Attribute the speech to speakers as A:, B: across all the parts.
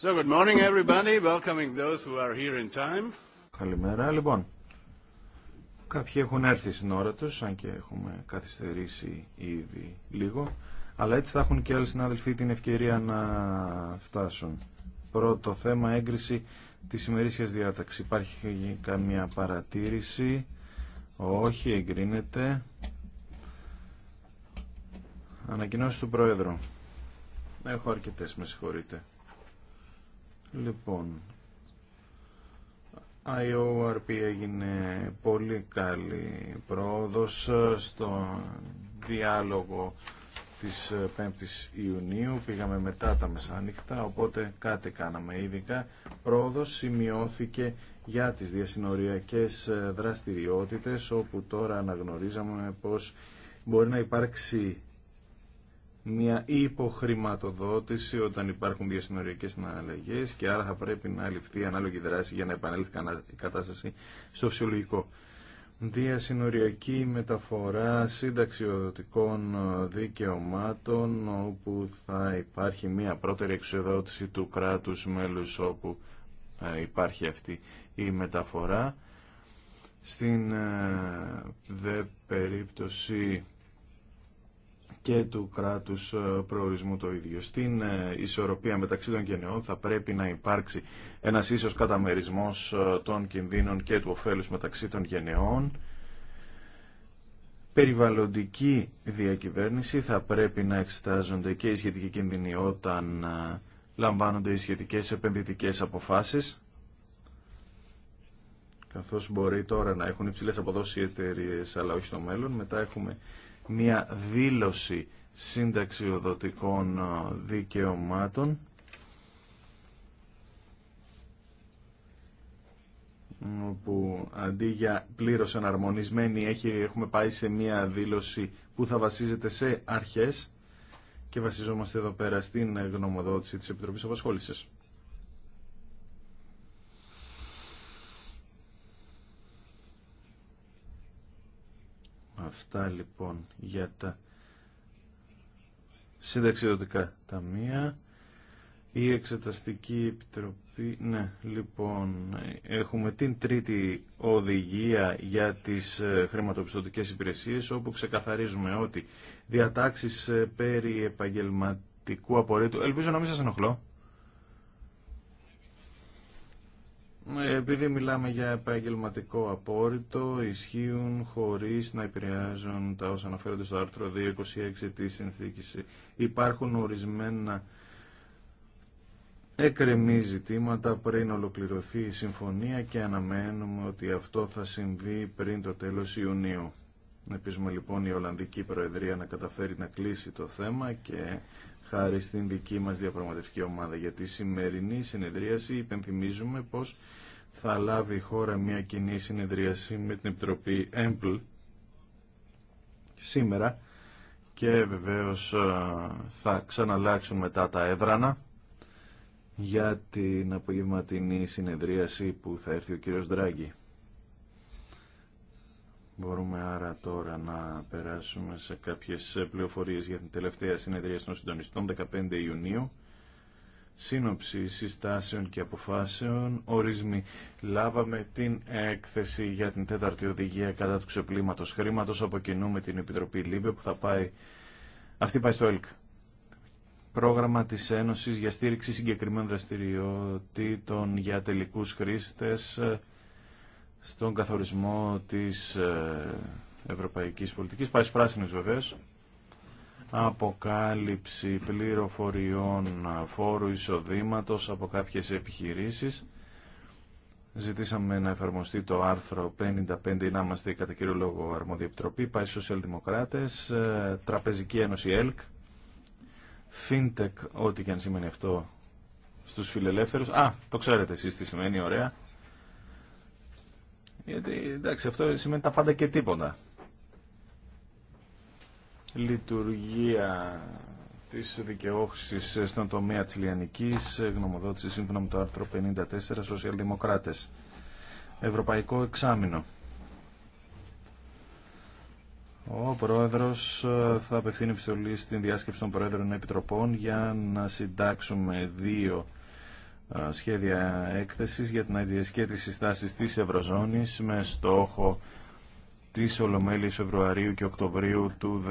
A: So good morning everybody, welcoming those who are here in time. Καλημέρα, λοιπόν. Κάποιοι έχουν έρθει στην ώρα τους, αν και έχουμε καθυστερήσει ήδη λίγο, αλλά έτσι θα έχουν και άλλοι συνάδελφοί την ευκαιρία να φτάσουν. Πρώτο θέμα, έγκριση της ημερήσιας διάταξης. Υπάρχει καμία παρατήρηση, όχι, εγκρίνεται. Ανακοινώσεις του Πρόεδρου. Έχω αρκετές, με συγχωρείτε. Λοιπόν, IORP έγινε πολύ καλή πρόοδος στο διάλογο της 5ης Ιουνίου, πήγαμε μετά τα μεσάνυχτα, οπότε κάτι κάναμε ειδικά. Πρόοδος σημειώθηκε για τις διασυνοριακές δραστηριότητες, όπου τώρα αναγνωρίζαμε πως μπορεί να υπάρξει μια υποχρηματοδότηση όταν υπάρχουν διασυνοριακές συναλλαγές και άρα θα πρέπει να ληφθεί ανάλογη δράση για να επανέλθει η κατάσταση στο φυσιολογικό. Διασυνοριακή μεταφορά συνταξιοδοτικών δικαιωμάτων όπου θα υπάρχει μια πρώτερη εξοδότηση του κράτους μέλους όπου ε, υπάρχει αυτή η μεταφορά. Στην ε, δε περίπτωση και του κράτους ε, προορισμού το ίδιο. Στην ε, ισορροπία μεταξύ των γενεών θα πρέπει να υπάρξει ένας ίσως καταμερισμός ε, των κινδύνων και του ωφέλους μεταξύ των γενεών. Περιβαλλοντική διακυβέρνηση θα πρέπει να εξετάζονται και οι σχετικοί κινδυνοί όταν λαμβάνονται οι σχετικές επενδυτικές αποφάσεις καθώς μπορεί τώρα να έχουν υψηλές αποδόσεις οι εταιρείε αλλά όχι στο μέλλον. Μετά έχουμε μια δήλωση συνταξιοδοτικών ε, δικαιωμάτων όπου αντί για πλήρως εναρμονισμένη έχει, έχουμε πάει σε μια δήλωση που θα βασίζεται σε αρχές και βασιζόμαστε εδώ πέρα στην γνωμοδότηση της Επιτροπής Απασχόλησης. Αυτά λοιπόν για τα συνταξιδοτικά ταμεία. Η Εξεταστική Επιτροπή, ναι, λοιπόν, έχουμε την τρίτη οδηγία για τις ε, χρηματοπιστωτικές υπηρεσίες, όπου ξεκαθαρίζουμε ότι διατάξεις ε, περί επαγγελματικού απορρίτου, ελπίζω να μην σας ενοχλώ, Ε, επειδή μιλάμε για επαγγελματικό απόρριτο, ισχύουν χωρίς να επηρεάζουν τα όσα αναφέρονται στο άρθρο 226 της συνθήκης. Υπάρχουν ορισμένα εκρεμή ζητήματα πριν ολοκληρωθεί η συμφωνία και αναμένουμε ότι αυτό θα συμβεί πριν το τέλος Ιουνίου. Ελπίζουμε λοιπόν η Ολλανδική Προεδρία να καταφέρει να κλείσει το θέμα και χάρη στην δική μας διαπραγματευτική ομάδα. Για τη σημερινή συνεδρίαση υπενθυμίζουμε πως θα λάβει η χώρα μια κοινή συνεδρίαση με την Επιτροπή ΕΜΠΛ σήμερα και βεβαίως θα ξαναλλάξουν μετά τα έδρανα για την απογευματινή συνεδρίαση που θα έρθει ο κύριος Δράγκης. Μπορούμε άρα τώρα να περάσουμε σε κάποιες πληροφορίες για την τελευταία συνεδρία των συντονιστών 15 Ιουνίου. Σύνοψη συστάσεων και αποφάσεων. Ορίσμη λάβαμε την έκθεση για την τέταρτη οδηγία κατά του ξεπλήματο χρήματο Από κοινού με την Επιτροπή Λίμπε που θα πάει... Αυτή πάει στο ΕΛΚ. Πρόγραμμα της Ένωσης για στήριξη συγκεκριμένων δραστηριοτήτων για τελικού χρήστε στον καθορισμό της ε, ευρωπαϊκής πολιτικής, πάει πράσινες βεβαίως, αποκάλυψη πληροφοριών φόρου εισοδήματος από κάποιες επιχειρήσεις. Ζητήσαμε να εφαρμοστεί το άρθρο 55 να είμαστε κατά κύριο λόγο αρμόδια επιτροπή, πάει σοσιαλδημοκράτες, ε, τραπεζική ένωση ΕΛΚ, FinTech, ό,τι και αν σημαίνει αυτό στους φιλελεύθερους. Α, το ξέρετε εσείς τι σημαίνει, ωραία. Γιατί εντάξει, αυτό σημαίνει τα πάντα και τίποτα. Λειτουργία τη δικαιώχησης στον τομέα τη Λιανική. γνωμοδότηση σύμφωνα με το άρθρο 54, Σοσιαλδημοκράτε. Ευρωπαϊκό εξάμεινο. Ο Πρόεδρος θα απευθύνει επιστολή στην διάσκεψη των Πρόεδρων Επιτροπών για να συντάξουμε δύο σχέδια έκθεσης για την IGS και τις συστάσεις της Ευρωζώνης με στόχο της Ολομέλειας Φεβρουαρίου και Οκτωβρίου του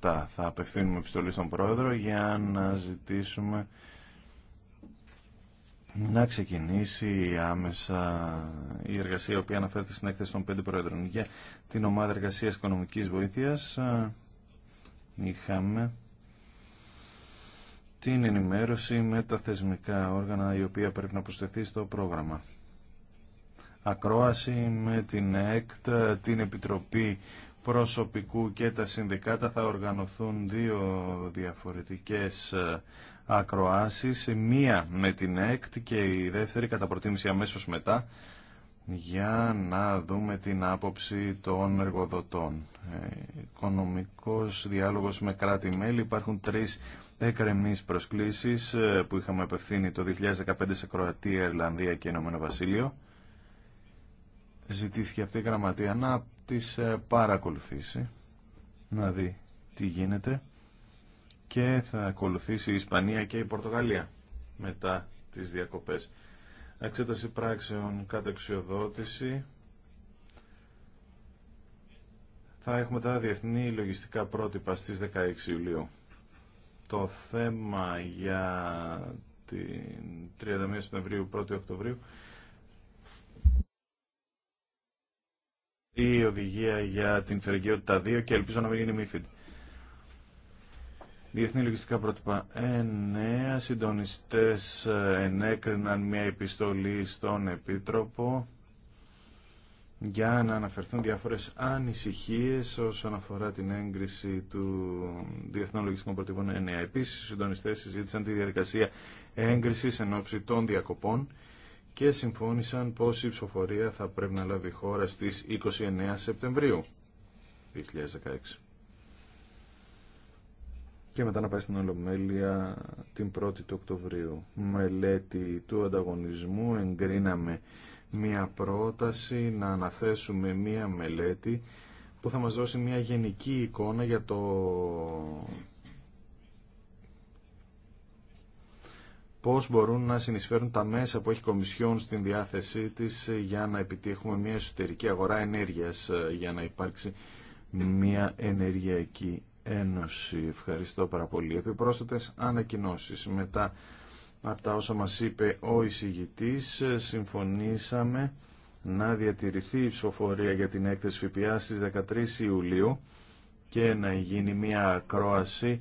A: 2017. Θα απευθύνουμε επιστολή στον Πρόεδρο για να ζητήσουμε να ξεκινήσει άμεσα η εργασία η οποία αναφέρεται στην έκθεση των πέντε Πρόεδρων για την Ομάδα Εργασίας Οικονομικής Βοήθειας. Είχαμε την ενημέρωση με τα θεσμικά όργανα η οποία πρέπει να προσθεθεί στο πρόγραμμα. Ακρόαση με την ΕΚΤ, την Επιτροπή Προσωπικού και τα Συνδικάτα θα οργανωθούν δύο διαφορετικές ε, ακροάσεις, μία με την ΕΚΤ και η δεύτερη κατά προτίμηση αμέσως μετά για να δούμε την άποψη των εργοδοτών. Ε, οικονομικός διάλογος με κράτη-μέλη υπάρχουν τρεις εκρεμείς προσκλήσει ε, που είχαμε απευθύνει το 2015 σε Κροατία, Ιρλανδία και Ηνωμένο Βασίλειο. Ζητήθηκε αυτή η γραμματεία να τις ε, παρακολουθήσει, να δει τι γίνεται και θα ακολουθήσει η Ισπανία και η Πορτογαλία μετά τις διακοπές. Εξέταση πράξεων κατεξιοδότηση. Θα έχουμε τα διεθνή λογιστικά πρότυπα στις 16 Ιουλίου το θέμα για την 31 Σεπτεμβρίου, 1η Οκτωβρίου, η οδηγία για την φερικαιότητα 2 και ελπίζω να μην γίνει μη Διεθνή λογιστικά πρότυπα 9. Συντονιστές ε, ενέκριναν μια επιστολή στον Επίτροπο για να αναφερθούν διάφορες ανησυχίες όσον αφορά την έγκριση του Διεθνών Λογιστικών Πρωτοβουλίων 9. Επίσης, οι συντονιστές συζήτησαν τη διαδικασία έγκρισης εν ώψη των διακοπών και συμφώνησαν πως η ψηφοφορία θα πρέπει να λάβει χώρα στις 29 Σεπτεμβρίου 2016 και μετά να πάει στην Ολομέλεια την 1η του Οκτωβρίου. Μελέτη του ανταγωνισμού εγκρίναμε μία πρόταση να αναθέσουμε μία μελέτη που θα μας δώσει μία γενική εικόνα για το πώς μπορούν να συνεισφέρουν τα μέσα που έχει Κομισιόν στην διάθεσή της για να επιτύχουμε μια εσωτερική αγορά ενέργειας, για να υπάρξει μια ενεργειακή ένωση. Ευχαριστώ πάρα πολύ. Επιπρόσθετες ανακοινώσεις μετά από τα όσα μας είπε ο εισηγητής, συμφωνήσαμε να διατηρηθεί η ψηφοφορία για την έκθεση ΦΠΑ στις 13 Ιουλίου και να γίνει μια ακρόαση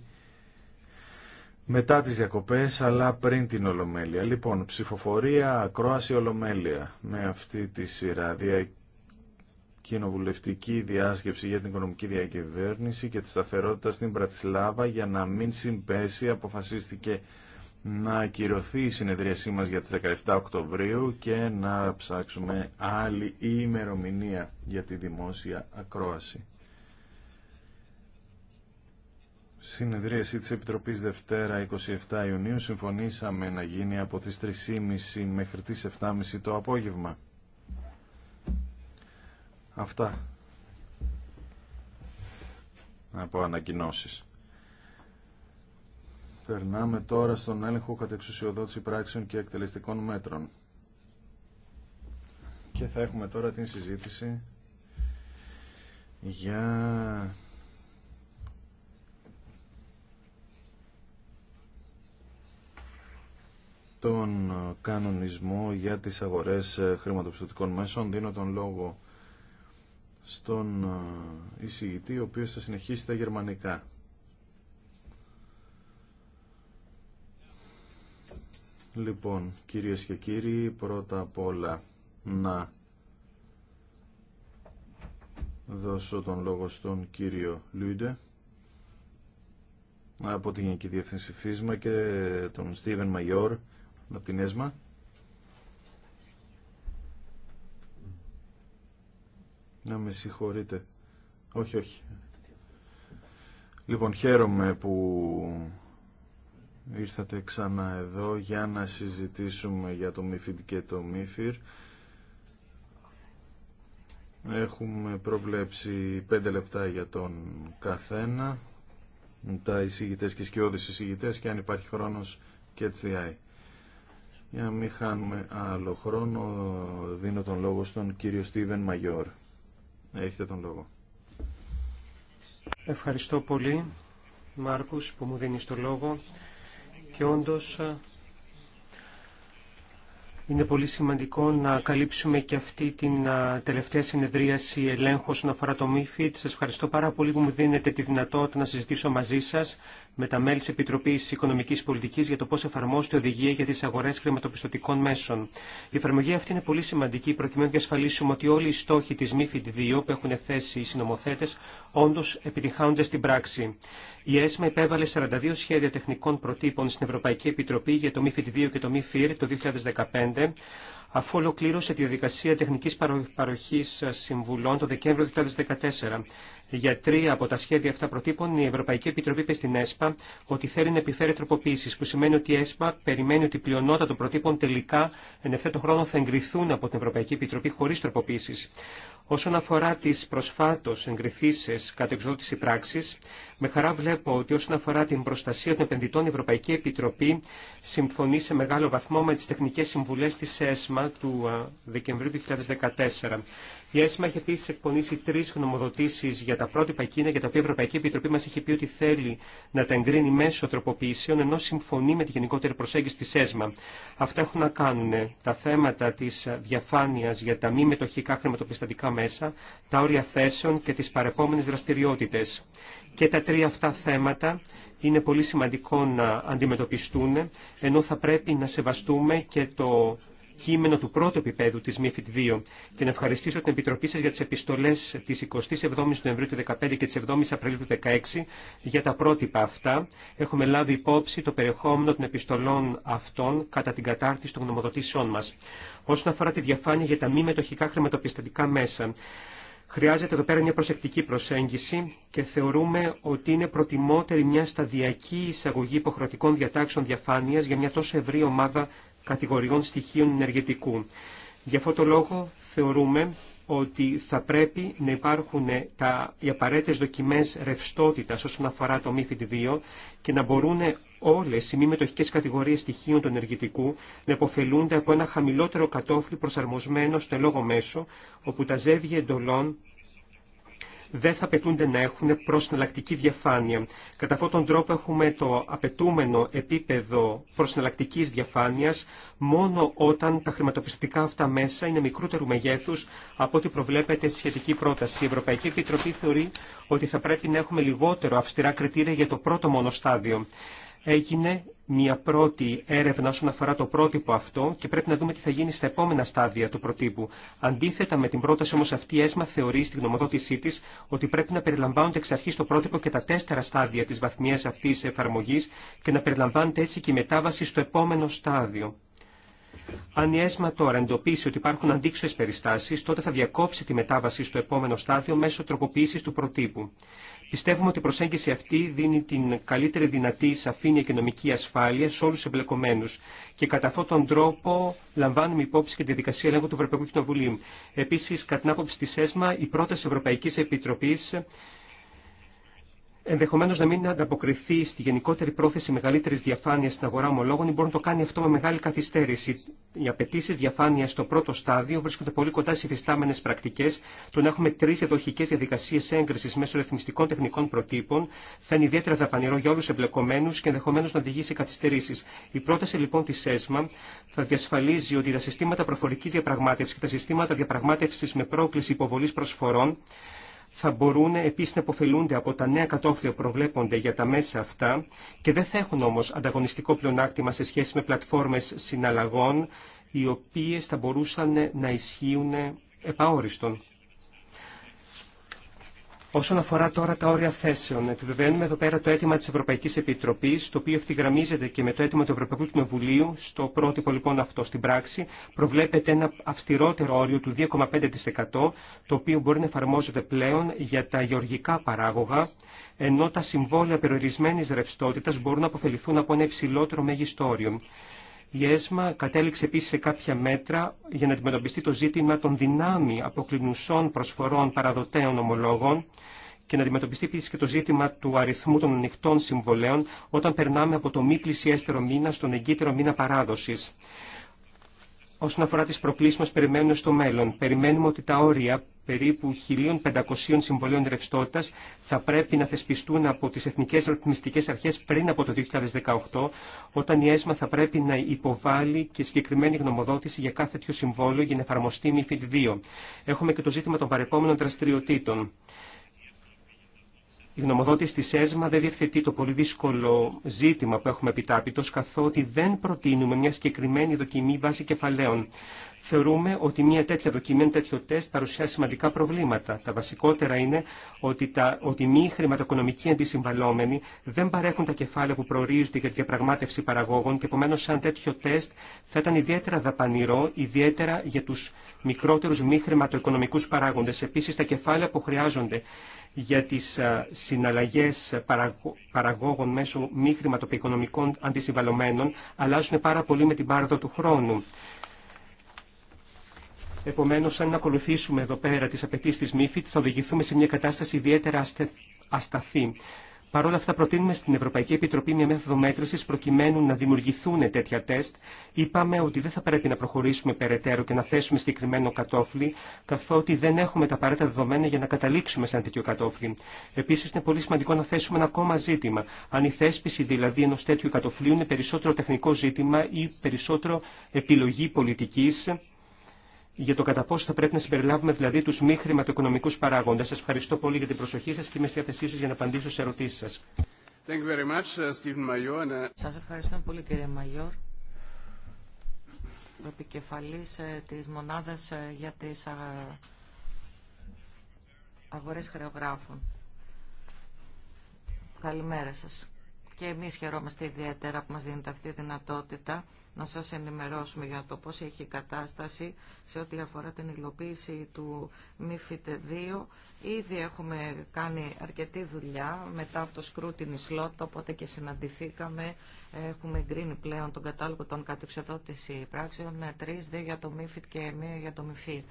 A: μετά τις διακοπές αλλά πριν την Ολομέλεια. Λοιπόν, ψηφοφορία, ακρόαση, Ολομέλεια με αυτή τη σειρά δια... κοινοβουλευτική διάσκεψη για την οικονομική διακυβέρνηση και τη σταθερότητα στην Πρατισλάβα για να μην συμπέσει αποφασίστηκε να ακυρωθεί η συνεδρίασή μας για τις 17 Οκτωβρίου και να ψάξουμε άλλη ημερομηνία για τη δημόσια ακρόαση. Συνεδρίαση της Επιτροπής Δευτέρα 27 Ιουνίου συμφωνήσαμε να γίνει από τις 3.30 μέχρι τις 7.30 το απόγευμα. Αυτά από ανακοινώσεις. Περνάμε τώρα στον έλεγχο εξουσιοδότηση πράξεων και εκτελεστικών μέτρων. Και θα έχουμε τώρα την συζήτηση για τον κανονισμό για τις αγορές χρηματοπιστωτικών μέσων. Δίνω τον λόγο στον ε, εισηγητή, ο οποίος θα συνεχίσει τα γερμανικά. Λοιπόν, κυρίες και κύριοι, πρώτα απ' όλα να δώσω τον λόγο στον κύριο Λούιντε από την Γενική Διεύθυνση Φύσμα και τον Στίβεν Μαγιόρ από την ΕΣΜΑ. Να με συγχωρείτε. Όχι, όχι. Λοιπόν, χαίρομαι που ήρθατε ξανά εδώ για να συζητήσουμε για το ΜΥΦΙΔ και το ΜΥΦΙΡ. Έχουμε προβλέψει πέντε λεπτά για τον καθένα, τα εισηγητές και σκιώδεις εισηγητές και αν υπάρχει χρόνος και τσιάει. Για να μην χάνουμε άλλο χρόνο, δίνω τον λόγο στον κύριο Στίβεν Μαγιόρ. Έχετε τον λόγο.
B: Ευχαριστώ πολύ, Μάρκους, που μου δίνεις το λόγο και όντως ε, είναι πολύ σημαντικό να καλύψουμε και αυτή την ε, τελευταία συνεδρίαση ελέγχου όσον αφορά το MIFID. Σας ευχαριστώ πάρα πολύ που μου δίνετε τη δυνατότητα να συζητήσω μαζί σας με τα μέλη τη Επιτροπή Οικονομική Πολιτική για το πώ εφαρμόζεται οδηγία για τι αγορέ χρηματοπιστωτικών μέσων. Η εφαρμογή αυτή είναι πολύ σημαντική προκειμένου να διασφαλίσουμε ότι όλοι οι στόχοι τη MIFID 2 που έχουν θέσει οι συνομοθέτε όντω επιτυχάνονται στην πράξη. Η ΕΣΜΑ υπέβαλε 42 σχέδια τεχνικών προτύπων στην Ευρωπαϊκή Επιτροπή για το MIFID 2 και το MIFIR το 2015 αφού ολοκλήρωσε τη διαδικασία τεχνικής παροχής ε, συμβουλών το Δεκέμβριο του 2014. Για τρία από τα σχέδια αυτά προτύπων, η Ευρωπαϊκή Επιτροπή είπε στην ΕΣΠΑ ότι θέλει να επιφέρει τροποποίηση, που σημαίνει ότι η ΕΣΠΑ περιμένει ότι η πλειονότητα των προτύπων τελικά εν ευθέτω χρόνο θα εγκριθούν από την Ευρωπαϊκή Επιτροπή χωρί τροποποίηση. Όσον αφορά τις προσφάτως εγκριθήσεις εξώτηση πράξη, με χαρά βλέπω ότι όσον αφορά την προστασία των επενδυτών, η Ευρωπαϊκή Επιτροπή συμφωνεί σε μεγάλο βαθμό με τις τεχνικές συμβουλές της ΕΣΜΑ του ε, Δεκεμβρίου 2014. Η ΕΣΜΑ έχει επίση εκπονήσει τρει γνωμοδοτήσει για τα πρότυπα εκείνα για τα οποία η Ευρωπαϊκή Επιτροπή μα έχει πει ότι θέλει να τα εγκρίνει μέσω τροποποιήσεων, ενώ συμφωνεί με τη γενικότερη προσέγγιση τη ΕΣΜΑ. Αυτά έχουν να κάνουν τα θέματα τη διαφάνεια για τα μη μετοχικά χρηματοπιστωτικά μέσα, τα όρια θέσεων και τι παρεπόμενε δραστηριότητε. Και τα τρία αυτά θέματα είναι πολύ σημαντικό να αντιμετωπιστούν, ενώ θα πρέπει να σεβαστούμε και το κείμενο του πρώτου επίπεδου της ΜΥΦΙΤ 2 και να ευχαριστήσω την Επιτροπή σας για τις επιστολές της 27ης Νοεμβρίου του 2015 και της 7ης Απριλίου του 2016 για τα πρότυπα αυτά. Έχουμε λάβει υπόψη το περιεχόμενο των επιστολών αυτών κατά την κατάρτιση των γνωμοδοτήσεών μας. Όσον αφορά τη διαφάνεια για τα μη μετοχικά χρηματοπιστωτικά μέσα, Χρειάζεται εδώ πέρα μια προσεκτική προσέγγιση και θεωρούμε ότι είναι προτιμότερη μια σταδιακή εισαγωγή υποχρεωτικών διατάξεων διαφάνεια για μια τόσο ευρύ ομάδα κατηγοριών στοιχείων ενεργετικού. Γι' αυτό τον λόγο θεωρούμε ότι θα πρέπει να υπάρχουν τα, οι απαραίτητες δοκιμές ρευστότητας όσον αφορά το MIFID 2 και να μπορούν όλες οι μη μετοχικές κατηγορίες στοιχείων του ενεργητικού να υποφελούνται από ένα χαμηλότερο κατόφλι προσαρμοσμένο στο λόγο μέσο, όπου τα ζεύγια εντολών δεν θα απαιτούνται να έχουν προσυναλλακτική διαφάνεια. Κατά αυτόν τον τρόπο έχουμε το απαιτούμενο επίπεδο προσυναλλακτικής διαφάνειας μόνο όταν τα χρηματοπιστικά αυτά μέσα είναι μικρότερου μεγέθους από ό,τι προβλέπεται στη σχετική πρόταση. Η Ευρωπαϊκή Επιτροπή θεωρεί ότι θα πρέπει να έχουμε λιγότερο αυστηρά κριτήρια για το πρώτο μόνο στάδιο. Έγινε μια πρώτη έρευνα όσον αφορά το πρότυπο αυτό και πρέπει να δούμε τι θα γίνει στα επόμενα στάδια του προτύπου. Αντίθετα με την πρόταση όμω αυτή, η ΕΣΜΑ θεωρεί στην γνωμοδότησή τη ότι πρέπει να περιλαμβάνονται εξ αρχή το πρότυπο και τα τέσσερα στάδια τη βαθμία αυτή εφαρμογή και να περιλαμβάνεται έτσι και η μετάβαση στο επόμενο στάδιο. Αν η ΕΣΜΑ τώρα εντοπίσει ότι υπάρχουν αντίξωε περιστάσει, τότε θα διακόψει τη μετάβαση στο επόμενο στάδιο μέσω τροποποίηση του προτύπου. Πιστεύουμε ότι η προσέγγιση αυτή δίνει την καλύτερη δυνατή σαφήνεια και νομική ασφάλεια σε όλου του εμπλεκομένου και κατά αυτόν τον τρόπο λαμβάνουμε υπόψη και τη δικασία ελέγχου του Ευρωπαϊκού Κοινοβουλίου. Επίση, κατά την άποψη τη ΕΣΜΑ, η πρόταση Ευρωπαϊκή Επιτροπή ενδεχομένω να μην ανταποκριθεί στη γενικότερη πρόθεση μεγαλύτερη διαφάνεια στην αγορά ομολόγων ή μπορεί να το κάνει αυτό με μεγάλη καθυστέρηση. Οι απαιτήσει διαφάνεια στο πρώτο στάδιο βρίσκονται πολύ κοντά στι υφιστάμενε πρακτικέ. του να έχουμε τρει εδοχικέ διαδικασίε έγκριση μέσω ρυθμιστικών τεχνικών προτύπων θα είναι ιδιαίτερα δαπανηρό για όλου του εμπλεκομένου και ενδεχομένω να οδηγεί σε καθυστερήσει. Η πρόταση λοιπόν τη ΕΣΜΑ θα διασφαλίζει ότι τα συστήματα προφορική διαπραγμάτευση και τα συστήματα διαπραγμάτευση με πρόκληση υποβολή προσφορών θα μπορούν επίσης να υποφελούνται από τα νέα κατόφλια που προβλέπονται για τα μέσα αυτά και δεν θα έχουν όμως ανταγωνιστικό πλεονάκτημα σε σχέση με πλατφόρμες συναλλαγών οι οποίες θα μπορούσαν να ισχύουν επαόριστον. Όσον αφορά τώρα τα όρια θέσεων, επιβεβαίνουμε εδώ πέρα το αίτημα τη Ευρωπαϊκή Επιτροπή, το οποίο ευθυγραμμίζεται και με το αίτημα του Ευρωπαϊκού Κοινοβουλίου. Στο πρότυπο λοιπόν αυτό στην πράξη προβλέπεται ένα αυστηρότερο όριο του 2,5%, το οποίο μπορεί να εφαρμόζεται πλέον για τα γεωργικά παράγωγα, ενώ τα συμβόλαια περιορισμένη ρευστότητα μπορούν να αποφεληθούν από ένα υψηλότερο μέγιστο όριο. Η ΕΣΜΑ κατέληξε επίση σε κάποια μέτρα για να αντιμετωπιστεί το ζήτημα των δυνάμει αποκλεινουσών προσφορών παραδοτέων ομολόγων και να αντιμετωπιστεί επίση και το ζήτημα του αριθμού των ανοιχτών συμβολέων όταν περνάμε από το μη πλησιέστερο μήνα στον εγκύτερο μήνα παράδοση. Όσον αφορά τι προκλήσει μα, περιμένουμε στο μέλλον. Περιμένουμε ότι τα όρια περίπου 1.500 συμβολίων ρευστότητα θα πρέπει να θεσπιστούν από τι εθνικέ ρυθμιστικέ αρχέ πριν από το 2018, όταν η ΕΣΜΑ θα πρέπει να υποβάλει και συγκεκριμένη γνωμοδότηση για κάθε τέτοιο συμβόλαιο για να εφαρμοστεί η MIFID 2. Έχουμε και το ζήτημα των παρεπόμενων δραστηριοτήτων. Η γνωμοδότηση της ΕΣΜΑ δεν διευθετεί το πολύ δύσκολο ζήτημα που έχουμε επιτάπητος, καθότι δεν προτείνουμε μια συγκεκριμένη δοκιμή βάση κεφαλαίων θεωρούμε ότι μια τέτοια δοκιμή, ένα τέτοιο τεστ παρουσιάζει σημαντικά προβλήματα. Τα βασικότερα είναι ότι, τα, ότι μη χρηματοοικονομικοί αντισυμβαλόμενοι δεν παρέχουν τα κεφάλαια που προορίζονται για τη διαπραγμάτευση παραγόγων και επομένω σαν τέτοιο τεστ θα ήταν ιδιαίτερα δαπανηρό, ιδιαίτερα για του μικρότερου μη χρηματοοικονομικού παράγοντε. Επίση, τα κεφάλαια που χρειάζονται για τις συναλλαγές παραγόγων μέσω μη χρηματοοικονομικών αντισυμβαλωμένων αλλάζουν πάρα πολύ με την πάροδο του χρόνου. Επομένω, αν ακολουθήσουμε εδώ πέρα τι απαιτήσει τη ΜΥΦΙΤ, θα οδηγηθούμε σε μια κατάσταση ιδιαίτερα ασταθή. Παρ' όλα αυτά, προτείνουμε στην Ευρωπαϊκή Επιτροπή μια μέθοδο μέτρηση προκειμένου να δημιουργηθούν τέτοια τεστ. Είπαμε ότι δεν θα πρέπει να προχωρήσουμε περαιτέρω και να θέσουμε συγκεκριμένο κατόφλι, καθότι δεν έχουμε τα απαραίτητα δεδομένα για να καταλήξουμε σε ένα τέτοιο κατόφλι. Επίση, είναι πολύ σημαντικό να θέσουμε ένα ακόμα ζήτημα. Αν η θέσπιση δηλαδή ενό τέτοιου κατοφλίου είναι περισσότερο τεχνικό ζήτημα ή περισσότερο επιλογή πολιτική για το κατά πόσο θα πρέπει να συμπεριλάβουμε δηλαδή τους μη χρηματοοικονομικού παράγοντες. Σας ευχαριστώ πολύ για την προσοχή σας και είμαι στη διάθεσή σας για να απαντήσω σε ερωτήσεις σας.
A: Thank uh, uh,
C: Σας ευχαριστώ πολύ κύριε Μαγιόρ, επικεφαλή επικεφαλής ε, της μονάδας ε, για τις αγορές χρεογράφων. Καλημέρα σας και εμείς χαιρόμαστε ιδιαίτερα που μας δίνετε αυτή η δυνατότητα να σας ενημερώσουμε για το πώς έχει η κατάσταση σε ό,τι αφορά την υλοποίηση του ΜΥΦΙΤ 2. Ήδη έχουμε κάνει αρκετή δουλειά μετά από το σκρούτινι σλότ, οπότε και συναντηθήκαμε. Έχουμε εγκρίνει πλέον τον κατάλογο των κατεξοδότηση πράξεων, τρεις, δύο για το ΜΥΦΙΤ και μία για το ΜΥΦΙΤ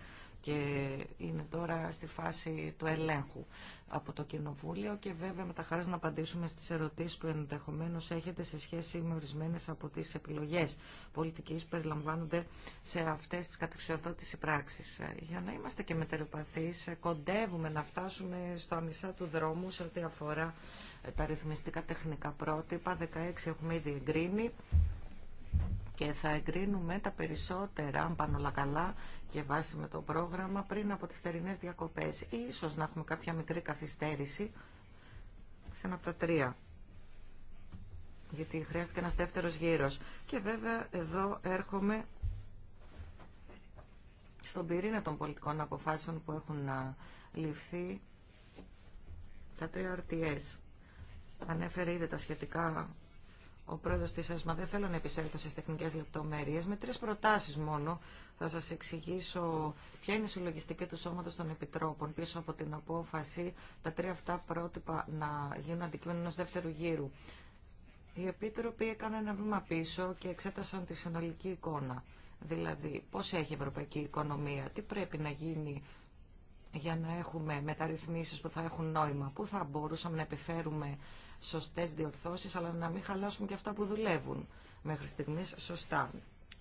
C: και είναι τώρα στη φάση του ελέγχου από το Κοινοβούλιο και βέβαια με τα χαράς να απαντήσουμε στις ερωτήσεις που ενδεχομένως έχετε σε σχέση με ορισμένε από τις επιλογές πολιτικής που περιλαμβάνονται σε αυτές τις κατεξιοδότηση πράξεις. Για να είμαστε και μετεροπαθείς, κοντεύουμε να φτάσουμε στο αμισά του δρόμου σε ό,τι αφορά τα ρυθμιστικά τεχνικά πρότυπα. 16 έχουμε ήδη εγκρίνει και θα εγκρίνουμε τα περισσότερα, αν πάνε όλα καλά και βάσει με το πρόγραμμα, πριν από τις θερινές διακοπές. Ίσως να έχουμε κάποια μικρή καθυστέρηση σε ένα από τα τρία γιατί χρειάστηκε ένας δεύτερος γύρος. Και βέβαια εδώ έρχομαι στον πυρήνα των πολιτικών αποφάσεων που έχουν ληφθεί τα τρία RTS. Ανέφερε ήδη τα σχετικά ο πρόεδρος της ΕΣΜΑ. Δεν θέλω να επισέλθω στις τεχνικές λεπτομέρειες. Με τρεις προτάσεις μόνο θα σας εξηγήσω ποια είναι η συλλογιστική του σώματος των επιτρόπων πίσω από την απόφαση τα τρία αυτά πρότυπα να γίνουν αντικείμενο ενό δεύτερου γύρου. Οι επίτροποι έκαναν ένα βήμα πίσω και εξέτασαν τη συνολική εικόνα. Δηλαδή, πώς έχει η ευρωπαϊκή οικονομία, τι πρέπει να γίνει για να έχουμε μεταρρυθμίσεις που θα έχουν νόημα, που θα μπορούσαμε να επιφέρουμε σωστές διορθώσεις, αλλά να μην χαλάσουμε και αυτά που δουλεύουν μέχρι στιγμής σωστά.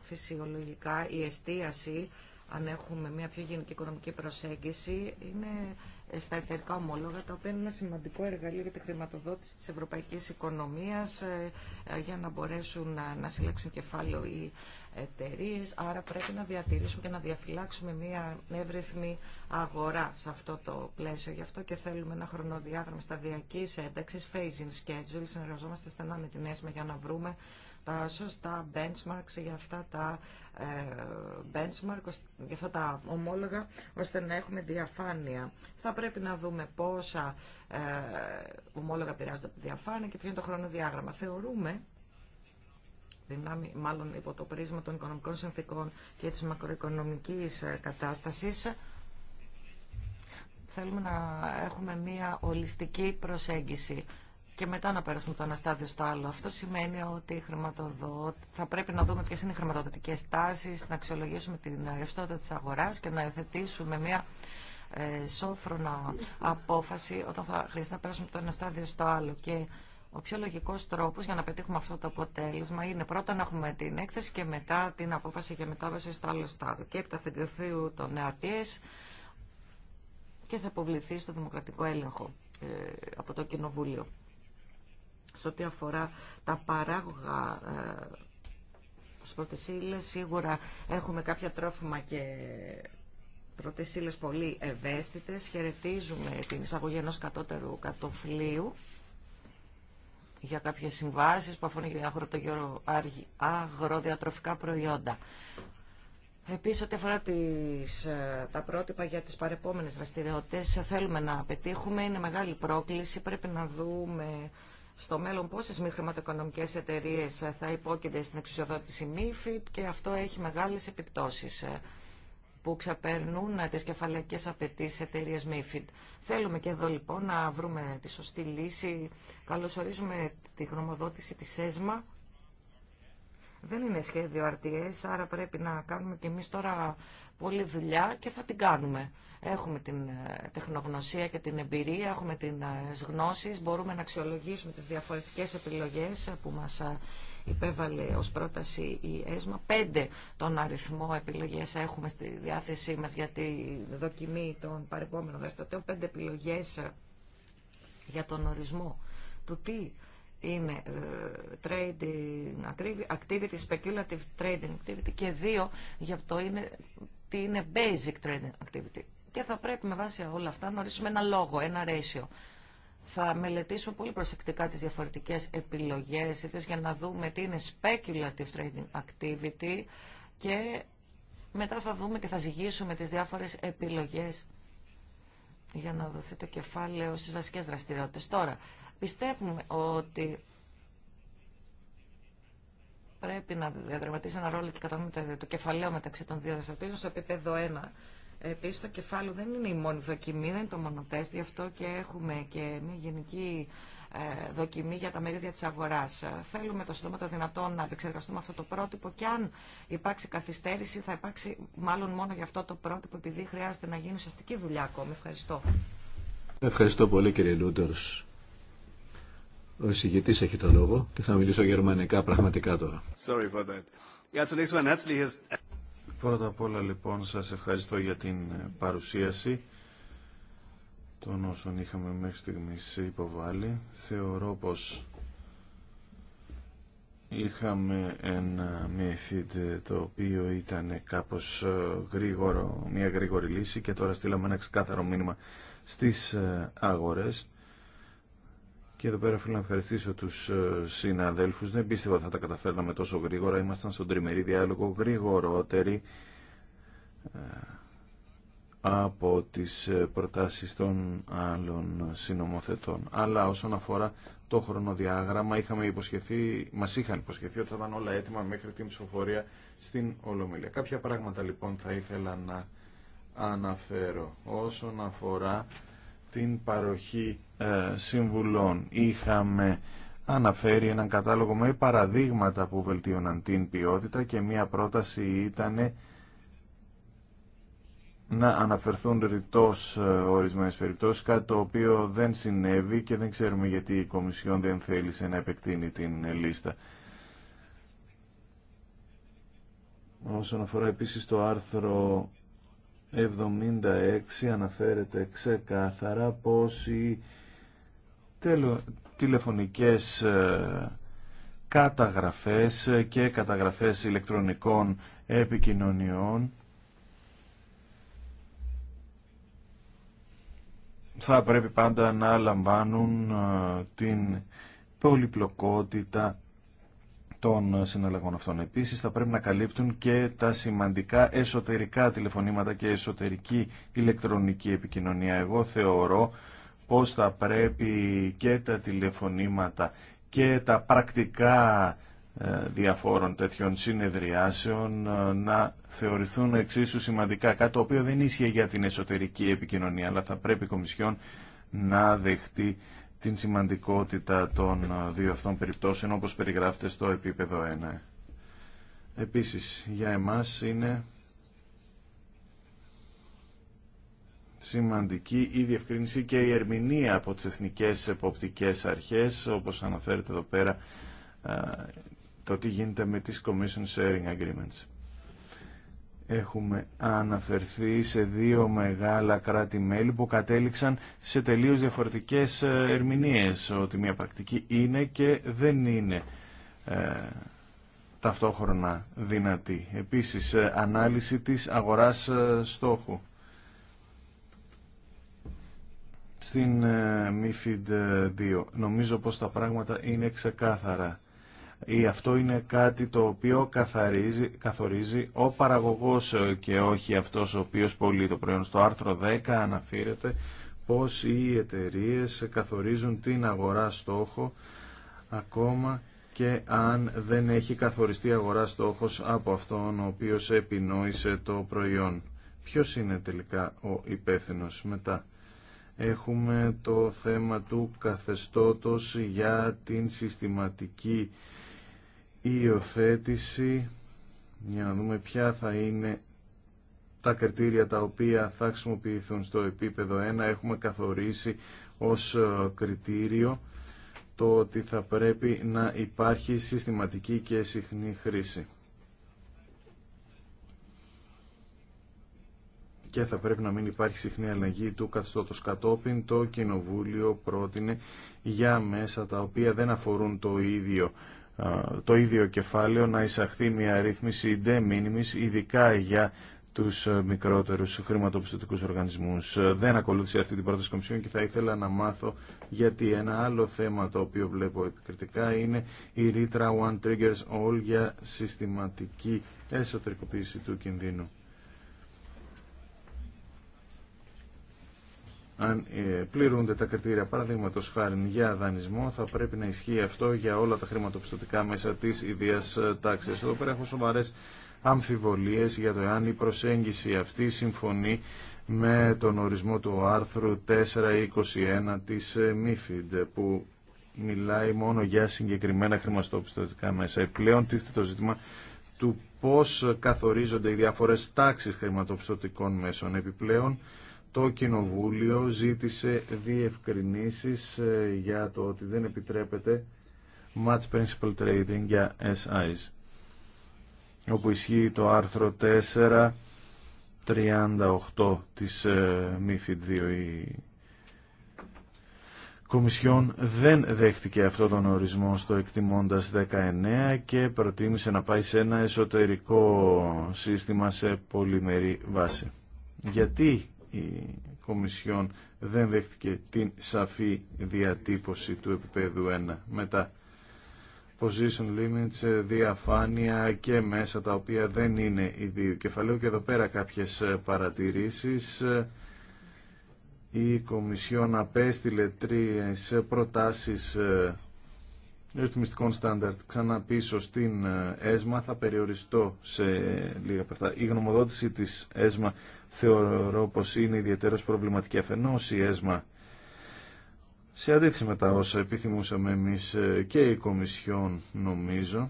C: Φυσιολογικά η εστίαση αν έχουμε μια πιο γενική οικονομική προσέγγιση, είναι στα εταιρικά ομόλογα, τα οποία είναι ένα σημαντικό εργαλείο για τη χρηματοδότηση της ευρωπαϊκής οικονομίας, ε, ε, για να μπορέσουν να συλλέξουν κεφάλαιο οι εταιρείε. Άρα πρέπει να διατηρήσουμε και να διαφυλάξουμε μια εύρυθμη αγορά σε αυτό το πλαίσιο. Γι' αυτό και θέλουμε ένα χρονοδιάγραμμα σταδιακής ένταξης, phasing schedule. Συνεργαζόμαστε στενά με την ΕΣΜΕ για να βρούμε τα σωστά benchmarks για αυτά τα ε, benchmark, για αυτά τα ομόλογα, ώστε να έχουμε διαφάνεια. Θα πρέπει να δούμε πόσα ε, ομόλογα πειράζονται από διαφάνεια και ποιο είναι το χρονοδιάγραμμα. Θεωρούμε δυνάμει, μάλλον υπό το πρίσμα των οικονομικών συνθήκων και της μακροοικονομικής ε, κατάστασης, θέλουμε να έχουμε μία ολιστική προσέγγιση και μετά να περάσουμε το ένα στάδιο στο άλλο. Αυτό σημαίνει ότι θα πρέπει να δούμε ποιε είναι οι χρηματοδοτικέ τάσει, να αξιολογήσουμε την ρευστότητα τη αγορά και να εθετήσουμε μια ε, σόφρονα απόφαση όταν θα χρειαστεί να περάσουμε το ένα στάδιο στο άλλο. Και ο πιο λογικό τρόπο για να πετύχουμε αυτό το αποτέλεσμα είναι πρώτα να έχουμε την έκθεση και μετά την απόφαση για μετάβαση στο άλλο στάδιο. Και έπειτα θα εγκριθεί το νέο και θα υποβληθεί στο δημοκρατικό έλεγχο ε, από το Κοινοβούλιο σε ό,τι αφορά τα παράγωγα ε, στις σίγουρα έχουμε κάποια τρόφιμα και πρώτες πολύ ευαίσθητες. Χαιρετίζουμε την εισαγωγή ενός κατώτερου κατοφλίου για κάποιες συμβάσεις που αφορούν για αγροδιατροφικά προϊόντα. Επίσης, ό,τι αφορά τις, ε, τα πρότυπα για τις παρεπόμενες δραστηριότητες, θέλουμε να πετύχουμε. Είναι μεγάλη πρόκληση. Πρέπει να δούμε στο μέλλον πόσες μη χρηματοοικονομικές εταιρείες θα υπόκεινται στην εξουσιοδότηση MIFID και αυτό έχει μεγάλες επιπτώσεις ε, που ξεπερνούν τις κεφαλαϊκές απαιτήσει εταιρείε MIFID. Θέλουμε και εδώ λοιπόν να βρούμε τη σωστή λύση. Καλωσορίζουμε τη γνωμοδότηση της ΕΣΜΑ δεν είναι σχέδιο RTS, άρα πρέπει να κάνουμε και εμείς τώρα πολλή δουλειά και θα την κάνουμε. Έχουμε την ε, τεχνογνωσία και την εμπειρία, έχουμε ε, τις γνώσεις, μπορούμε να αξιολογήσουμε τις διαφορετικές επιλογές που μας ε, υπέβαλε ως πρόταση η ΕΣΜΑ. Πέντε τον αριθμό επιλογές έχουμε στη διάθεσή μας για τη δοκιμή των παρεπόμενων δραστηριότητων. Πέντε επιλογές για τον ορισμό του τι είναι ε, trading activity, speculative trading activity και δύο για το είναι, τι είναι basic trading activity. Και θα πρέπει με βάση όλα αυτά να ορίσουμε ένα λόγο, ένα ratio. Θα μελετήσουμε πολύ προσεκτικά τις διαφορετικές επιλογές, για να δούμε τι είναι speculative trading activity και μετά θα δούμε και θα ζυγίσουμε τις διάφορες επιλογές για να δοθεί το κεφάλαιο στις βασικές δραστηριότητες. Τώρα, Πιστεύουμε ότι πρέπει να διαδραματίσει ένα ρόλο και κατανοούμε το κεφαλαίο μεταξύ των δύο δραστηριοτήτων στο επίπεδο 1. Επίση, το κεφάλαιο δεν είναι η μόνη δοκιμή, δεν είναι το μόνο τεστ, γι' αυτό και έχουμε και μια γενική ε, δοκιμή για τα μερίδια τη αγορά. Θέλουμε το σύντομα το δυνατόν να επεξεργαστούμε αυτό το πρότυπο και αν υπάρξει καθυστέρηση, θα υπάρξει μάλλον μόνο για αυτό το πρότυπο, επειδή χρειάζεται να γίνει ουσιαστική δουλειά ακόμη. Ευχαριστώ.
D: Ευχαριστώ πολύ, κύριε Λούτερς. Ο εισηγητής έχει το λόγο και θα μιλήσω γερμανικά πραγματικά τώρα. Sorry for
A: that. Πρώτα απ' όλα λοιπόν σας ευχαριστώ για την ε, παρουσίαση των όσων είχαμε μέχρι στιγμής υποβάλει. Θεωρώ πως είχαμε ένα μύθιτ το οποίο ήταν κάπως ε, γρήγορο, μια γρήγορη λύση και τώρα στείλαμε ένα ξεκάθαρο μήνυμα στις ε, αγορές και εδώ πέρα θέλω να ευχαριστήσω του ε, συναδέλφου. Δεν πίστευα ότι θα τα καταφέρναμε τόσο γρήγορα. Ήμασταν στον τριμερή διάλογο γρηγορότεροι ε, από τις ε, προτάσεις των άλλων συνομοθετών. Αλλά όσον αφορά το χρονοδιάγραμμα, είχαμε υποσχεθεί, μας είχαν υποσχεθεί ότι θα ήταν όλα έτοιμα μέχρι την ψηφοφορία στην Ολομέλεια. Κάποια πράγματα λοιπόν θα ήθελα να αναφέρω όσον αφορά την παροχή ε, συμβουλών. Είχαμε αναφέρει έναν κατάλογο με παραδείγματα που βελτίωναν την ποιότητα και μία πρόταση ήταν να αναφερθούν ρητός ε, ορισμένες περιπτώσεις, κάτι το οποίο δεν συνέβη και δεν ξέρουμε γιατί η Κομισιόν δεν θέλησε να επεκτείνει την λίστα. Όσον αφορά επίσης το άρθρο 76 αναφέρεται ξεκάθαρα πως οι τελο... τηλεφωνικές ε, καταγραφές και καταγραφές ηλεκτρονικών επικοινωνιών θα πρέπει πάντα να λαμβάνουν ε, την πολυπλοκότητα των συναλλαγών αυτών. Επίσης θα πρέπει να καλύπτουν και τα σημαντικά εσωτερικά τηλεφωνήματα και εσωτερική ηλεκτρονική επικοινωνία. Εγώ θεωρώ πως θα πρέπει και τα τηλεφωνήματα και τα πρακτικά ε, διαφόρων τέτοιων συνεδριάσεων ε, να θεωρηθούν εξίσου σημαντικά, κάτι το οποίο δεν ίσχυε για την εσωτερική επικοινωνία, αλλά θα πρέπει η Κομισιόν να δεχτεί την σημαντικότητα των ε, δύο αυτών περιπτώσεων όπως περιγράφεται στο επίπεδο 1. Επίσης, για εμάς είναι σημαντική η διευκρίνηση και η ερμηνεία από τις εθνικές εποπτικές αρχές, όπως αναφέρεται εδώ πέρα ε, το τι γίνεται με τις Commission Sharing Agreements έχουμε αναφερθεί σε δύο μεγάλα κράτη-μέλη που κατέληξαν σε τελείως διαφορετικές ε, ερμηνείες ότι μια πρακτική είναι και δεν είναι ε, ταυτόχρονα δυνατή. Επίσης, ε, ανάλυση της αγοράς ε, στόχου. Στην MIFID 2 νομίζω πως τα πράγματα είναι ξεκάθαρα ή αυτό είναι κάτι το οποίο καθαρίζει, καθορίζει ο παραγωγός και όχι αυτός ο οποίος πωλεί το προϊόν. Στο άρθρο 10 αναφέρεται πως οι εταιρείε καθορίζουν την αγορά στόχο ακόμα και αν δεν έχει καθοριστεί αγορά στόχος από αυτόν ο οποίος επινόησε το προϊόν. Ποιος είναι τελικά ο υπεύθυνο μετά. Έχουμε το θέμα του καθεστώτος για την συστηματική υιοθέτηση για να δούμε ποια θα είναι τα κριτήρια τα οποία θα χρησιμοποιηθούν στο επίπεδο 1 έχουμε καθορίσει ως ε, κριτήριο το ότι θα πρέπει να υπάρχει συστηματική και συχνή χρήση. Και θα πρέπει να μην υπάρχει συχνή αλλαγή του καθιστώτος κατόπιν. Το Κοινοβούλιο πρότεινε για μέσα τα οποία δεν αφορούν το ίδιο το ίδιο κεφάλαιο να εισαχθεί μια ρύθμιση de minimis, ειδικά για τους ε, μικρότερους χρηματοπιστωτικούς οργανισμούς. Ε, δεν ακολούθησε αυτή την πρόταση Κομισιόν και θα ήθελα να μάθω γιατί ένα άλλο θέμα το οποίο βλέπω επικριτικά είναι η ρήτρα One Triggers All για συστηματική εσωτερικοποίηση του κινδύνου. αν ε, πληρούνται τα κριτήρια παραδείγματο χάρη για δανεισμό, θα πρέπει να ισχύει αυτό για όλα τα χρηματοπιστωτικά μέσα τη ιδία ε, τάξη. Εδώ πέρα έχω σοβαρέ αμφιβολίε για το εάν η προσέγγιση αυτή συμφωνεί με τον ορισμό του άρθρου 421 της ε, MIFID που μιλάει μόνο για συγκεκριμένα χρηματοπιστωτικά μέσα. Επιπλέον τίθεται το ζήτημα του πώς καθορίζονται οι διάφορες τάξεις χρηματοπιστωτικών μέσων. Επιπλέον το Κοινοβούλιο ζήτησε διευκρινήσεις ε, για το ότι δεν επιτρέπεται match principal trading για SIs όπου ισχύει το άρθρο 4 38 της ε, MIFID 2 η Κομισιόν δεν δέχτηκε αυτόν τον ορισμό στο εκτιμώντας 19 και προτίμησε να πάει σε ένα εσωτερικό σύστημα σε πολυμερή βάση. Γιατί η Κομισιόν δεν δέχτηκε την σαφή διατύπωση του επίπεδου 1 μετά position limits, ε, διαφάνεια και μέσα τα οποία δεν είναι ιδίου κεφαλαίου και εδώ πέρα κάποιες ε, παρατηρήσεις ε, η Κομισιόν απέστειλε τρεις προτάσεις ρυθμιστικών στάνταρτ ξανά πίσω στην ε, ΕΣΜΑ. Θα περιοριστώ σε λίγα από αυτά. Η γνωμοδότηση της ΕΣΜΑ θεωρώ πως είναι ιδιαίτερως προβληματική. Αφενός η ΕΣΜΑ σε αντίθεση με τα όσα επιθυμούσαμε εμείς ε, και η Κομισιόν νομίζω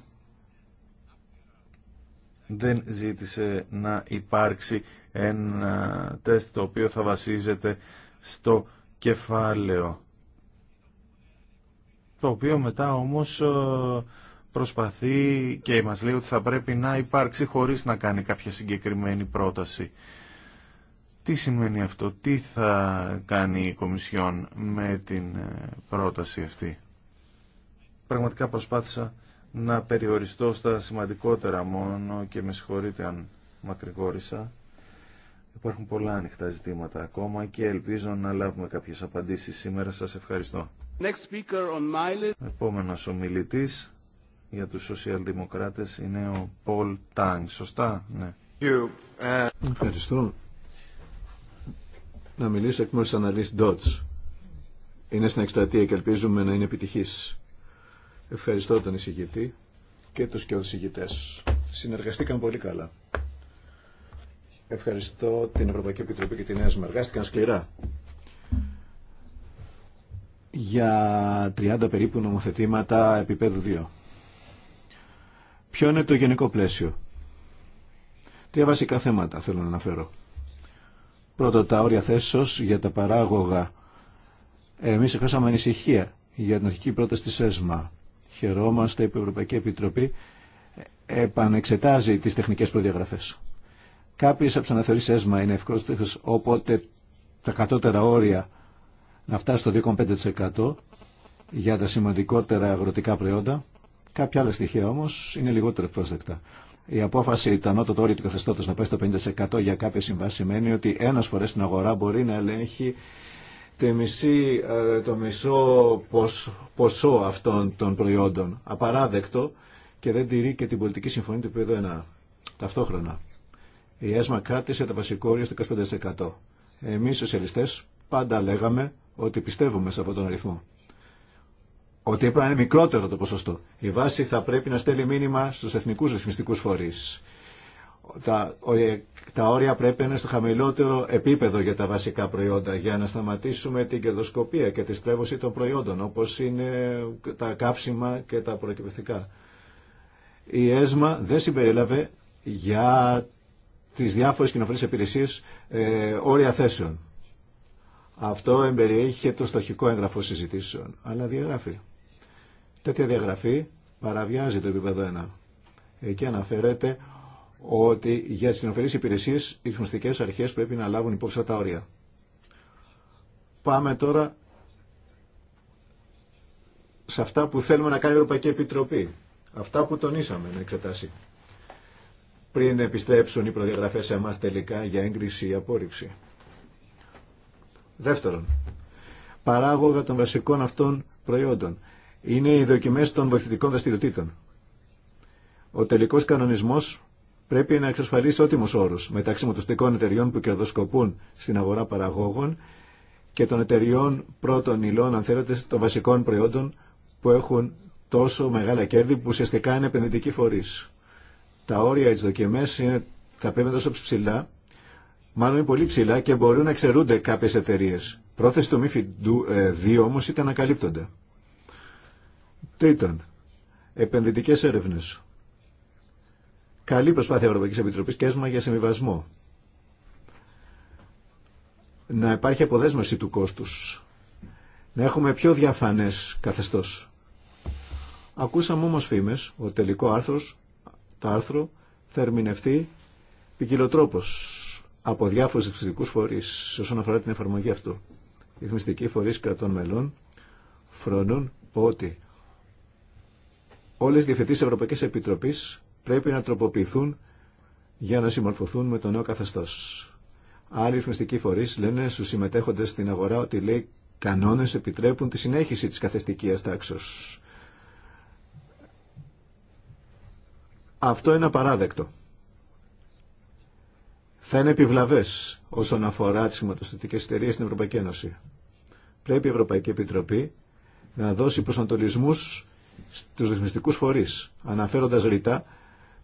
A: δεν ζήτησε να υπάρξει ένα τεστ το οποίο θα βασίζεται στο κεφάλαιο το οποίο μετά όμως ε, προσπαθεί και μας λέει ότι θα πρέπει να υπάρξει χωρίς να κάνει κάποια συγκεκριμένη πρόταση. Τι σημαίνει αυτό, τι θα κάνει η Κομισιόν με την ε, πρόταση αυτή. Πραγματικά προσπάθησα να περιοριστώ στα σημαντικότερα μόνο και με συγχωρείτε αν μακρηγόρησα. Υπάρχουν πολλά ανοιχτά ζητήματα ακόμα και ελπίζω να λάβουμε κάποιες απαντήσεις σήμερα. Σας ευχαριστώ. Next Επόμενος ομιλητής για τους σοσιαλδημοκράτες είναι ο Πολ Τάγκ. Σωστά, ναι. Ευχαριστώ.
D: Να μιλήσω εκ μέρους της αναλύς Dodge. Είναι στην εκστρατεία και ελπίζουμε να είναι επιτυχής. Ευχαριστώ τον εισηγητή και τους και οδησηγητές. Συνεργαστήκαν πολύ καλά. Ευχαριστώ την Ευρωπαϊκή Επιτροπή και την Νέα εργάστηκαν σκληρά για 30 περίπου νομοθετήματα επίπεδου 2. Ποιο είναι το γενικό πλαίσιο. Τρία βασικά θέματα θέλω να αναφέρω. Πρώτο, τα όρια θέσεως για τα παράγωγα. Εμείς εκφράσαμε ανησυχία για την αρχική πρόταση της ΕΣΜΑ. Χαιρόμαστε που η Ευρωπαϊκή Επιτροπή επανεξετάζει τις τεχνικές προδιαγραφές. Κάποιες από τις αναθεωρήσεις ΕΣΜΑ είναι ευκρόστιχες, οπότε τα κατώτερα όρια να φτάσει στο 2,5% για τα σημαντικότερα αγροτικά προϊόντα. Κάποια άλλα στοιχεία όμω είναι λιγότερο πρόσδεκτα. Η απόφαση, το ανώτατο όριο του καθεστώτος να πάει στο 50% για κάποια συμβάση σημαίνει ότι ένα φορέ στην αγορά μπορεί να ελέγχει ε, το μισό ποσό αυτών των προϊόντων. Απαράδεκτο και δεν τηρεί και την πολιτική συμφωνία του επίπεδου 1. Ταυτόχρονα, η ΕΣΜΑ κράτησε τα βασικό όριο στο 25%. Εμεί σοσιαλιστέ πάντα λέγαμε ότι πιστεύουμε σε αυτόν τον αριθμό. Ότι έπρεπε να είναι μικρότερο το ποσοστό. Η βάση θα πρέπει να στέλνει μήνυμα στου εθνικού ρυθμιστικού φορεί. Τα, τα όρια πρέπει να είναι στο χαμηλότερο επίπεδο για τα βασικά προϊόντα για να σταματήσουμε την κερδοσκοπία και τη στρέβωση των προϊόντων όπως είναι τα κάψιμα και τα προεκπαιδευτικά. Η ΕΣΜΑ δεν συμπερίλαβε για τις διάφορες κοινοφιλείς υπηρεσίες ε, όρια θέσεων. Αυτό εμπεριέχει το στοχικό έγγραφο συζητήσεων, αλλά διαγράφει. Τέτοια διαγραφή παραβιάζει το επίπεδο 1. Εκεί αναφέρεται ότι για τι κοινοφελεί υπηρεσίε οι ρυθμιστικέ αρχέ πρέπει να λάβουν υπόψη τα όρια. Πάμε τώρα σε αυτά που θέλουμε να κάνει η Ευρωπαϊκή Επιτροπή. Αυτά που τονίσαμε να εξετάσει. Πριν επιστρέψουν οι προδιαγραφές σε εμάς τελικά για έγκριση ή απόρριψη. Δεύτερον, παράγωγα των βασικών αυτών προϊόντων. Είναι οι δοκιμές των βοηθητικών δραστηριοτήτων. Ο τελικός κανονισμός πρέπει να εξασφαλίσει ότιμου όρου μεταξύ μοτοστικών εταιριών που κερδοσκοπούν στην αγορά παραγόγων και των εταιριών πρώτων υλών, αν θέλετε, των βασικών προϊόντων που έχουν τόσο μεγάλα κέρδη που ουσιαστικά είναι επενδυτικοί φορεί. Τα όρια της δοκιμέ θα πρέπει να τόσο ψηλά μάλλον είναι πολύ ψηλά και μπορούν να εξαιρούνται κάποιες εταιρείε. Πρόθεση του MIFID 2 ε, όμως ήταν να καλύπτονται. Τρίτον, επενδυτικές έρευνες. Καλή προσπάθεια Ευρωπαϊκής Επιτροπής και έσμα για συμβιβασμό. Να υπάρχει αποδέσμευση του κόστους. Να έχουμε πιο διαφανές καθεστώς. Ακούσαμε όμως φήμες ο τελικό άρθρος, το άρθρο θα ερμηνευτεί ποικιλοτρόπως από διάφορους ρυθμιστικούς φορείς όσον αφορά την εφαρμογή αυτού. Οι ρυθμιστικοί φορείς κρατών μελών φρονούν ότι όλες οι διευθετήσεις Ευρωπαϊκής Επιτροπής πρέπει να τροποποιηθούν για να συμμορφωθούν με το νέο καθεστώς. Άλλοι ρυθμιστικοί φορείς λένε στους συμμετέχοντες στην αγορά ότι λέει κανόνες επιτρέπουν τη συνέχιση της καθεστικίας τάξης. Αυτό είναι απαράδεκτο θα είναι επιβλαβέ όσον αφορά τι σηματοστατικές εταιρείε στην Ευρωπαϊκή Ένωση. Πρέπει η Ευρωπαϊκή Επιτροπή να δώσει προσανατολισμού στου ρυθμιστικού φορεί, αναφέροντα ρητά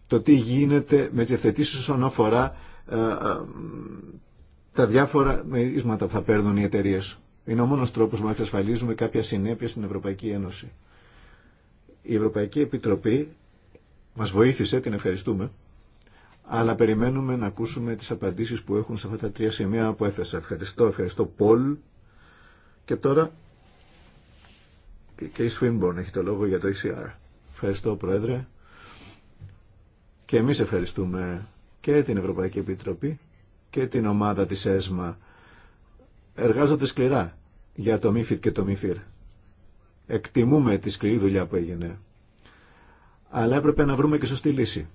D: το τι γίνεται με τι ευθετήσεις όσον αφορά ε, ε, τα διάφορα μερίσματα που θα παίρνουν οι εταιρείε. Είναι ο μόνο τρόπο να εξασφαλίζουμε κάποια συνέπεια στην Ευρωπαϊκή Ένωση. Η Ευρωπαϊκή Επιτροπή μα βοήθησε, την ευχαριστούμε, αλλά περιμένουμε να ακούσουμε τις απαντήσεις που έχουν σε αυτά τα τρία σημεία που έθεσα. Ευχαριστώ, ευχαριστώ Πολ. Και τώρα και η Swinburne έχει το λόγο για το ECR. Ευχαριστώ Πρόεδρε. Και εμείς ευχαριστούμε και την Ευρωπαϊκή Επιτροπή και την ομάδα της ΕΣΜΑ. Εργάζονται σκληρά για το MIFID και το MIFIR. Εκτιμούμε τη σκληρή δουλειά που έγινε. Αλλά έπρεπε να βρούμε και σωστή λύση.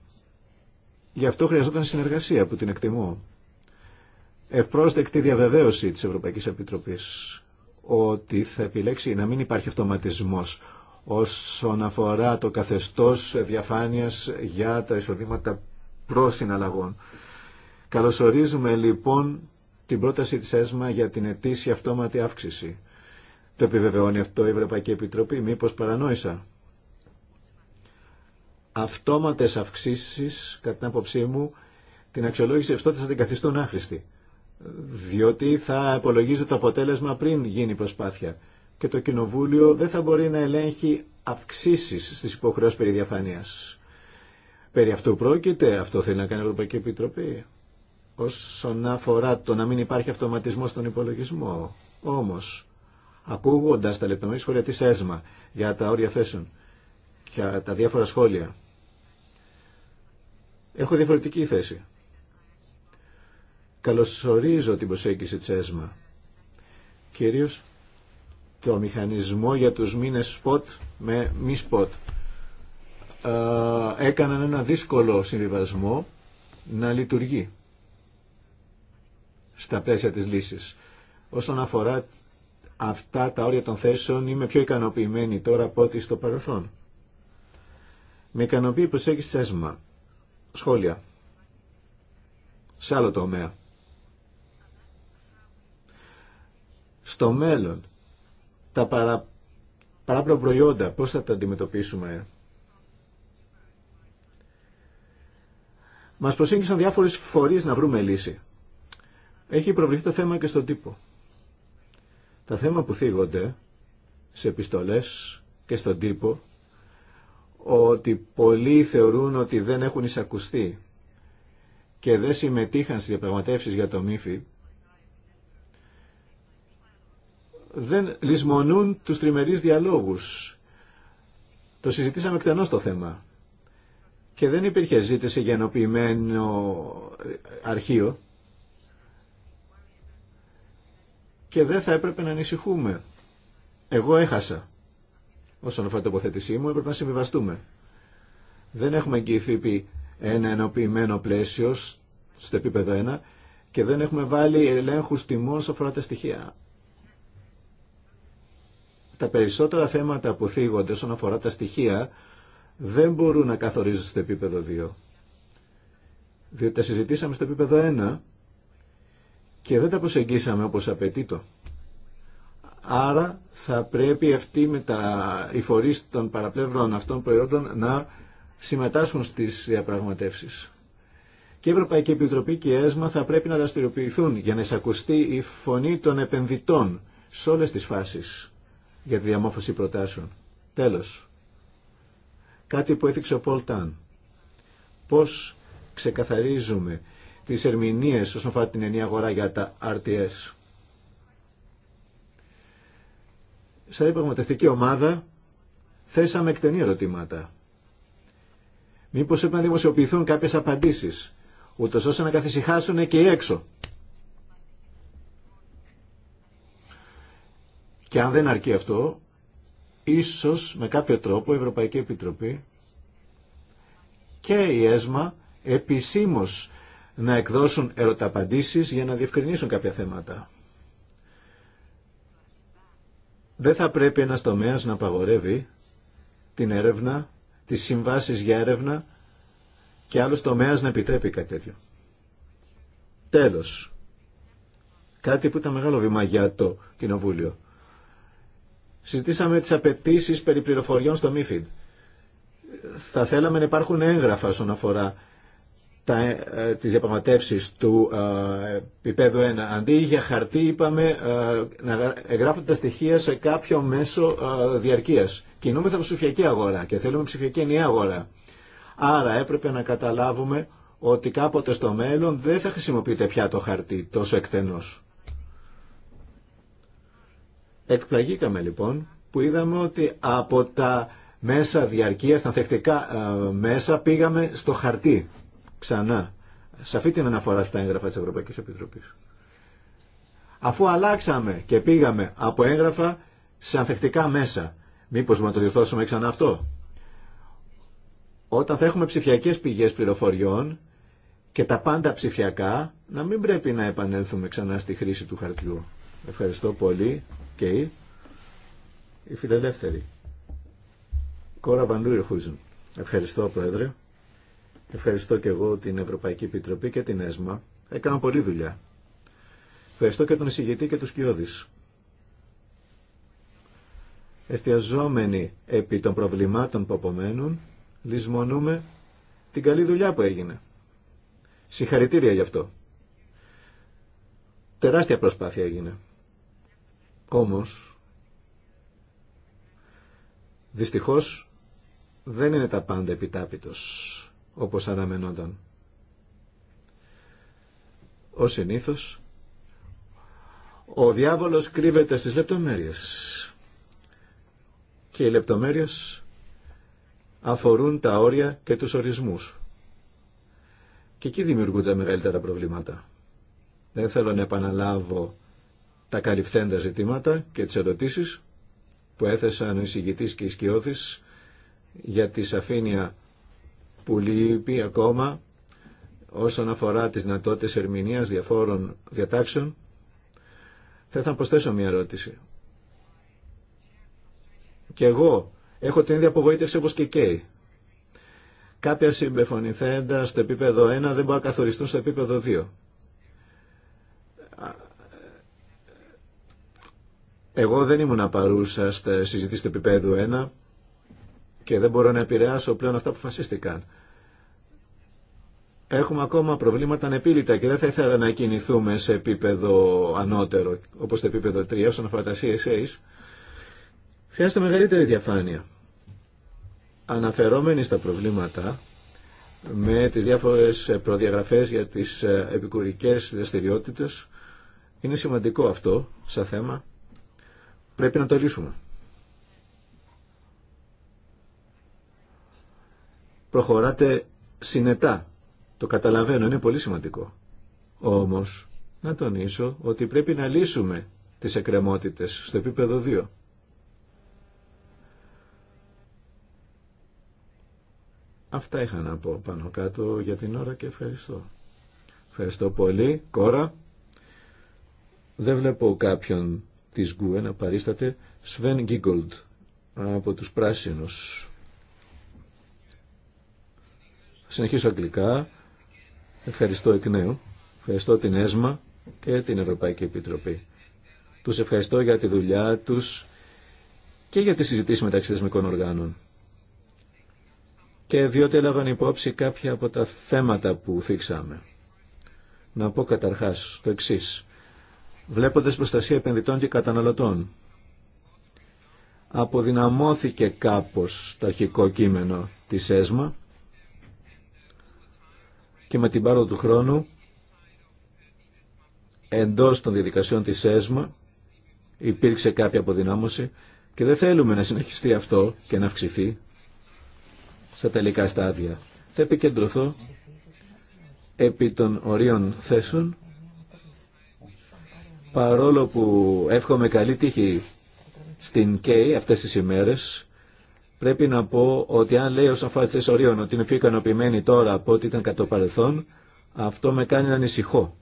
D: Γι' αυτό χρειαζόταν συνεργασία που την εκτιμώ. Ευπρόσδεκτη διαβεβαίωση της Ευρωπαϊκής Επιτροπής ότι θα επιλέξει να μην υπάρχει αυτοματισμός όσον αφορά το καθεστώς διαφάνειας για τα εισοδήματα προ-συναλλαγών. Καλωσορίζουμε λοιπόν την πρόταση της ΕΣΜΑ για την ετήσια αυτόματη αύξηση. Το επιβεβαιώνει αυτό η Ευρωπαϊκή Επιτροπή, μήπως παρανόησα αυτόματες αυξήσεις, κατά την άποψή μου, την αξιολόγηση ευστότητας θα την καθιστούν άχρηστη. Διότι θα υπολογίζεται το αποτέλεσμα πριν γίνει η προσπάθεια. Και το Κοινοβούλιο δεν θα μπορεί να ελέγχει αυξήσεις στις υποχρεώσεις περί διαφανείας. Περί αυτού πρόκειται, αυτό θέλει να κάνει η Ευρωπαϊκή Επιτροπή. Όσον αφορά το να μην υπάρχει αυτοματισμό στον υπολογισμό. Όμως, ακούγοντας τα λεπτομερή σχόλια της ΕΣΜΑ για τα όρια θέσεων και τα διάφορα σχόλια Έχω διαφορετική θέση. Καλωσορίζω την προσέγγιση της ΕΣΜΑ. Κυρίως το μηχανισμό για τους μήνες σποτ με μη σποτ. Έκαναν ένα δύσκολο συμβιβασμό να λειτουργεί στα πλαίσια της λύσης. Όσον αφορά αυτά τα όρια των θέσεων είμαι πιο ικανοποιημένη τώρα από ό,τι στο παρελθόν. Με ικανοποιεί η προσέγγιση της σχόλια σε άλλο τομέα. Στο μέλλον, τα παρα... παράπλευρα προϊόντα, πώς θα τα αντιμετωπίσουμε. Μας προσέγγισαν διάφορες φορείς να βρούμε λύση. Έχει προβληθεί το θέμα και στον τύπο. Τα θέματα που θίγονται σε επιστολές και στον τύπο ότι πολλοί θεωρούν ότι δεν έχουν εισακουστεί και δεν συμμετείχαν στις διαπραγματεύσεις για το μύφη δεν λησμονούν τους τριμερείς διαλόγους. Το συζητήσαμε εκτενώς το θέμα. Και δεν υπήρχε ζήτηση για ενοποιημένο αρχείο. Και δεν θα έπρεπε να ανησυχούμε. Εγώ έχασα όσον αφορά την τοποθέτησή μου, έπρεπε να συμβιβαστούμε. Δεν έχουμε εγγυηθεί ένα ενοποιημένο πλαίσιο στο επίπεδο 1 και δεν έχουμε βάλει ελέγχου τιμών όσον αφορά τα στοιχεία. Τα περισσότερα θέματα που θίγονται όσον αφορά τα στοιχεία δεν μπορούν να καθορίζονται στο επίπεδο 2. Διότι τα συζητήσαμε στο επίπεδο 1 και δεν τα προσεγγίσαμε όπως απαιτεί Άρα θα πρέπει αυτή με τα, οι φορεί των παραπλεύρων αυτών προϊόντων να συμμετάσχουν στις διαπραγματεύσει. Και η Ευρωπαϊκή Επιτροπή και η ΕΣΜΑ θα πρέπει να δραστηριοποιηθούν για να εισακουστεί η φωνή των επενδυτών σε όλες τις φάσεις για τη διαμόρφωση προτάσεων. Τέλος, κάτι που έθιξε ο Πολ Ταν. Πώς ξεκαθαρίζουμε τις ερμηνείες όσον αφορά την ενή αγορά για τα RTS Σαν διαπραγματευτική ομάδα θέσαμε εκτενή ερωτήματα. Μήπως έπρεπε να δημοσιοποιηθούν κάποιες απαντήσεις, ούτω ώστε να καθησυχάσουν και οι έξω. Και αν δεν αρκεί αυτό, ίσως με κάποιο τρόπο η Ευρωπαϊκή Επιτροπή και η ΕΣΜΑ επισήμως να εκδώσουν ερωταπαντήσεις για να διευκρινίσουν κάποια θέματα. Δεν θα πρέπει ένας τομέας να απαγορεύει την έρευνα, τις συμβάσεις για έρευνα και άλλος τομέας να επιτρέπει κάτι τέτοιο. Τέλος, κάτι που ήταν μεγάλο βήμα για το Κοινοβούλιο. Συζητήσαμε τις απαιτήσει περί πληροφοριών στο MIFID. Θα θέλαμε να υπάρχουν έγγραφα όσον αφορά τα, ε, τις διαπραγματεύσεις του ε, επίπεδου 1. Αντί για χαρτί είπαμε ε, να εγγράφονται τα στοιχεία σε κάποιο μέσο διαρκείας. Κινούμεθα από ψηφιακή αγορά και θέλουμε ψηφιακή ενιαία αγορά. Άρα έπρεπε να καταλάβουμε ότι κάποτε στο μέλλον δεν θα χρησιμοποιείται πια το χαρτί τόσο εκτενώς. Εκπλαγήκαμε λοιπόν που είδαμε ότι από τα μέσα διαρκείας, τα ανθεκτικά μέσα πήγαμε στο χαρτί ξανά σε αυτή την αναφορά στα έγγραφα της Ευρωπαϊκής Επιτροπής. Αφού αλλάξαμε και πήγαμε από έγγραφα σε ανθεκτικά μέσα, μήπως να το διορθώσουμε ξανά αυτό. Όταν θα έχουμε ψηφιακές πηγές πληροφοριών και τα πάντα ψηφιακά, να μην πρέπει να επανέλθουμε ξανά στη χρήση του χαρτιού. Ευχαριστώ πολύ και η, φιλελεύθερη. Κόρα Ευχαριστώ, Πρόεδρε. Ευχαριστώ και εγώ την Ευρωπαϊκή Επιτροπή και την ΕΣΜΑ. Έκαναν πολλή δουλειά. Ευχαριστώ και τον εισηγητή και τους κοιόδης. Εστιαζόμενοι επί των προβλημάτων που απομένουν, λησμονούμε την καλή δουλειά που έγινε. Συγχαρητήρια γι' αυτό. Τεράστια προσπάθεια έγινε. Όμως, δυστυχώς δεν είναι τα πάντα επιτάπητος όπως αναμενόταν. Ο συνήθως, ο διάβολος κρύβεται στις λεπτομέρειες και οι λεπτομέρειες αφορούν τα όρια και τους ορισμούς. Και εκεί δημιουργούνται μεγαλύτερα προβλήματα. Δεν θέλω να επαναλάβω τα καλυφθέντα ζητήματα και τις ερωτήσεις που έθεσαν ο εισηγητής και οι σκιώδης για τη σαφήνεια που λείπει ακόμα όσον αφορά τις δυνατότητες ερμηνείας διαφόρων διατάξεων. Θα ήθελα να προσθέσω μια ερώτηση. Και εγώ έχω την ίδια απογοήτευση όπως και καίει. Κάποια συμπεφωνηθέντα στο επίπεδο 1 δεν μπορούν να καθοριστούν στο επίπεδο 2. Εγώ δεν ήμουν παρούσα στα συζήτηση του επίπεδου 1 και δεν μπορώ να επηρεάσω πλέον αυτά που φασίστηκαν. Έχουμε ακόμα προβλήματα ανεπίλητα και δεν θα ήθελα να κινηθούμε σε επίπεδο ανώτερο, όπως το επίπεδο 3, όσον αφορά τα CSAs. Χρειάζεται μεγαλύτερη διαφάνεια. Αναφερόμενοι στα προβλήματα, με τις διάφορες προδιαγραφές για τις επικουρικές δραστηριότητε. Είναι σημαντικό αυτό σαν θέμα. Πρέπει να το λύσουμε. προχωράτε συνετά. Το καταλαβαίνω, είναι πολύ σημαντικό. Όμως, να τονίσω ότι πρέπει να λύσουμε τις εκκρεμότητες στο επίπεδο 2. Αυτά είχα να πω πάνω κάτω για την ώρα και ευχαριστώ. Ευχαριστώ πολύ. Κόρα. Δεν βλέπω κάποιον της Γκουέ να παρίσταται. Σβέν Γκίγκολτ από τους Πράσινους συνεχίσω αγγλικά. Ευχαριστώ εκ νέου. Ευχαριστώ την ΕΣΜΑ και την Ευρωπαϊκή Επιτροπή. Τους ευχαριστώ για τη δουλειά τους και για τη συζητήση μεταξύ θεσμικών οργάνων. Και διότι έλαβαν υπόψη κάποια από τα θέματα που θίξαμε. Να πω καταρχάς το εξής. Βλέποντας προστασία επενδυτών και καταναλωτών, αποδυναμώθηκε κάπως το αρχικό κείμενο της ΕΣΜΑ και με την πάροδο του χρόνου εντός των διαδικασιών της ΕΣΜΑ υπήρξε κάποια αποδυνάμωση και δεν θέλουμε να συνεχιστεί αυτό και να αυξηθεί στα τελικά στάδια. Θα επικεντρωθώ επί των ορίων θέσεων παρόλο που εύχομαι καλή τύχη στην ΚΕΙ αυτές τις ημέρες Πρέπει να πω ότι αν λέει ο Σαφάτσε Ορίων ότι είναι πιο ικανοποιημένη τώρα από ό,τι ήταν κατά το παρελθόν, αυτό με κάνει να ανησυχώ.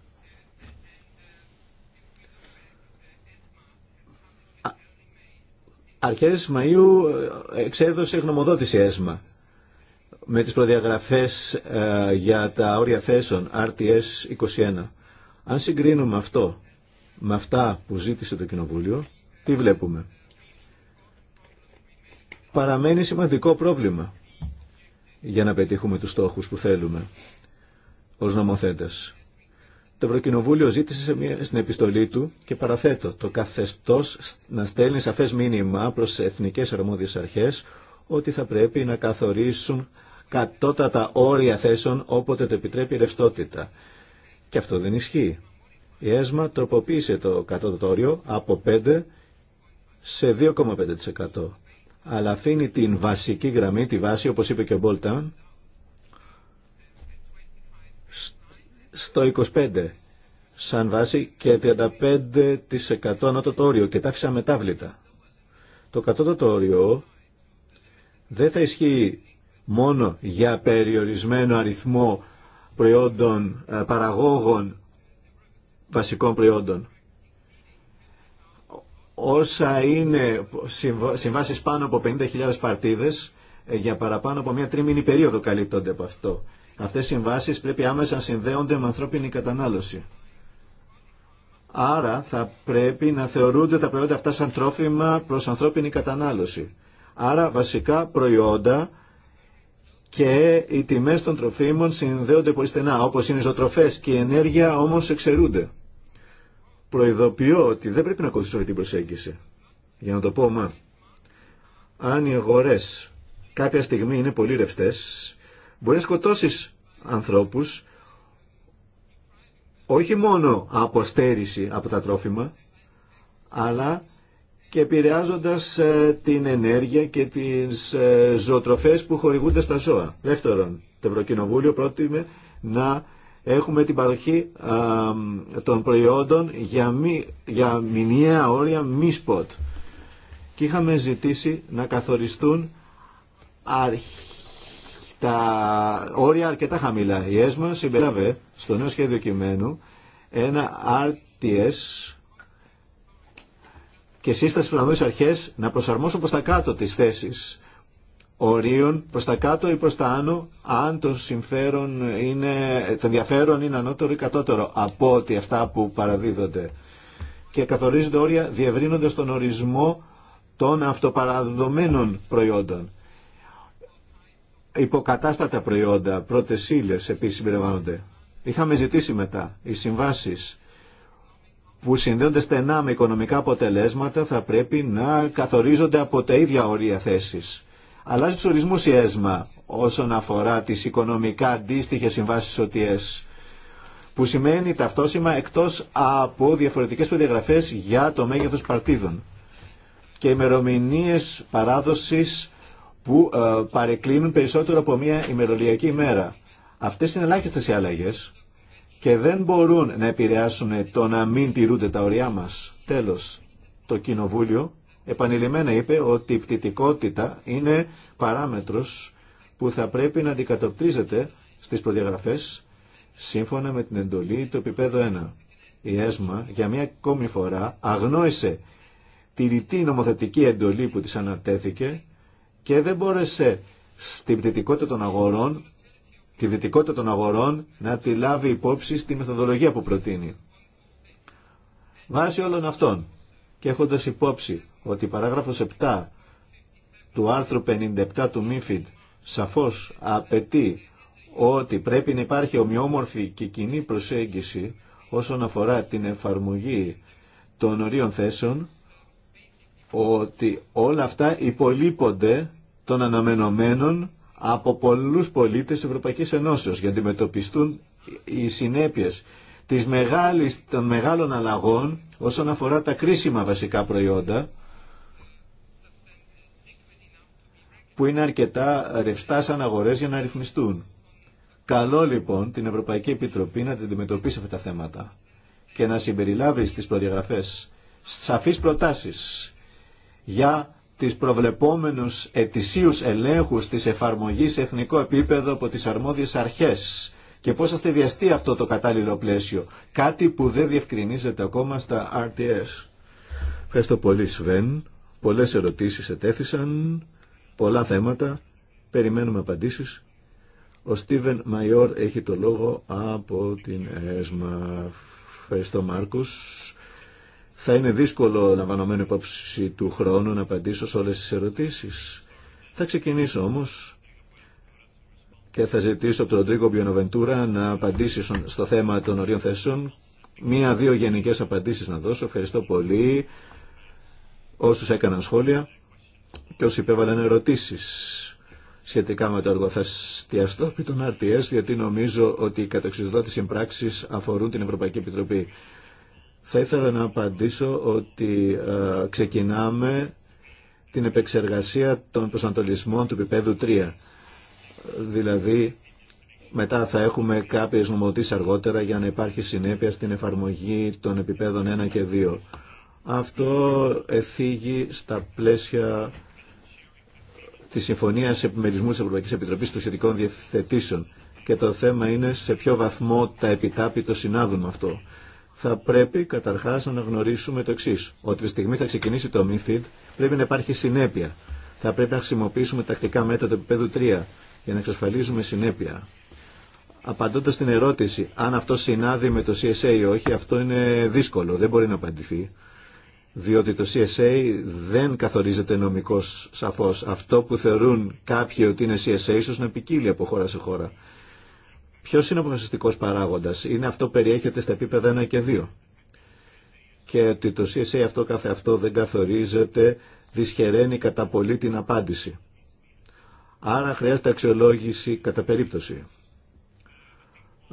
D: Αρχές Μαΐου ε, εξέδωσε γνωμοδότηση ΕΣΜΑ με τις προδιαγραφές ε, για τα όρια θέσεων RTS 21. Αν συγκρίνουμε αυτό με αυτά που ζήτησε το Κοινοβούλιο, τι βλέπουμε παραμένει σημαντικό πρόβλημα για να πετύχουμε τους στόχους που θέλουμε ως νομοθέτες. Το Ευρωκοινοβούλιο ζήτησε στην επιστολή του και παραθέτω το καθεστώς να στέλνει σαφές μήνυμα προς εθνικές αρμόδιες αρχές ότι θα πρέπει να καθορίσουν κατώτατα όρια θέσεων όποτε το επιτρέπει η ρευστότητα. Και αυτό δεν ισχύει. Η ΕΣΜΑ τροποποίησε το κατώτατο όριο από 5% σε 2,5% αλλά αφήνει την βασική γραμμή, τη βάση, όπως είπε και ο Μπόλταν, στο 25 σαν βάση και 35% ανώτατο όριο και τα άφησα μετάβλητα. Το κατώτατο όριο δεν θα ισχύει μόνο για περιορισμένο αριθμό προϊόντων, ε, παραγόγων βασικών προϊόντων όσα είναι συμβάσεις πάνω από 50.000 παρτίδες ε, για παραπάνω από μια τρίμηνη περίοδο καλύπτονται από αυτό. Αυτές οι συμβάσεις πρέπει άμεσα να συνδέονται με ανθρώπινη κατανάλωση. Άρα θα πρέπει να θεωρούνται τα προϊόντα αυτά σαν τρόφιμα προς ανθρώπινη κατανάλωση. Άρα βασικά προϊόντα και οι τιμές των τροφίμων συνδέονται πολύ στενά, όπως είναι οι ζωοτροφές και η ενέργεια όμως εξαιρούνται προειδοποιώ ότι δεν πρέπει να ακολουθήσω αυτή την προσέγγιση. Για να το πω, μα, αν οι αγορέ κάποια στιγμή είναι πολύ ρευστέ, μπορεί να σκοτώσει ανθρώπους όχι μόνο από στέρηση από τα τρόφιμα, αλλά και επηρεάζοντα ε, την ενέργεια και τις ε, ζωοτροφές που χορηγούνται στα ζώα. Δεύτερον, το Ευρωκοινοβούλιο πρότεινε να Έχουμε την παροχή των προϊόντων για, για μηνιαία όρια μη σποτ. Και είχαμε ζητήσει να καθοριστούν αρχ... τα όρια αρκετά χαμηλά. Η ΕΣΜΑ συμπεράβε στο νέο σχέδιο κειμένου ένα RTS και σύσταση στους αρχές να προσαρμόσουν προς τα κάτω τις θέσεις ορίων προς τα κάτω ή προς τα άνω αν το συμφέρον είναι, το ενδιαφέρον είναι ανώτερο ή κατώτερο από ότι αυτά που παραδίδονται και καθορίζονται όρια διευρύνοντας τον ορισμό των αυτοπαραδομένων προϊόντων. Υποκατάστατα προϊόντα, πρώτε ύλες επίση συμπεριλαμβάνονται. Είχαμε ζητήσει μετά οι συμβάσεις που συνδέονται στενά με οικονομικά αποτελέσματα θα πρέπει να καθορίζονται από τα ίδια όρια θέσεις Αλλάζει του ορισμού η ΕΣΜΑ όσον αφορά τι οικονομικά αντίστοιχε συμβάσει οτιέ, που σημαίνει ταυτόσημα εκτό από διαφορετικέ προδιαγραφέ για το μέγεθο παρτίδων και ημερομηνίε παράδοση που ε, παρεκκλίνουν περισσότερο από μία ημερολογιακή ημέρα. Αυτές είναι ελάχιστε οι αλλαγέ και δεν μπορούν να επηρεάσουν το να μην τηρούνται τα ωριά μας. Τέλος, το Κοινοβούλιο επανειλημμένα είπε ότι η πτητικότητα είναι παράμετρος που θα πρέπει να αντικατοπτρίζεται στις προδιαγραφές σύμφωνα με την εντολή του επίπεδου 1. Η ΕΣΜΑ για μια ακόμη φορά αγνόησε τη ρητή νομοθετική εντολή που της ανατέθηκε και δεν μπόρεσε στην πτητικότητα των αγορών τη δυτικότητα των αγορών να τη λάβει υπόψη στη μεθοδολογία που προτείνει. Βάσει όλων αυτών και έχοντας υπόψη ότι η παράγραφος 7 του άρθρου 57 του ΜΥΦΙΔ σαφώς απαιτεί ότι πρέπει να υπάρχει ομοιόμορφη και κοινή προσέγγιση όσον αφορά την εφαρμογή των ορίων θέσεων, ότι όλα αυτά υπολείπονται των αναμενωμένων από πολλούς πολίτες Ευρωπαϊκής Ενώσεως για να αντιμετωπιστούν οι συνέπειες της μεγάλης, των μεγάλων αλλαγών όσον αφορά τα κρίσιμα βασικά προϊόντα που είναι αρκετά ρευστά σαν αγορές για να ρυθμιστούν. Καλό λοιπόν την Ευρωπαϊκή Επιτροπή να την αντιμετωπίσει αυτά τα θέματα και να συμπεριλάβει στις προδιαγραφές σαφείς προτάσεις για τις προβλεπόμενους ετησίους ελέγχους της εφαρμογής σε εθνικό επίπεδο από τις αρμόδιες αρχές και πώς θα στεδιαστεί αυτό το κατάλληλο πλαίσιο. Κάτι που δεν διευκρινίζεται ακόμα στα RTS. Ευχαριστώ πολύ Σβέν. Πολλές ερωτήσεις ετέθησαν πολλά θέματα, περιμένουμε απαντήσεις. Ο Στίβεν Μαϊόρ έχει το λόγο από την ΕΣΜΑ. Ευχαριστώ Μάρκους. Θα είναι δύσκολο, λαμβανωμένο υπόψη του χρόνου, να απαντήσω σε όλες τις ερωτήσεις. Θα ξεκινήσω όμως και θα ζητήσω από τον Τρίκο Μπιονοβεντούρα να απαντήσει στο θέμα των ορίων θέσεων. Μία-δύο γενικές απαντήσεις να δώσω. Ευχαριστώ πολύ όσους έκαναν σχόλια και όσοι υπέβαλαν ερωτήσει σχετικά με το έργο. Θα εστιαστώ των RTS, γιατί νομίζω ότι οι κατεξιδότητες συμπράξει αφορούν την Ευρωπαϊκή Επιτροπή. Θα ήθελα να απαντήσω ότι ε, ξεκινάμε την επεξεργασία των προσανατολισμών του επίπεδου 3. Δηλαδή, μετά θα έχουμε κάποιες νομοτήσεις αργότερα για να υπάρχει συνέπεια στην εφαρμογή των επιπέδων 1 και 2. Αυτό εφήγει στα πλαίσια τη Συμφωνία Επιμερισμού τη Ευρωπαϊκή Επιτροπή των Σχετικών Διευθετήσεων. Και το θέμα είναι σε ποιο βαθμό τα επιτάπη το συνάδουν με αυτό. Θα πρέπει καταρχά να αναγνωρίσουμε το εξή: Ότι τη στιγμή θα ξεκινήσει το MIFID πρέπει να υπάρχει συνέπεια. Θα πρέπει να χρησιμοποιήσουμε τακτικά μέτρα του επίπεδου 3 για να εξασφαλίζουμε συνέπεια. Απαντώντα την ερώτηση αν αυτό συνάδει με το CSA ή όχι, αυτό είναι δύσκολο, δεν μπορεί να απαντηθεί διότι το CSA δεν καθορίζεται νομικώς σαφώς. Αυτό που θεωρούν κάποιοι ότι είναι CSA ίσως να ποικίλει από χώρα σε χώρα. Ποιο είναι ο αποφασιστικό παράγοντα, Είναι αυτό που περιέχεται στα επίπεδα 1 και 2. Και ότι το CSA αυτό καθε αυτό δεν καθορίζεται, δυσχεραίνει κατά πολύ την απάντηση. Άρα χρειάζεται αξιολόγηση κατά περίπτωση.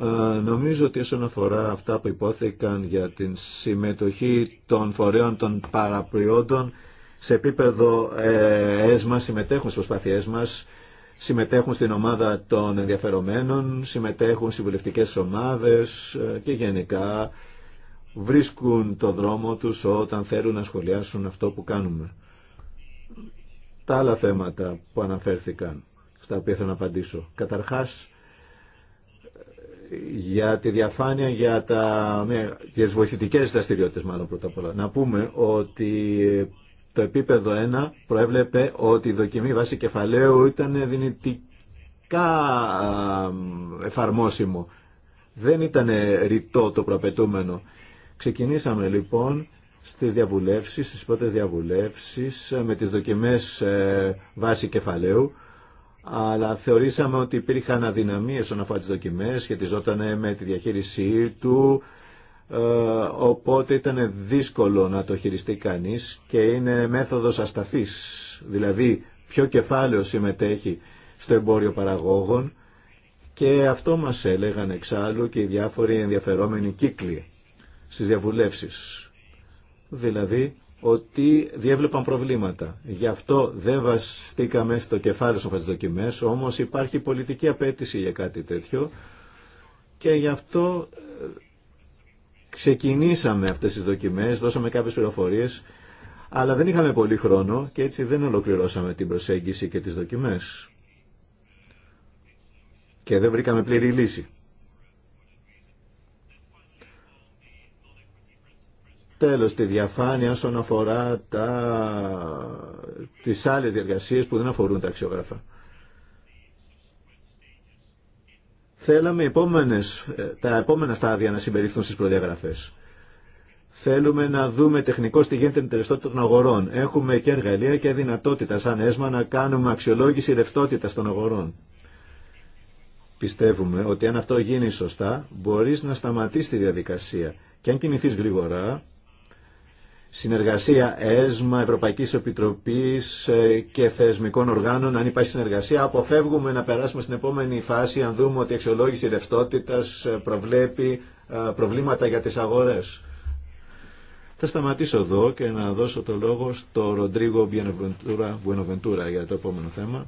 D: Ε, νομίζω ότι όσον αφορά αυτά που υπόθηκαν για την συμμετοχή των φορέων των παραπριόντων σε επίπεδο ΕΣΜΑ συμμετέχουν στις προσπάθειές μας, συμμετέχουν στην ομάδα των ενδιαφερομένων, συμμετέχουν στις βουλευτικές ομάδες ε, και γενικά βρίσκουν το δρόμο τους όταν θέλουν να σχολιάσουν αυτό που κάνουμε. Τα άλλα θέματα που αναφέρθηκαν, στα οποία θέλω να απαντήσω. Καταρχάς, για τη διαφάνεια για τα, τις βοηθητικές δραστηριότητες μάλλον πρώτα απ' όλα. Να πούμε ότι το επίπεδο 1 προέβλεπε ότι η δοκιμή βάση κεφαλαίου ήταν δυνητικά ε, εφαρμόσιμο. Δεν ήταν ρητό το προπετούμενο. Ξεκινήσαμε λοιπόν στις διαβουλεύσεις, στις πρώτες διαβουλεύσεις ε, με τις δοκιμές ε, βάση κεφαλαίου αλλά θεωρήσαμε ότι υπήρχαν αδυναμίες όσον αφορά τις δοκιμές, σχετιζόταν με τη διαχείρισή του, ε, οπότε ήταν δύσκολο να το χειριστεί κανείς και είναι μέθοδος ασταθής, δηλαδή ποιο κεφάλαιο συμμετέχει στο εμπόριο παραγόγων και αυτό μας έλεγαν εξάλλου και οι διάφοροι ενδιαφερόμενοι κύκλοι στις διαβουλεύσεις. Δηλαδή ότι διέβλεπαν προβλήματα. Γι' αυτό δεν βαστήκαμε στο κεφάλι στις δοκιμές, όμως υπάρχει πολιτική απέτηση για κάτι τέτοιο και γι' αυτό ε, ξεκινήσαμε αυτές τις δοκιμές, δώσαμε κάποιες πληροφορίες, αλλά δεν είχαμε πολύ χρόνο και έτσι δεν ολοκληρώσαμε την προσέγγιση και τις δοκιμές. Και δεν βρήκαμε πλήρη λύση. Τέλος, τη διαφάνεια όσον αφορά τα... τις άλλες διεργασίες που δεν αφορούν τα αξιογράφα. Θέλαμε επόμενες, ε, τα επόμενα στάδια να συμπεριφθούν στις προδιαγραφές. Θέλουμε να δούμε τεχνικώς τι γίνεται με τη ρευστότητα των αγορών. Έχουμε και εργαλεία και δυνατότητα σαν έσμα να κάνουμε αξιολόγηση ρευστότητα των αγορών. Πιστεύουμε ότι αν αυτό γίνει σωστά, μπορείς να σταματήσεις τη διαδικασία. Και αν κινηθείς γρήγορα, συνεργασία ΕΣΜΑ, Ευρωπαϊκής Επιτροπής ε, και θεσμικών οργάνων, αν υπάρχει συνεργασία, αποφεύγουμε να περάσουμε στην επόμενη φάση αν δούμε ότι η αξιολόγηση ρευστότητα ε, προβλέπει ε, προβλήματα για τις αγορές. Θα σταματήσω εδώ και να δώσω το λόγο στο Ροντρίγο Μπουενοβεντούρα για το επόμενο θέμα.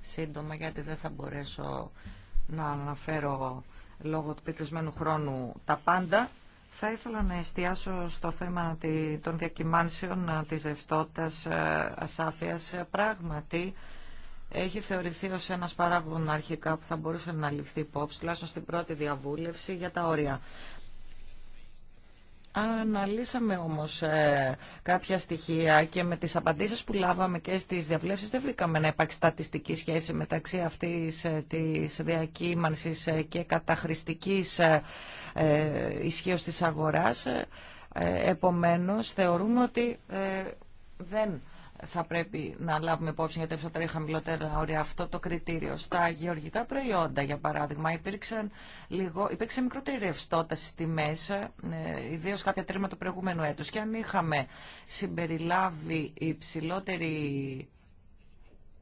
C: Σύντομα, γιατί δεν θα μπορέσω να αναφέρω λόγω του πετρεσμένου χρόνου τα πάντα. Θα ήθελα να εστιάσω στο θέμα των διακυμάνσεων ε, της ρευστότητας ε, ασάφειας. Ε, πράγματι, έχει θεωρηθεί ως ένας παράγον αρχικά που θα μπορούσε να ληφθεί υπόψη, τουλάχιστον στην πρώτη διαβούλευση για τα όρια Αναλύσαμε όμως ε, κάποια στοιχεία και με τις απαντήσεις που λάβαμε και στις διαβλέψεις δεν βρήκαμε να υπάρξει στατιστική σχέση μεταξύ αυτής ε, της διακύμανσης ε, και καταχρηστικής ε, ε ισχύω της αγοράς. επομένως θεωρούμε ότι δεν θα πρέπει να λάβουμε υπόψη για τα υψηλότερα ή χαμηλότερα όρια αυτό το κριτήριο. Στα γεωργικά προϊόντα, για παράδειγμα, υπήρξαν λίγο, υπήρξε μικρότερη ρευστότητα στη μέσα ε, ιδίω κάποια τρίμα του προηγούμενου έτου. Και αν είχαμε συμπεριλάβει υψηλότερη,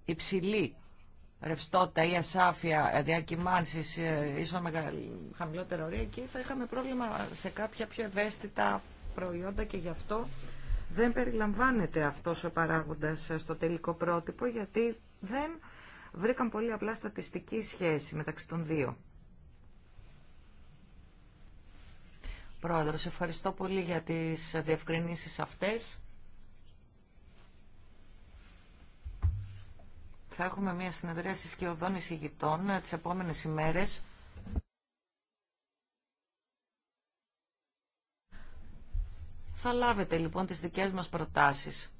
C: υψηλή ρευστότητα ή ασάφεια διακυμάνσεις ε, ίσως χαμηλότερα όρια, εκεί θα είχαμε πρόβλημα σε κάποια πιο ευαίσθητα προϊόντα και γι' αυτό δεν περιλαμβάνεται αυτός ο παράγοντας στο τελικό πρότυπο γιατί δεν βρήκαν πολύ απλά στατιστική σχέση μεταξύ των δύο. Πρόεδρος, ευχαριστώ πολύ για τις διευκρινήσεις αυτές. Θα έχουμε μια συνεδρία οδόνες ηγητών ε, τις επόμενες ημέρες. Θα λάβετε λοιπόν τις δικές μας προτάσεις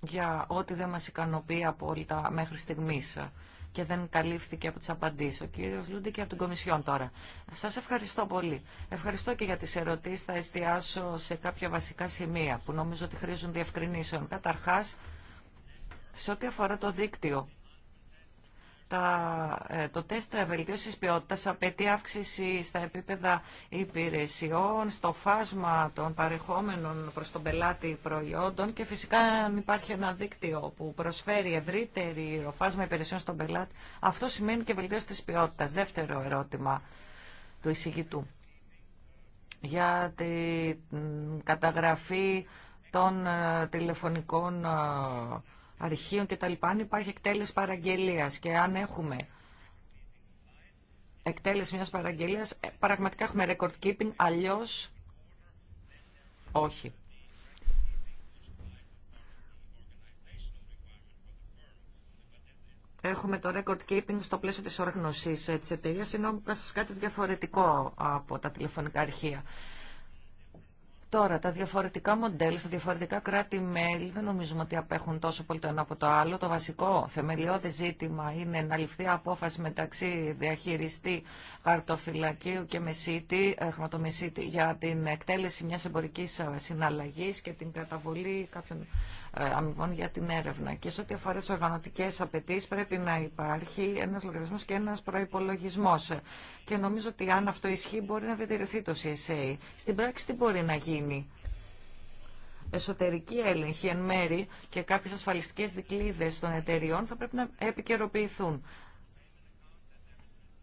C: για ό,τι δεν μας ικανοποιεί απόλυτα μέχρι στιγμής και δεν καλύφθηκε από τις απαντήσεις. Ο κύριος Λούντι και από την Κομισιόν τώρα. Σας ευχαριστώ πολύ. Ευχαριστώ και για τις ερωτήσεις. Θα εστιάσω σε κάποια βασικά σημεία που νομίζω ότι χρήζουν διευκρινήσεων. Καταρχάς, σε ό,τι αφορά το δίκτυο ε, το τεστ βελτίωσης ποιότητα, απαιτεί αύξηση στα επίπεδα υπηρεσιών, στο φάσμα των παρεχόμενων προ τον πελάτη προϊόντων και φυσικά αν υπάρχει ένα δίκτυο που προσφέρει ευρύτερη φάσμα υπηρεσιών στον πελάτη, αυτό σημαίνει και βελτίωση τη ποιότητα. Δεύτερο ερώτημα του εισηγητού για την καταγραφή των ε, τηλεφωνικών ε, αρχείων κτλ. Αν υπάρχει εκτέλεση παραγγελίας και αν έχουμε εκτέλεση μιας παραγγελίας, ε, πραγματικά έχουμε record keeping, αλλιώ, όχι. Έχουμε το record keeping στο πλαίσιο της οργνωσής της εταιρείας, είναι όμως κάτι διαφορετικό από τα τηλεφωνικά αρχεία. Τώρα, τα διαφορετικά μοντέλα στα διαφορετικά κράτη-μέλη δεν νομίζουμε ότι απέχουν τόσο πολύ το ένα από το άλλο. Το βασικό θεμελιώδη ζήτημα είναι να ληφθεί απόφαση μεταξύ διαχειριστή χαρτοφυλακίου και μεσίτη, ε, χρηματομεσίτη για την εκτέλεση μιας εμπορική συναλλαγής και την καταβολή κάποιων ε, αμοιβών για την έρευνα. Και σε ό,τι αφορά τι οργανωτικέ απαιτήσει, πρέπει να υπάρχει ένα λογαριασμό και ένα προπολογισμό. Και νομίζω ότι αν αυτό ισχύει, μπορεί να διατηρηθεί το CSA. Στην πράξη, τι μπορεί να γίνει. Εσωτερική έλεγχη εν μέρη και κάποιε ασφαλιστικέ δικλείδε των εταιριών θα πρέπει να επικαιροποιηθούν.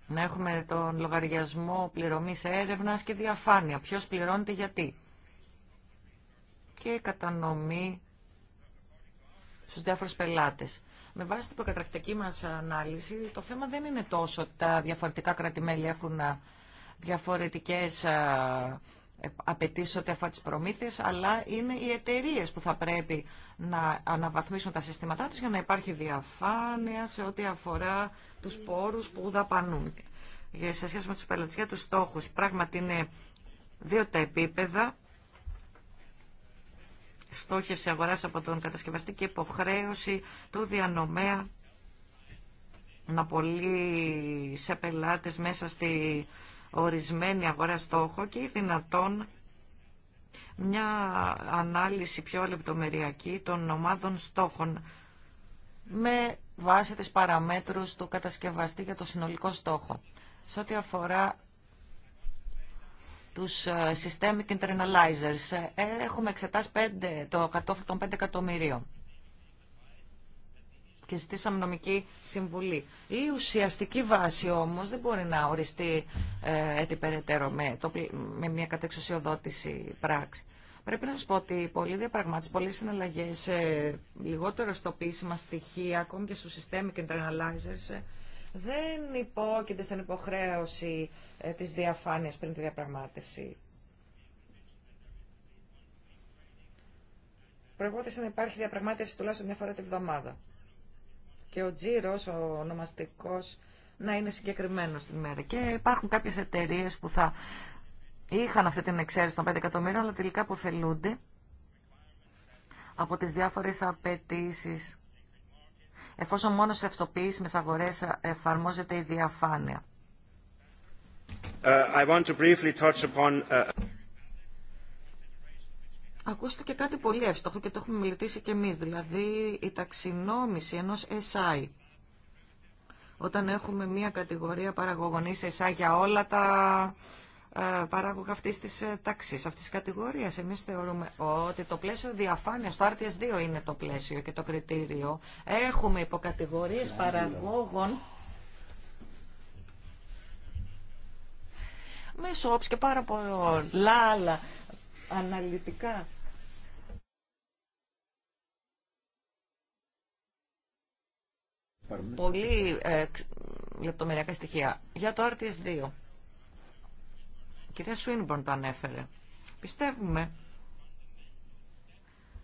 C: Να έχουμε τον λογαριασμό πληρωμής έρευνα και διαφάνεια. Ποιο πληρώνεται γιατί. Και κατανομή στους διάφορους πελάτες. Με βάση την προκατρακτική μας ανάλυση, το θέμα δεν είναι τόσο ότι τα διαφορετικά κρατημέλη έχουν διαφορετικές απαιτήσει ό,τι αφορά τις προμήθειες αλλά είναι οι εταιρείε που θα πρέπει να αναβαθμίσουν τα συστήματά τους για να υπάρχει διαφάνεια σε ό,τι αφορά τους πόρους που δαπανούν. Για σε σχέση με του πελατές για του στόχου, πράγματι είναι δύο τα επίπεδα στόχευση αγοράς από τον κατασκευαστή και υποχρέωση του διανομέα να πωλεί σε πελάτες μέσα στη ορισμένη αγορά στόχο και δυνατόν μια ανάλυση πιο λεπτομεριακή των ομάδων στόχων με βάση τις παραμέτρους του κατασκευαστή για το συνολικό στόχο. Σε ό,τι αφορά τους ε, systemic internalizers. Ε, έχουμε εξετάσει 5, το κατόφλι των 5 εκατομμυρίων και ζητήσαμε νομική συμβουλή. Η ουσιαστική βάση όμως δεν μπορεί να οριστεί ε, έτσι περαιτέρω με, το, με μια κατεξουσιοδότηση πράξη. Πρέπει να σας πω ότι πολλοί διαπραγμάτες, πολλές συναλλαγές, ε, λιγότερο στοπίσιμα στοιχεία, ακόμη και στους systemic internalizers, ε, δεν υπόκειται στην υποχρέωση ε, της διαφάνειας πριν τη διαπραγμάτευση. Προπόθεση να υπάρχει διαπραγμάτευση τουλάχιστον μια φορά τη βδομάδα. Και ο τζίρο, ο ονομαστικό, να είναι συγκεκριμένο την μέρα. Και υπάρχουν κάποιε εταιρείε που θα είχαν αυτή την εξαίρεση των 5 εκατομμύρων, αλλά τελικά αποφελούνται από τις διάφορες απαιτήσει εφόσον μόνο στις αυτοποιήσιμες αγορές εφαρμόζεται η διαφάνεια.
B: Uh, I want to briefly touch upon,
C: ε, κάτι πολύ εύστοχο και το έχουμε μιλητήσει και εμείς, δηλαδή η ταξινόμηση ενός SI. Όταν έχουμε μία κατηγορία παραγωγονής SI για όλα τα ε, παράγωγα αυτή τη ε, τάξη, αυτή τη κατηγορία. Εμεί θεωρούμε ότι το πλαίσιο διαφάνεια, το RTS2 είναι το πλαίσιο και το κριτήριο. Έχουμε υποκατηγορίε παραγώγων με σόπς και πάρα πολλά άλλα αναλυτικά. Πολύ ε, λεπτομεριακά στοιχεία. Για το RTS2 κυρία Σουίνμπορν το ανέφερε. Πιστεύουμε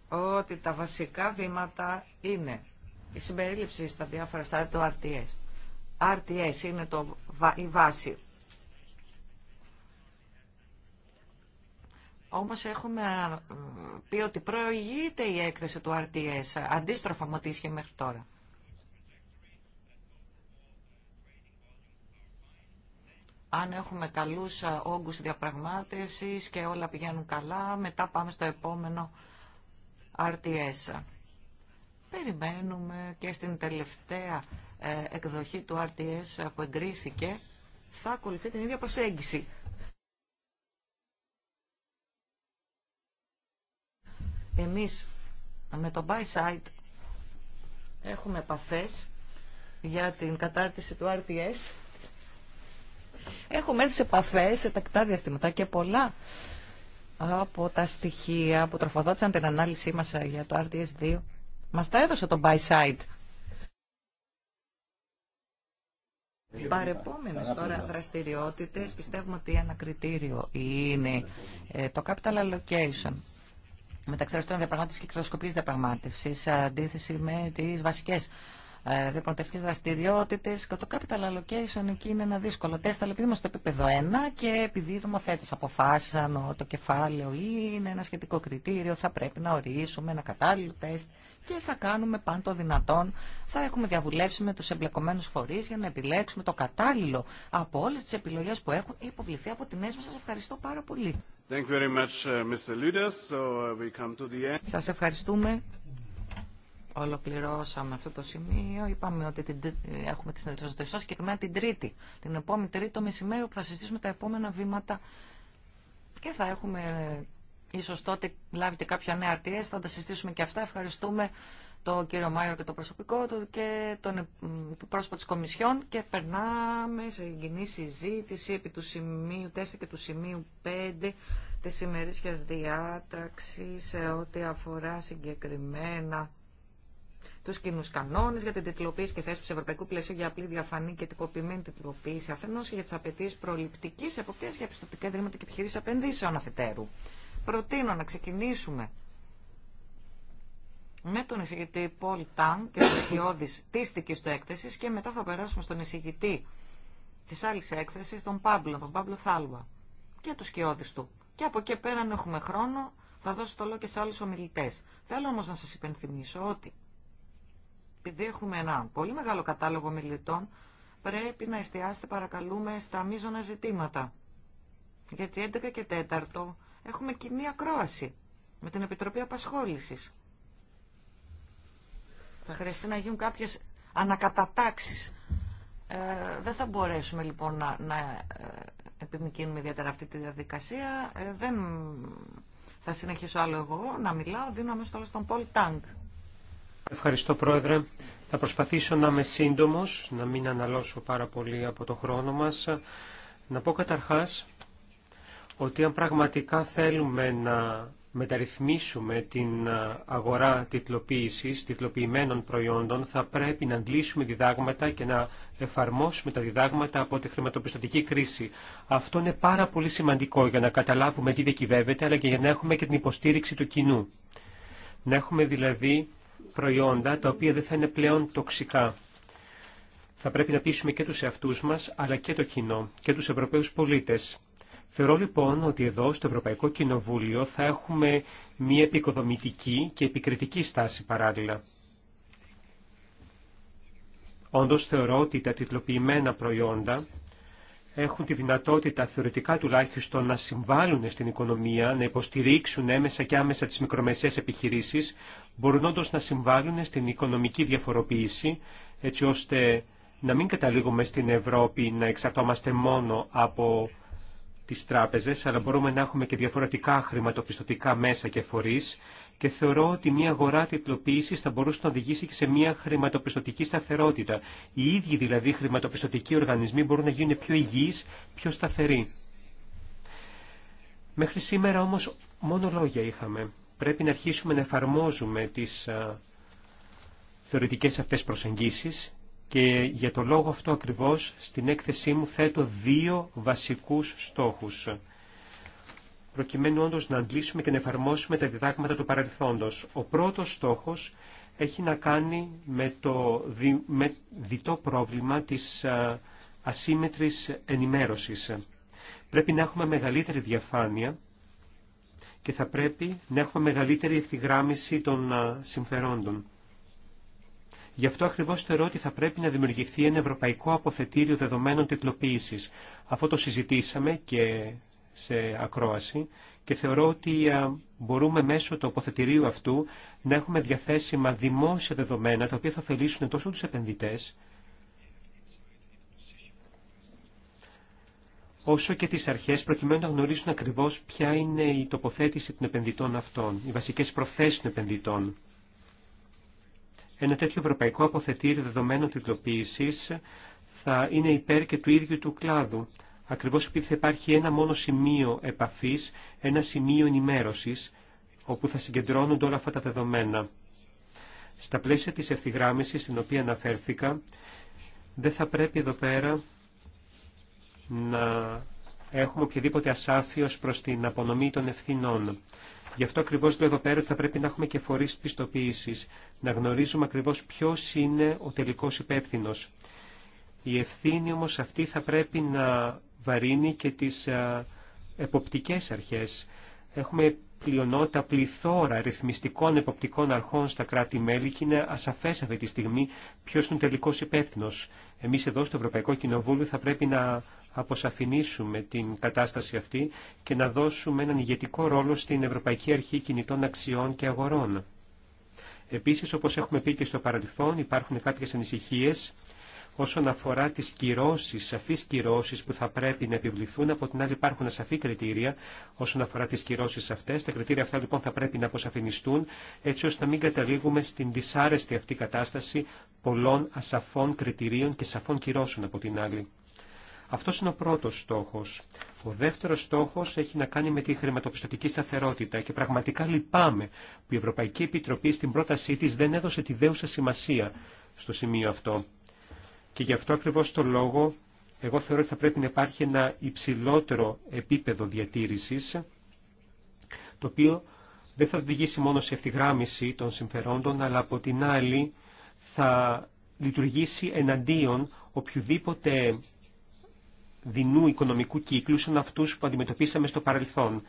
C: ότι τα βασικά βήματα είναι η συμπερίληψη στα διάφορα στάδια του RTS. RTS είναι το, η βάση. Όμως έχουμε πει ότι προηγείται η έκθεση του RTS, αντίστροφα με ό,τι μέχρι τώρα. αν έχουμε καλούς όγκους διαπραγμάτευσης και όλα πηγαίνουν καλά, μετά πάμε στο επόμενο RTS. Περιμένουμε και στην τελευταία ε, εκδοχή του RTS ε, που εγκρίθηκε, θα ακολουθεί την ίδια προσέγγιση. Εμείς με το buy side έχουμε επαφές για την κατάρτιση του RTS Έχουμε έρθει σε επαφέ σε τακτά διαστηματά και πολλά από τα στοιχεία που τροφοδότησαν την ανάλυση μας ε, για το rds 2 Μα τα έδωσε το by side. Παρεπόμενες τώρα δραστηριότητες, πιστεύουμε ότι ένα κριτήριο είναι ε, το capital allocation. Μεταξύ των διαπραγμάτευσης και κρατοσκοπής διαπραγμάτευσης, αντίθεση με τις βασικές διαπραγματευτικέ ε, λοιπόν, δραστηριότητε και το capital allocation εκεί είναι ένα δύσκολο τεστ. Αλλά επειδή είμαστε στο επίπεδο 1 και επειδή οι νομοθέτε αποφάσισαν το κεφάλαιο e είναι ένα σχετικό κριτήριο, θα πρέπει να ορίσουμε ένα κατάλληλο τεστ και θα κάνουμε πάντο δυνατόν. Θα έχουμε διαβουλεύσει με του εμπλεκομένου φορεί για να επιλέξουμε το κατάλληλο από όλε τι επιλογέ που έχουν υποβληθεί από την ΕΣΜΑ. Σα ευχαριστώ πάρα πολύ. Thank ευχαριστούμε. Ολοκληρώσαμε αυτό το σημείο. Είπαμε ότι την, έχουμε τη συνεδρία και μετά την Τρίτη. Την επόμενη Τρίτη το μεσημέρι που θα συζητήσουμε τα επόμενα βήματα και θα έχουμε ε, ίσως τότε λάβετε κάποια νέα αρτίες. Θα τα συζητήσουμε και αυτά. Ευχαριστούμε τον κύριο Μάιο και το προσωπικό του και τον ε, πρόσωπο της Κομισιόν και περνάμε σε κοινή συζήτηση επί του σημείου 4 και του σημείου 5 της ημερήσιας διάταξη σε ό,τι αφορά συγκεκριμένα του κοινού κανόνε για την τιτλοποίηση και θέση του ευρωπαϊκού πλαισίου για απλή, διαφανή και τυποποιημένη τιτλοποίηση αφενό και για τι απαιτήσει προληπτική εποπτεία για πιστοτικά ιδρύματα και επιχειρήσει επενδύσεων αφετέρου. Προτείνω να ξεκινήσουμε με τον εισηγητή Πολ Τάν και του σκιώδη τη δική του έκθεση και μετά θα περάσουμε στον εισηγητή τη άλλη έκθεση, τον Πάμπλο, τον Πάμπλο Θάλβα και του σκιώδη του. Και από εκεί πέρα, αν έχουμε χρόνο, θα δώσω το λόγο και σε άλλου ομιλητέ. Θέλω όμω να σα υπενθυμίσω ότι επειδή έχουμε ένα πολύ μεγάλο κατάλογο μιλητών, πρέπει να εστιάσετε παρακαλούμε στα μείζωνα ζητήματα. Γιατί 11 και 4 έχουμε κοινή ακρόαση με την Επιτροπή Απασχόλησης. Θα χρειαστεί να γίνουν κάποιες ανακατατάξεις. Ε, δεν θα μπορέσουμε λοιπόν να, να ε, επιμηκύνουμε ιδιαίτερα αυτή τη διαδικασία. Ε, δεν θα συνεχίσω άλλο εγώ να μιλάω. Δίνω αμέσως τώρα στον Πολ Τάγκ.
B: Ευχαριστώ Πρόεδρε. Θα προσπαθήσω να είμαι σύντομο, να μην αναλώσω πάρα πολύ από το χρόνο μας. Να πω καταρχάς ότι αν πραγματικά θέλουμε να μεταρρυθμίσουμε την αγορά τιτλοποίησης, τιτλοποιημένων προϊόντων, θα πρέπει να αντλήσουμε διδάγματα και να εφαρμόσουμε τα διδάγματα από τη χρηματοπιστωτική κρίση. Αυτό είναι πάρα πολύ σημαντικό για να καταλάβουμε τι δικηβεύεται αλλά και για να έχουμε και την υποστήριξη του κοινού. Να έχουμε δηλαδή προϊόντα τα οποία δεν θα είναι πλέον τοξικά. Θα πρέπει να πείσουμε και τους εαυτούς μας, αλλά και το κοινό και τους Ευρωπαίους πολίτες. Θεωρώ λοιπόν ότι εδώ στο Ευρωπαϊκό Κοινοβούλιο θα έχουμε μία επικοδομητική και επικριτική στάση παράλληλα. Όντως θεωρώ ότι τα τιτλοποιημένα προϊόντα έχουν τη δυνατότητα θεωρητικά τουλάχιστον να συμβάλλουν στην οικονομία, να υποστηρίξουν έμεσα και άμεσα τις μικρομεσαίες επιχειρήσεις, μπορούν όντω να συμβάλλουν στην οικονομική διαφοροποίηση, έτσι ώστε να μην καταλήγουμε στην Ευρώπη να εξαρτώμαστε μόνο από τις τράπεζες, αλλά μπορούμε να έχουμε και διαφορετικά χρηματοπιστωτικά μέσα και φορείς και θεωρώ ότι μια αγορά τυπλοποίησης θα μπορούσε να οδηγήσει και σε μια χρηματοπιστωτική σταθερότητα. Οι ίδιοι δηλαδή χρηματοπιστωτικοί οργανισμοί μπορούν να γίνουν πιο υγιείς, πιο σταθεροί. Μέχρι σήμερα όμως μόνο λόγια είχαμε πρέπει να αρχίσουμε να εφαρμόζουμε τις θεωρητικές αυτές προσεγγίσεις και για το λόγο αυτό ακριβώς στην έκθεσή μου θέτω δύο βασικούς στόχους προκειμένου όντω να αντλήσουμε και να εφαρμόσουμε τα διδάγματα του παρελθόντος. Ο πρώτος στόχος έχει να κάνει με το διτό πρόβλημα της ασύμμετρης ενημέρωσης. Πρέπει να έχουμε μεγαλύτερη διαφάνεια και θα πρέπει να έχουμε μεγαλύτερη ευθυγράμμιση των συμφερόντων. Γι' αυτό ακριβώς θεωρώ ότι θα πρέπει να δημιουργηθεί ένα ευρωπαϊκό αποθετήριο δεδομένων τυπλοποίησης. Αυτό το συζητήσαμε και σε ακρόαση και θεωρώ ότι μπορούμε μέσω του αποθετηρίου αυτού να έχουμε διαθέσιμα δημόσια δεδομένα τα οποία θα ωφελήσουν τόσο τους επενδυτές όσο και τις αρχές προκειμένου να γνωρίσουν ακριβώς ποια είναι η τοποθέτηση των επενδυτών αυτών, οι βασικές προθέσεις των επενδυτών. Ένα τέτοιο ευρωπαϊκό αποθετήριο δεδομένων τυπλοποίησης θα είναι υπέρ και του ίδιου του κλάδου, ακριβώς επειδή θα υπάρχει ένα μόνο σημείο επαφής, ένα σημείο ενημέρωσης, όπου θα συγκεντρώνονται όλα αυτά τα δεδομένα. Στα πλαίσια της ευθυγράμμισης στην οποία αναφέρθηκα, δεν θα πρέπει εδώ πέρα να έχουμε οποιαδήποτε ασάφεια προ προς την απονομή των ευθυνών. Γι' αυτό ακριβώ λέω εδώ πέρα ότι θα πρέπει να έχουμε και φορεί πιστοποίηση, να γνωρίζουμε ακριβώ ποιο είναι ο τελικό υπεύθυνο. Η ευθύνη όμω αυτή θα πρέπει να βαρύνει και τι εποπτικέ αρχέ. Έχουμε πλειονότητα, πληθώρα ρυθμιστικών εποπτικών αρχών στα κράτη-μέλη και είναι ασαφέ αυτή τη στιγμή ποιο είναι ο τελικό υπεύθυνο. Εμεί εδώ στο Ευρωπαϊκό Κοινοβούλιο θα πρέπει να αποσαφηνίσουμε την κατάσταση αυτή και να δώσουμε έναν ηγετικό ρόλο στην Ευρωπαϊκή Αρχή Κινητών Αξιών και Αγορών. Επίσης, όπως έχουμε πει και στο παρελθόν, υπάρχουν κάποιες ανησυχίες όσον αφορά τις κυρώσεις, σαφείς κυρώσεις που θα πρέπει να επιβληθούν. Από την άλλη υπάρχουν σαφή κριτήρια όσον αφορά τις κυρώσεις αυτές. Τα κριτήρια αυτά λοιπόν θα πρέπει να αποσαφινιστούν έτσι ώστε να μην καταλήγουμε στην δυσάρεστη αυτή κατάσταση πολλών ασαφών κριτηρίων και σαφών κυρώσεων από την άλλη. Αυτό είναι ο πρώτο στόχο. Ο δεύτερο στόχο έχει να κάνει με τη χρηματοπιστωτική σταθερότητα και πραγματικά λυπάμαι που η Ευρωπαϊκή Επιτροπή στην πρότασή τη δεν έδωσε τη δέουσα σημασία στο σημείο αυτό. Και γι' αυτό ακριβώ το λόγο εγώ θεωρώ ότι θα πρέπει να υπάρχει ένα υψηλότερο επίπεδο διατήρηση, το οποίο δεν θα οδηγήσει μόνο σε ευθυγράμμιση των συμφερόντων αλλά από την άλλη θα λειτουργήσει εναντίον οποιοδήποτε δεινού οικονομικού κύκλου σαν αυτούς που αντιμετωπίσαμε στο παρελθόν.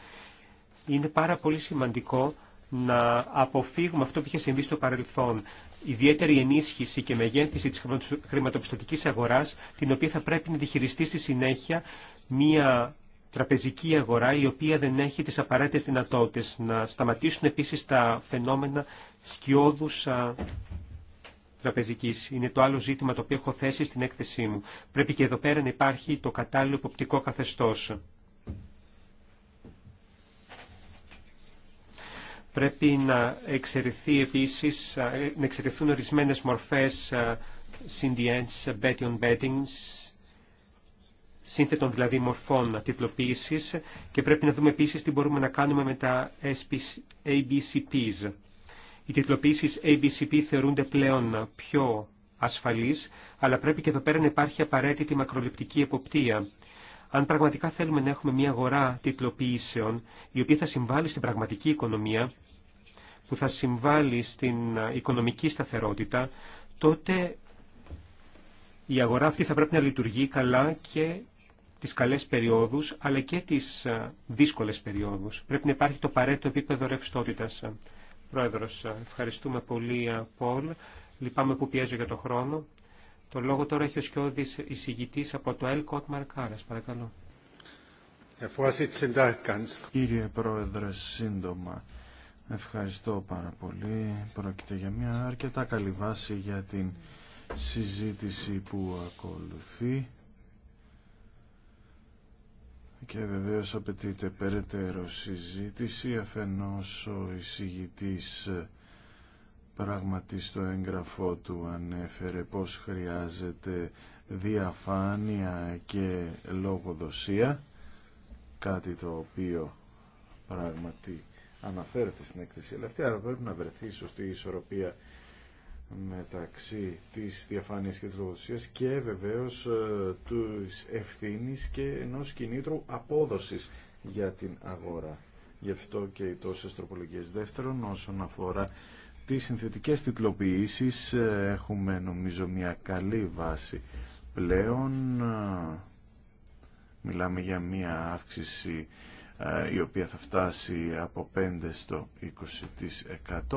B: Είναι πάρα πολύ σημαντικό να αποφύγουμε αυτό που είχε συμβεί στο παρελθόν. Ιδιαίτερη ενίσχυση και μεγέθυνση της χρηματοπιστωτικής αγοράς, την οποία θα πρέπει να διχειριστεί στη συνέχεια μια τραπεζική αγορά η οποία δεν έχει τις απαραίτητες δυνατότητες να σταματήσουν επίσης τα φαινόμενα σκιώδους τραπεζική. Είναι το άλλο ζήτημα το οποίο έχω θέσει στην έκθεσή μου. Πρέπει και εδώ πέρα να υπάρχει το κατάλληλο υποπτικό καθεστώ. Πρέπει να, εξαιρεθεί επίσης, ε, να εξαιρεθούν ορισμένες μορφές CDNs, betting on bettings, σύνθετων δηλαδή μορφών τυπλοποίησης και πρέπει να δούμε επίσης τι μπορούμε να κάνουμε με τα ABCPs. Οι τυπλοποιήσει ABCP θεωρούνται πλέον πιο ασφαλείς, αλλά πρέπει και εδώ πέρα να υπάρχει απαραίτητη μακροληπτική εποπτεία. Αν πραγματικά θέλουμε να έχουμε μια αγορά τυπλοποίησεων, η οποία θα συμβάλλει στην πραγματική οικονομία, που θα συμβάλλει στην οικονομική σταθερότητα, τότε η αγορά αυτή θα πρέπει να λειτουργεί καλά και τις καλές περιόδους, αλλά και τις δύσκολες περιόδους. Πρέπει να υπάρχει το παρέτο επίπεδο ρευστότητας. Πρόεδρος, ευχαριστούμε πολύ, Πολ. Λυπάμαι που πιέζω για το χρόνο. Το λόγο τώρα έχει ο Σκιώδης εισηγητής από το ΕΛ Κότμαρ Παρακαλώ.
A: Κύριε Πρόεδρε, σύντομα. Ευχαριστώ πάρα πολύ. Πρόκειται για μια αρκετά καλή βάση για την συζήτηση που ακολουθεί. Και βεβαίως απαιτείται περαιτέρω συζήτηση αφενός ο εισηγητής πράγματι στο έγγραφό του ανέφερε πως χρειάζεται διαφάνεια και λογοδοσία κάτι το οποίο πράγματι αναφέρεται στην εκκλησία. αλλά πρέπει να βρεθεί σωστή ισορροπία μεταξύ της διαφάνειας και της λογοδοσίας και βεβαίως ε, του ευθύνης και ενός κινήτρου απόδοσης για την αγορά. Γι' αυτό και οι τόσες τροπολογίες. Δεύτερον, όσον αφορά τις συνθετικές τυπλοποιήσεις, ε, έχουμε νομίζω μια καλή βάση πλέον. Ε, μιλάμε για μια αύξηση η οποία θα φτάσει από 5% στο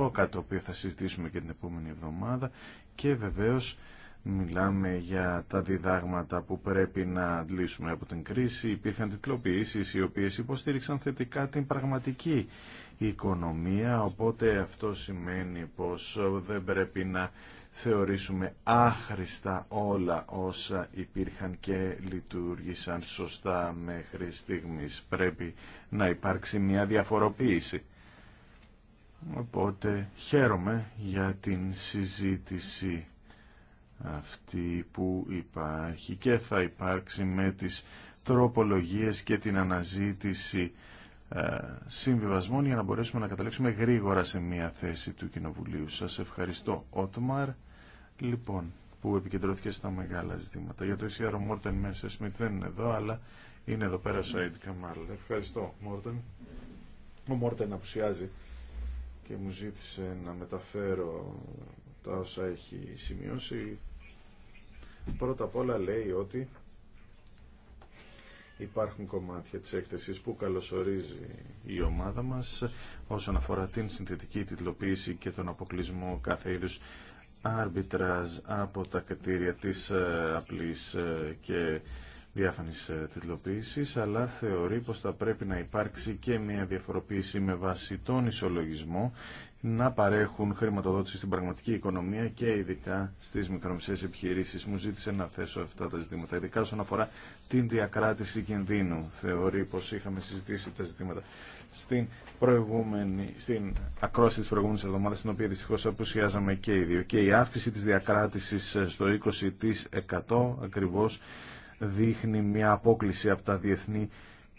A: 20% κάτι το οποίο θα συζητήσουμε και την επόμενη εβδομάδα και βεβαίως μιλάμε για τα διδάγματα που πρέπει να αντλήσουμε από την κρίση υπήρχαν τιτλοποιήσεις οι οποίες υποστήριξαν θετικά την πραγματική οικονομία οπότε αυτό σημαίνει πως δεν πρέπει να θεωρήσουμε άχρηστα όλα όσα υπήρχαν και λειτουργήσαν σωστά μέχρι στιγμής. Πρέπει να υπάρξει μια διαφοροποίηση. Οπότε χαίρομαι για την συζήτηση αυτή που υπάρχει και θα υπάρξει με τις τροπολογίες και την αναζήτηση ε, συμβιβασμών για να μπορέσουμε να καταλήξουμε γρήγορα σε μια θέση του Κοινοβουλίου. Σας ευχαριστώ Ότμαρ. Λοιπόν, που επικεντρωθήκε στα μεγάλα ζητήματα. Για το ECR ο Μόρτεν Μέσα Σμιτ δεν είναι εδώ, αλλά είναι εδώ πέρα ο Σαΐντ Καμάλ. Ευχαριστώ, Μόρτεν. Ο Μόρτεν απουσιάζει και μου ζήτησε να μεταφέρω τα όσα έχει σημειώσει. Πρώτα απ' όλα λέει ότι υπάρχουν κομμάτια της έκθεσης που καλωσορίζει η ομάδα μας όσον αφορά την συνθετική τιτλοποίηση και τον αποκλεισμό κάθε είδους άρμπιτραζ από τα κριτήρια της ε, απλής ε, και διάφανης ε, τιτλοποίησης, αλλά θεωρεί πως θα πρέπει να υπάρξει και μια διαφοροποίηση με βάση τον ισολογισμό να παρέχουν χρηματοδότηση στην πραγματική οικονομία και ειδικά στις μικρομεσαίες επιχειρήσεις. Μου ζήτησε να θέσω αυτά τα ζητήματα, ειδικά όσον αφορά την διακράτηση κινδύνου. Θεωρεί πως είχαμε συζητήσει τα ζητήματα στην προηγούμενη, στην ακρόαση της προηγούμενης εβδομάδας, στην οποία δυστυχώς απουσιάζαμε και οι δύο. Και η αύξηση της διακράτησης στο 20% ακριβώς δείχνει μια απόκληση από τα διεθνή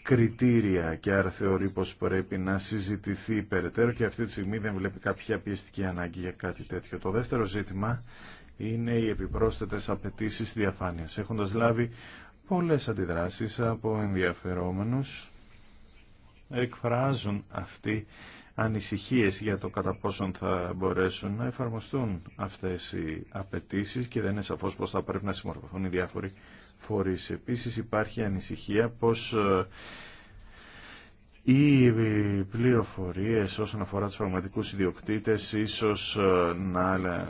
A: κριτήρια και άρα θεωρεί πως πρέπει να συζητηθεί περαιτέρω και αυτή τη στιγμή δεν βλέπει κάποια πιεστική ανάγκη για κάτι τέτοιο. Το δεύτερο ζήτημα είναι οι επιπρόσθετες απαιτήσει διαφάνειας, έχοντας λάβει πολλές αντιδράσεις από ενδιαφερόμενους εκφράζουν αυτοί ανησυχίες για το κατά πόσον θα μπορέσουν να εφαρμοστούν αυτές οι απαιτήσεις και δεν είναι σαφώς πως θα πρέπει να συμμορφωθούν οι διάφοροι φορείς. Επίσης υπάρχει ανησυχία πως ε, οι πληροφορίες όσον αφορά τους πραγματικούς ιδιοκτήτες ίσως ε, να ε,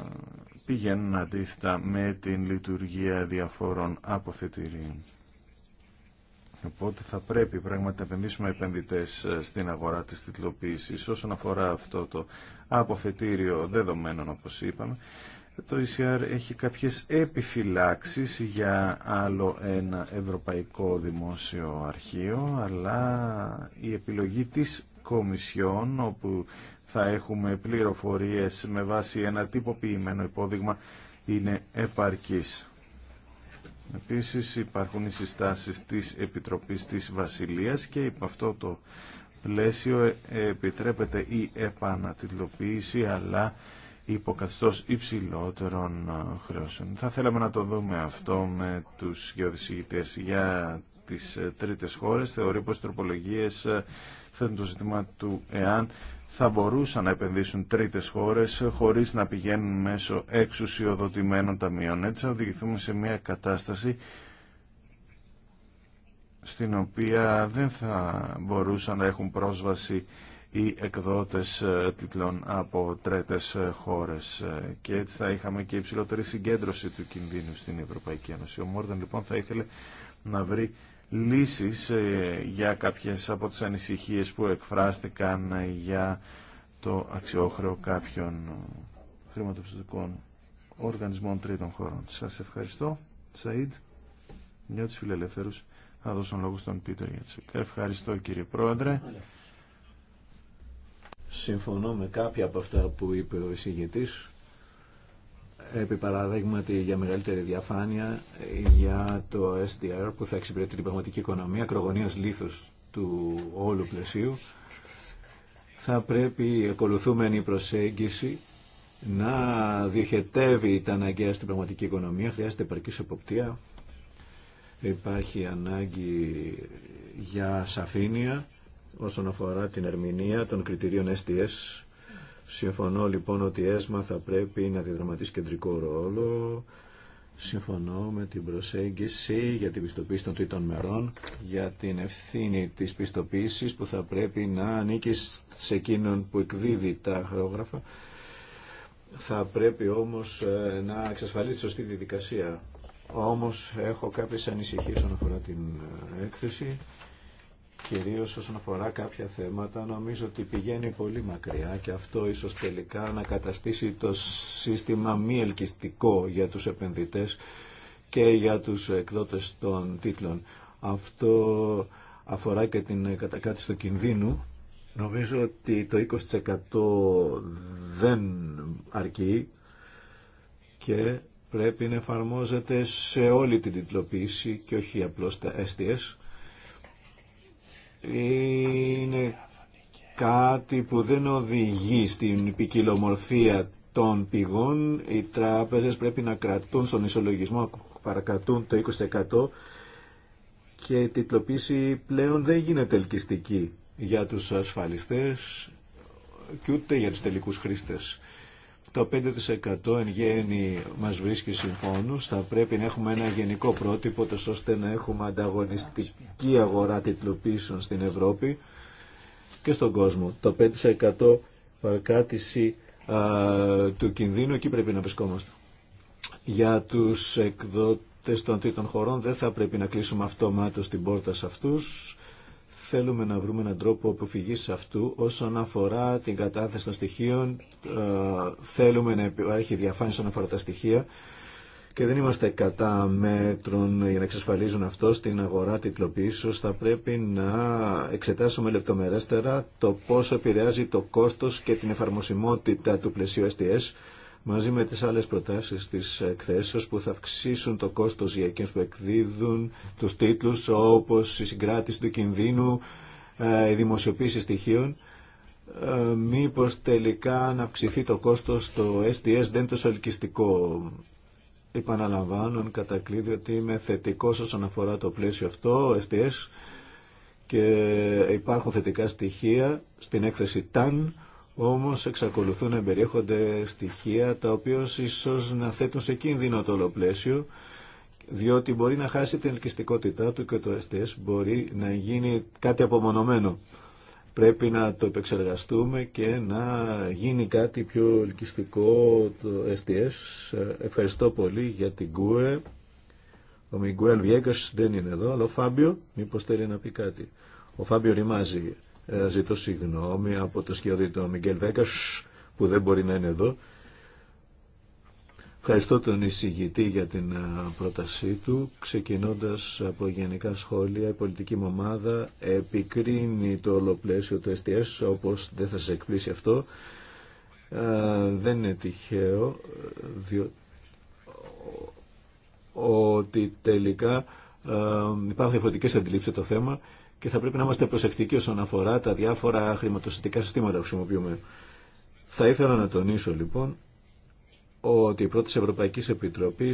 A: πηγαίνουν αντίθετα με την λειτουργία διαφόρων αποθετηρίων. Οπότε θα πρέπει πράγματι να επενδύσουμε επενδυτέ ε, στην αγορά τη τιτλοποίηση. Όσον αφορά αυτό το αποθετήριο δεδομένων, όπω είπαμε, το ECR έχει κάποιες επιφυλάξεις για άλλο ένα ευρωπαϊκό δημόσιο αρχείο, αλλά η επιλογή της Κομισιόν, όπου θα έχουμε πληροφορίες με βάση ένα τυποποιημένο υπόδειγμα, είναι επαρκής. Επίσης υπάρχουν οι συστάσεις της Επιτροπής της Βασιλείας και υπό αυτό το πλαίσιο ε, επιτρέπεται η επανατιτλοποίηση αλλά υποκαθιστός υψηλότερων ε, χρεώσεων. Θα θέλαμε να το δούμε αυτό με τους γεωδησηγητές για τις ε, τρίτες χώρες. Θεωρεί πως οι τροπολογίες θέτουν το ζήτημα του εάν θα μπορούσαν να επενδύσουν τρίτες χώρες χωρίς να πηγαίνουν μέσω εξουσιοδοτημένων ταμείων. Έτσι θα οδηγηθούμε σε μια κατάσταση στην οποία δεν θα μπορούσαν να έχουν πρόσβαση οι εκδότες ε, τίτλων από τρίτες ε, χώρες ε, και έτσι θα είχαμε και υψηλότερη συγκέντρωση του κινδύνου στην Ευρωπαϊκή Ένωση. Ο Μόρδεν λοιπόν θα ήθελε να βρει λύσεις ε, για κάποιες από τις ανησυχίες που εκφράστηκαν ε, για το αξιόχρεο κάποιων ε, χρηματοπιστωτικών οργανισμών τρίτων χώρων. Σας ευχαριστώ, Σαΐντ, μια της φιλελεύθερους. Θα δώσω λόγο στον Πίτερ Γιατσίκ. Ευχαριστώ κύριε Πρόεδρε.
D: Συμφωνώ με κάποια από αυτά που είπε ο εισηγητής επί παραδείγματι για μεγαλύτερη διαφάνεια για το SDR που θα εξυπηρετεί την πραγματική οικονομία, ακρογωνίας λίθους του όλου πλαισίου, θα πρέπει η ακολουθούμενη προσέγγιση να διοχετεύει τα αναγκαία στην πραγματική οικονομία, χρειάζεται επαρκής εποπτεία, υπάρχει ανάγκη για σαφήνεια όσον αφορά την ερμηνεία των κριτηρίων STS Συμφωνώ λοιπόν ότι η ΕΣΜΑ θα πρέπει να διαδραματίσει κεντρικό ρόλο. Συμφωνώ με την προσέγγιση για την πιστοποίηση των τρίτων μερών, για την ευθύνη της πιστοποίησης που θα πρέπει να ανήκει σε εκείνον που εκδίδει τα χρόγραφα. Θα πρέπει όμως ε, να εξασφαλίσει σωστή διαδικασία. Όμως έχω κάποιες ανησυχίες όσον αφορά την ε, έκθεση κυρίως όσον αφορά κάποια θέματα, νομίζω ότι πηγαίνει πολύ μακριά και αυτό ίσως τελικά να καταστήσει το σύστημα μη ελκυστικό για τους επενδυτές και για τους εκδότες των τίτλων. Αυτό αφορά και την κατακάτηση του κινδύνου. Νομίζω ότι το 20% δεν αρκεί και πρέπει να εφαρμόζεται σε όλη την τιτλοποίηση και όχι απλώς τα STS είναι κάτι που δεν οδηγεί στην ποικιλομορφία των πηγών. Οι τράπεζες πρέπει να κρατούν στον ισολογισμό, παρακατούν το 20% και η τιτλοποίηση πλέον δεν γίνεται ελκυστική για τους ασφαλιστές και ούτε για τους τελικούς χρήστες. Το 5% εν γέννη μας βρίσκει συμφώνους. Θα πρέπει να έχουμε ένα γενικό πρότυπο ώστε να έχουμε ανταγωνιστική αγορά τιτλοποίησεων στην Ευρώπη και στον κόσμο. Το 5% παρακράτηση του κινδύνου εκεί πρέπει να βρισκόμαστε. Για τους εκδότες των τρίτων χωρών δεν θα πρέπει να κλείσουμε αυτομάτως την πόρτα σε αυτούς θέλουμε να βρούμε έναν τρόπο αποφυγής αυτού όσον αφορά την κατάθεση των στοιχείων. Ε, θέλουμε να υπάρχει διαφάνεια όσον αφορά τα στοιχεία και δεν είμαστε κατά μέτρων για να εξασφαλίζουν αυτό στην αγορά τιτλοποιήσεως. Θα πρέπει να εξετάσουμε λεπτομερέστερα το πόσο επηρεάζει το κόστος και την εφαρμοσιμότητα του πλαισίου STS μαζί με τις άλλες προτάσεις της εκθέσεως που θα αυξήσουν το κόστος για εκείνους που εκδίδουν τους τίτλους όπως η συγκράτηση του κινδύνου, ε, η δημοσιοποίηση στοιχείων. Ε, μήπως τελικά να αυξηθεί το κόστος στο SDS δεν είναι τόσο ελκυστικό. Επαναλαμβάνω κατά κλείδι ότι είμαι θετικός όσον αφορά το πλαίσιο αυτό, SDS, και υπάρχουν θετικά στοιχεία στην έκθεση TAN όμως εξακολουθούν να περιέχονται στοιχεία τα οποία ίσως να θέτουν σε κίνδυνο το ολοπλαίσιο διότι μπορεί να χάσει την ελκυστικότητά του και το STS μπορεί να γίνει κάτι απομονωμένο. Πρέπει να το επεξεργαστούμε και να γίνει κάτι πιο ελκυστικό το STS. Ευχαριστώ πολύ για την ΚΟΕ. Ο Μιγκουέλ Βιέγκος δεν είναι εδώ, αλλά ο Φάμπιο μήπως θέλει να πει κάτι. Ο Φάμπιο ρημάζει. Ε, ζητώ συγγνώμη από το σκιώδη του Μιγγέλ Βέκας που δεν μπορεί να είναι εδώ. Ευχαριστώ τον εισηγητή για την ε, πρότασή του. Ξεκινώντας από γενικά σχόλια, η πολιτική μου ομάδα επικρίνει το ολοπλαίσιο του STS, όπως δεν θα σε εκπλήσει αυτό. Ε, δεν είναι τυχαίο, ότι τελικά υπάρχουν διαφορετικές αντιλήψεις το θέμα και θα πρέπει να είμαστε προσεκτικοί όσον αφορά τα διάφορα χρηματοσυντικά συστήματα που χρησιμοποιούμε. Θα ήθελα να τονίσω λοιπόν ότι η πρώτη ευρωπαϊκή Επιτροπή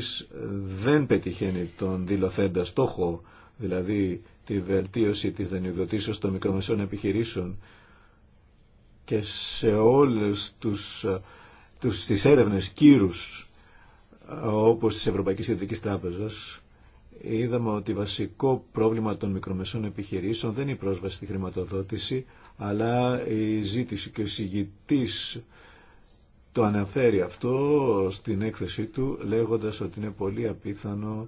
D: δεν πετυχαίνει τον δηλωθέντα στόχο, δηλαδή τη βελτίωση της δανειοδοτήσεως των μικρομεσαίων επιχειρήσεων και σε όλες τους, τους, τις έρευνες κύρους όπως της Ευρωπαϊκής είδαμε ότι βασικό πρόβλημα των μικρομεσών επιχειρήσεων δεν είναι η πρόσβαση στη χρηματοδότηση, αλλά η ζήτηση και ο συγητής το αναφέρει αυτό στην έκθεσή του, λέγοντας ότι είναι πολύ απίθανο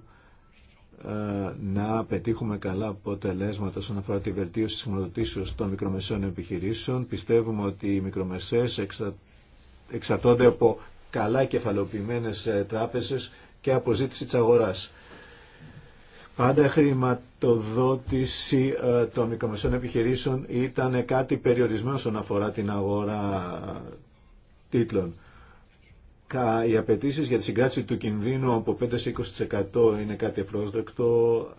D: ε, να πετύχουμε καλά αποτελέσματα όσον αφορά τη βελτίωση της χρηματοδοτήσεως των μικρομεσών επιχειρήσεων. Πιστεύουμε ότι οι μικρομεσαίες εξα... από καλά κεφαλοποιημένες ε, τράπεζες και από ζήτηση της αγοράς. Πάντα χρηματοδότηση ε, των μικρομεσαίων επιχειρήσεων ήταν κάτι περιορισμένο όσον αφορά την αγορά τίτλων. Οι απαιτήσει για τη συγκράτηση του κινδύνου από 5 σε 20% είναι κάτι ευπρόσδεκτο.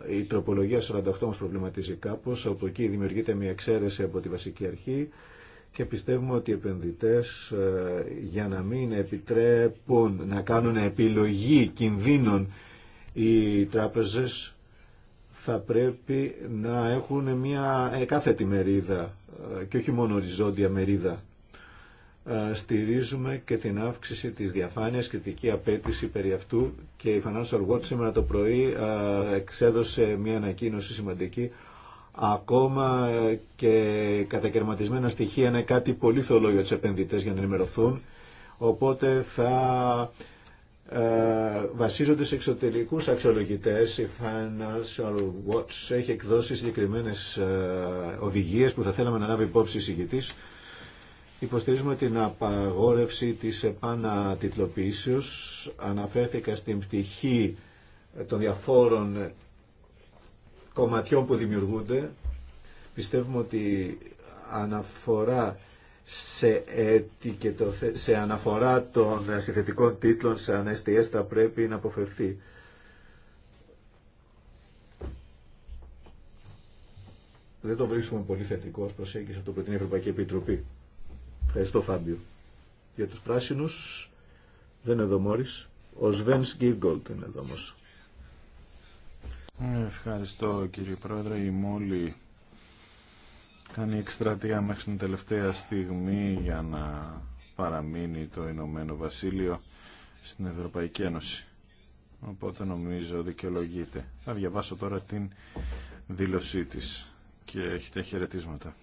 D: Η τροπολογία 48 μας προβληματίζει κάπως, όπου εκεί δημιουργείται μια εξαίρεση από τη βασική αρχή και πιστεύουμε ότι οι επενδυτές ε, για να μην επιτρέπουν να κάνουν επιλογή κινδύνων οι τράπεζες θα πρέπει να έχουν μια ε, κάθετη μερίδα ε, και όχι μόνο οριζόντια μερίδα. Ε, στηρίζουμε και την αύξηση της διαφάνειας, κριτική απέτηση περί αυτού και η Financial Watch σήμερα το πρωί εξέδωσε μια ανακοίνωση σημαντική ακόμα και κατακαιρματισμένα στοιχεία είναι κάτι πολύ θολό για τους επενδυτές για να ενημερωθούν οπότε θα ε, βασίζονται σε εξωτερικούς αξιολογητές. Η Financial Watch έχει εκδώσει συγκεκριμένες ε, οδηγίες που θα θέλαμε να λάβει υπόψη η συγκητής. Υποστηρίζουμε την απαγόρευση της επανατιτλοποίησεως. Αναφέρθηκα στην πτυχή των διαφόρων κομματιών που δημιουργούνται. Πιστεύουμε ότι αναφορά σε, το, σε αναφορά των συνθετικών τίτλων σε ανέστιες θα πρέπει να αποφευθεί. Δεν το βρίσκουμε πολύ θετικό ως προσέγγιση αυτό που την Ευρωπαϊκή Επιτροπή. Ευχαριστώ Φάμπιο. Για τους πράσινους δεν είναι εδώ Μόρις. Ο Σβένς Γκίργκολτ είναι εδώ όμως.
A: Ευχαριστώ κύριε Πρόεδρε. Η μόλι κάνει εκστρατεία μέχρι την τελευταία στιγμή για να παραμείνει το Ηνωμένο Βασίλειο στην Ευρωπαϊκή Ένωση. Οπότε νομίζω δικαιολογείται. Θα διαβάσω τώρα την δήλωσή της και έχετε χαιρετίσματα.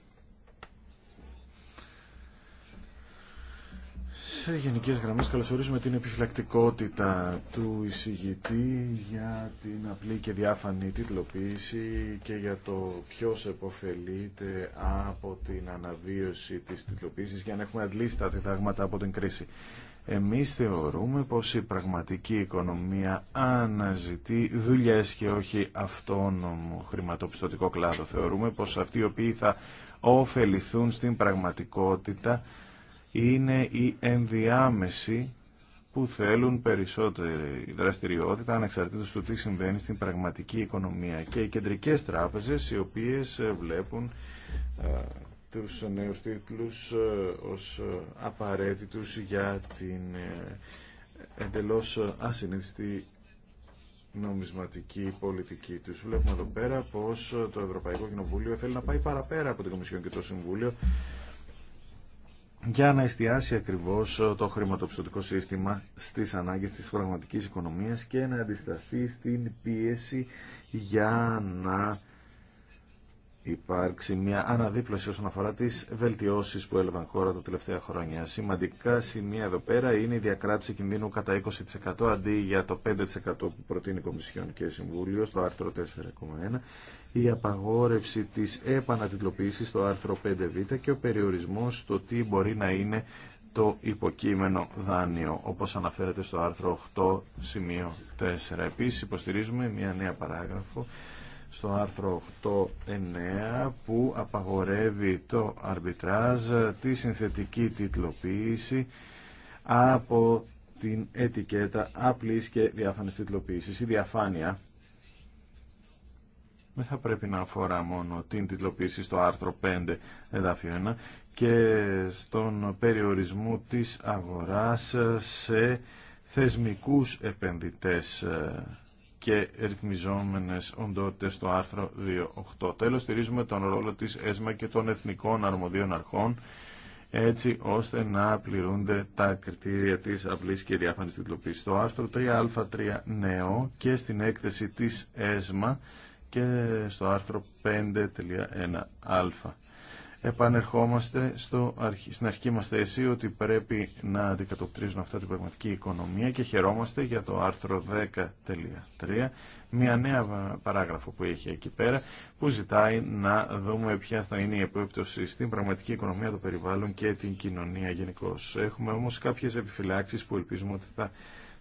A: Σε γενικές γραμμές καλωσορίζουμε την επιφυλακτικότητα του εισηγητή για την απλή και διάφανη τίτλοποίηση και για το ποιο επωφελείται από την αναβίωση της τίτλοποίηση για να έχουμε αντλήσει τα διδάγματα από την κρίση. Εμείς θεωρούμε πως η πραγματική οικονομία αναζητεί δουλειές και όχι αυτόνομο χρηματοπιστωτικό κλάδο. Θεωρούμε πω αυτοί οι οποίοι θα ωφεληθούν στην πραγματικότητα είναι η ενδιάμεση που θέλουν περισσότερη δραστηριότητα ανεξαρτήτως του τι συμβαίνει στην πραγματική οικονομία και οι κεντρικές τράπεζες οι οποίες ε, βλέπουν ε, τους νέους τίτλους ε, ως απαραίτητους για την εντελώς ασυνήθιστη νομισματική πολιτική τους. Βλέπουμε εδώ πέρα πως το Ευρωπαϊκό Κοινοβούλιο θέλει να πάει παραπέρα από την Κομισιόν και το Συμβούλιο για να εστιάσει ακριβώς το χρηματοπιστωτικό σύστημα στις ανάγκες της πραγματικής οικονομίας και να αντισταθεί στην πίεση για να υπάρξει μια αναδίπλωση όσον αφορά τις βελτιώσεις που έλαβαν χώρα τα τελευταία χρόνια. Σημαντικά σημεία εδώ πέρα είναι η διακράτηση κινδύνου κατά 20% αντί για το 5% που προτείνει η Κομισιόν και Συμβούλιο στο άρθρο 4,1 η απαγόρευση της επανατιτλοποίησης στο άρθρο 5β και ο περιορισμός στο τι μπορεί να είναι το υποκείμενο δάνειο, όπως αναφέρεται στο άρθρο 8, σημείο 4. Επίσης υποστηρίζουμε μια νέα παράγραφο στο άρθρο 8.9 που απαγορεύει το αρμπιτράζ, τη συνθετική τιτλοποίηση από την ετικέτα απλής και διάφανης τιτλοποίησης. Η διαφάνεια δεν θα πρέπει να αφορά μόνο την τυπλοποίηση στο άρθρο 5 εδάφιο 1 και στον περιορισμό της αγοράς σε θεσμικούς επενδυτές ε, και ρυθμιζόμενες οντότητες στο άρθρο 2.8. Τέλος, στηρίζουμε τον ρόλο της ΕΣΜΑ και των εθνικών αρμοδίων αρχών έτσι ώστε να πληρούνται τα κριτήρια της απλής και διάφανης τυπλοποίησης Στο άρθρο 3α3 νέο και στην έκθεση της ΕΣΜΑ και στο άρθρο 5.1α. Επανερχόμαστε στο στην αρχή μας θέση ότι πρέπει να αντικατοπτρίζουν αυτά την πραγματική οικονομία και χαιρόμαστε για το άρθρο 10.3, μια νέα παράγραφο που έχει εκεί πέρα, που ζητάει να δούμε ποια θα είναι η επίπτωση στην πραγματική οικονομία, το περιβάλλον και την κοινωνία γενικώ. Έχουμε όμως κάποιες επιφυλάξεις που ελπίζουμε ότι θα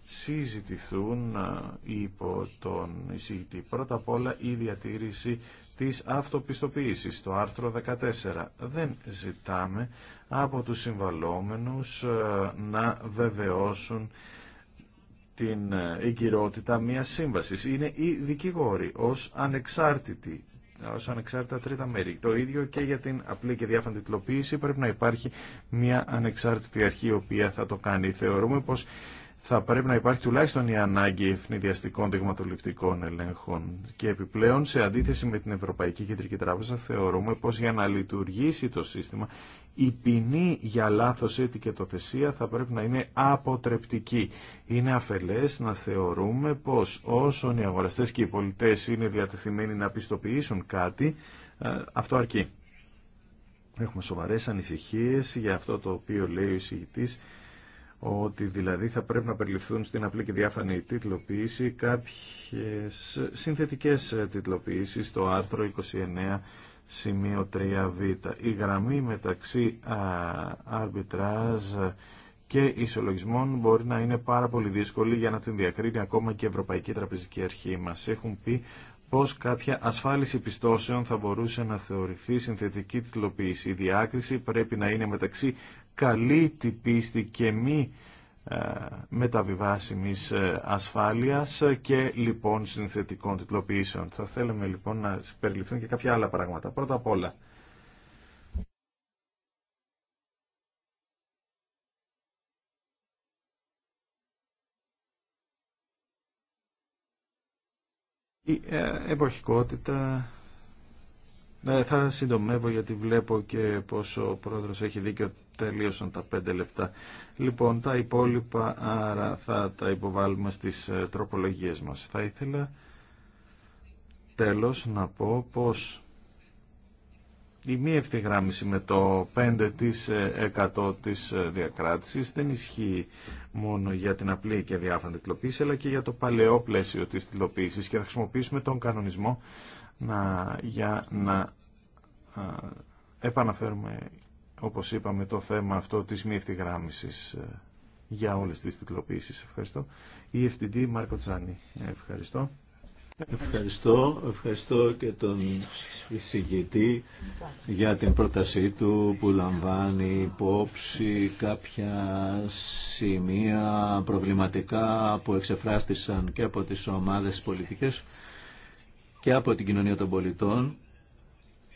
A: συζητηθούν υπό τον εισηγητή. Πρώτα απ' όλα η διατήρηση της αυτοπιστοποίησης, το άρθρο 14. Δεν ζητάμε από τους συμβαλόμενους να βεβαιώσουν την εγκυρότητα μιας σύμβασης. Είναι οι δικηγόροι ως ανεξάρτητοι ως ανεξάρτητα τρίτα μέρη. Το ίδιο και για την απλή και διάφαντη τυλοποίηση πρέπει να υπάρχει μια ανεξάρτητη αρχή η οποία θα το κάνει. Θεωρούμε πως θα πρέπει να υπάρχει τουλάχιστον η ανάγκη ευνηδιαστικών δειγματοληπτικών ελέγχων. Και επιπλέον, σε αντίθεση με την Ευρωπαϊκή Κεντρική Τράπεζα, θεωρούμε πω για να λειτουργήσει το σύστημα, η ποινή για λάθος ετικετοθεσία θα πρέπει να είναι αποτρεπτική. Είναι αφελές να θεωρούμε πω όσον οι αγοραστέ και οι πολιτέ είναι διατεθειμένοι να πιστοποιήσουν κάτι, ε, αυτό αρκεί. Έχουμε σοβαρές ανησυχίες για αυτό το οποίο λέει ο εισηγητής ότι δηλαδή θα πρέπει να περιληφθούν στην απλή και διάφανη τίτλοποίηση κάποιες συνθετικές τίτλοποιήσεις στο άρθρο 29 σημείο 3β. Η γραμμή μεταξύ αρμπιτράζ και ισολογισμών μπορεί να είναι πάρα πολύ δύσκολη για να την διακρίνει ακόμα και η Ευρωπαϊκή Τραπεζική Αρχή. Μας έχουν πει πως κάποια ασφάλιση πιστώσεων θα μπορούσε να θεωρηθεί συνθετική τιτλοποίηση. Η διάκριση πρέπει να είναι μεταξύ καλή την πίστη και μη ε, μεταβιβάσιμης ε, ασφάλειας και λοιπόν συνθετικών τιτλοποιήσεων. Θα θέλαμε λοιπόν να περιληφθούν και κάποια άλλα πράγματα. Πρώτα απ' όλα, Η ε, εποχικότητα θα συντομεύω γιατί βλέπω και πόσο ο πρόεδρος έχει δίκιο τελείωσαν τα πέντε λεπτά. Λοιπόν, τα υπόλοιπα άρα θα τα υποβάλουμε στις ε, τροπολογίες μας. Θα ήθελα τέλος να πω πως η μη ευθυγράμμιση με το 5% της ε, ε, διακράτησης δεν ισχύει μόνο για την απλή και διάφανη τυλοποίηση, αλλά και για το παλαιό πλαίσιο της τυλοποίησης και θα χρησιμοποιήσουμε τον κανονισμό να, για να επαναφέρουμε όπως είπαμε, το θέμα αυτό της μη ευθυγράμμισης ε, για όλες τις τυκλοποίησεις. Ευχαριστώ. Η FTD Μάρκο Τζάνη. Ευχαριστώ. Ευχαριστώ.
D: Ευχαριστώ και τον εισηγητή για την πρότασή του που λαμβάνει υπόψη κάποια σημεία προβληματικά που εξεφράστησαν και από τις ομάδες πολιτικές και από την κοινωνία των πολιτών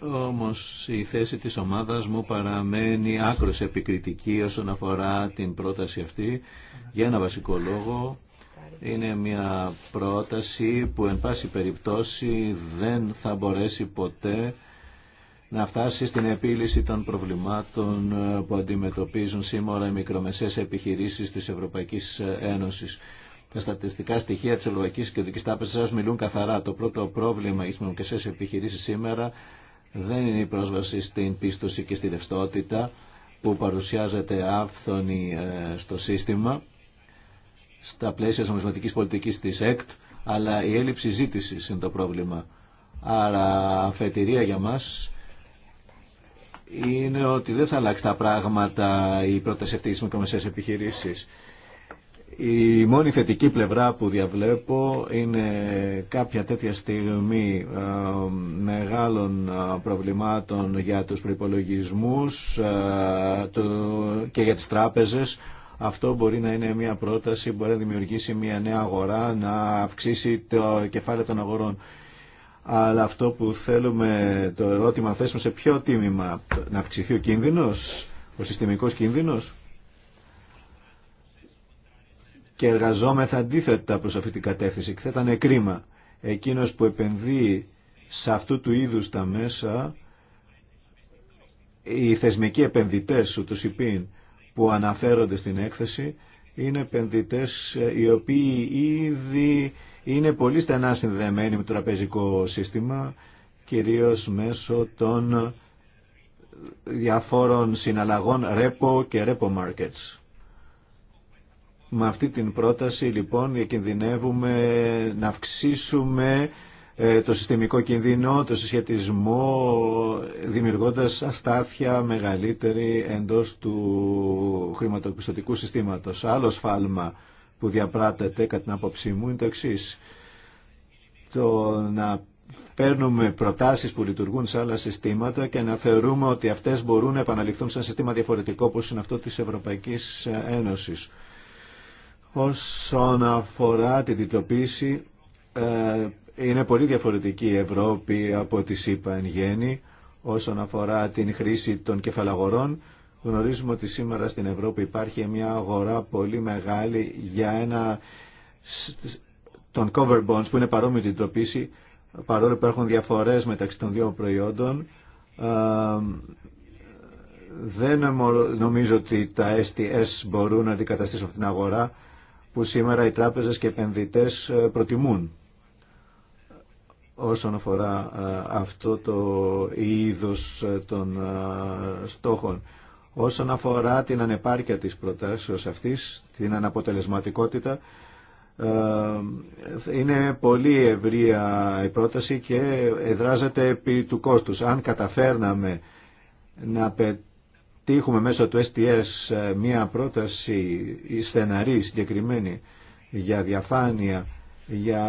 D: όμως η θέση της ομάδας μου παραμένει άκρος επικριτική όσον αφορά την πρόταση αυτή για ένα βασικό λόγο. Είναι μια πρόταση που εν πάση περιπτώσει δεν θα μπορέσει ποτέ να φτάσει στην επίλυση των προβλημάτων ε, που αντιμετωπίζουν σήμερα οι μικρομεσαίες επιχειρήσεις της Ευρωπαϊκής Ένωσης. Τα στατιστικά στοιχεία τη Ευρωπαϊκή Κεντρική μιλούν καθαρά. Το πρώτο πρόβλημα για τι επιχειρήσει σήμερα δεν είναι η πρόσβαση στην πίστοση και στη ρευστότητα που παρουσιάζεται άφθονη ε, στο σύστημα στα πλαίσια νομισματικής πολιτικής της ΕΚΤ, αλλά η έλλειψη ζήτησης είναι το πρόβλημα. Άρα αφετηρία για μας είναι ότι δεν θα αλλάξει τα πράγματα η πρόταση αυτής της επιχειρήσεις. Η μόνη θετική πλευρά που διαβλέπω είναι κάποια τέτοια στιγμή ε, μεγάλων ε, προβλημάτων για τους προϋπολογισμούς ε, και για τις τράπεζες. Αυτό μπορεί να είναι μια πρόταση, μπορεί να δημιουργήσει μια νέα αγορά, να αυξήσει το κεφάλαιο των αγορών. Αλλά αυτό που θέλουμε, το ερώτημα θέσουμε σε ποιο τίμημα, να αυξηθεί ο κίνδυνος, ο συστημικός κίνδυνος και εργαζόμεθα αντίθετα προς αυτή την κατεύθυνση και θα ήταν κρίμα. Εκείνος που επενδύει σε αυτού του είδους τα μέσα, οι θεσμικοί επενδυτές, του υπήν, που αναφέρονται στην έκθεση, είναι επενδυτές ε, οι οποίοι ήδη είναι πολύ στενά συνδεμένοι με το τραπεζικό σύστημα, κυρίως μέσω των διαφόρων συναλλαγών ρέπο και ρέπο markets. Με αυτή την πρόταση λοιπόν διακινδυνεύουμε να αυξήσουμε ε, το συστημικό κινδύνο, το συσχετισμό, δημιουργώντας αστάθεια μεγαλύτερη εντός του χρηματοπιστωτικού συστήματος. Άλλο σφάλμα που διαπράτεται κατά την άποψή μου είναι το εξή. Το να παίρνουμε προτάσεις που λειτουργούν σε άλλα συστήματα και να θεωρούμε ότι αυτές μπορούν να επαναληφθούν σε ένα σύστημα διαφορετικό όπως είναι αυτό της Ευρωπαϊκής Ένωσης. Όσον αφορά την ε, είναι πολύ διαφορετική η Ευρώπη από τη ΣΥΠΑ εν γέννη. Όσον αφορά την χρήση των κεφαλαγορών, γνωρίζουμε ότι σήμερα στην Ευρώπη υπάρχει μια αγορά πολύ μεγάλη για ένα των cover bonds που είναι παρόμοιο την τοπίση παρόλο που υπάρχουν διαφορές μεταξύ των δύο προϊόντων. Ε, δεν νομίζω ότι τα STS μπορούν να αντικαταστήσουν αυτήν την αγορά που σήμερα οι τράπεζες και οι επενδυτές ε, προτιμούν όσον αφορά ε, αυτό το είδος ε, των στόχων. Όσον αφορά την ανεπάρκεια της προτάσεως αυτής, την αναποτελεσματικότητα, είναι πολύ ευρία η πρόταση και εδράζεται επί του κόστους. Αν καταφέρναμε να πετύχουμε τι έχουμε μέσω του STS ε, μία πρόταση στεναρή, συγκεκριμένη για διαφάνεια, για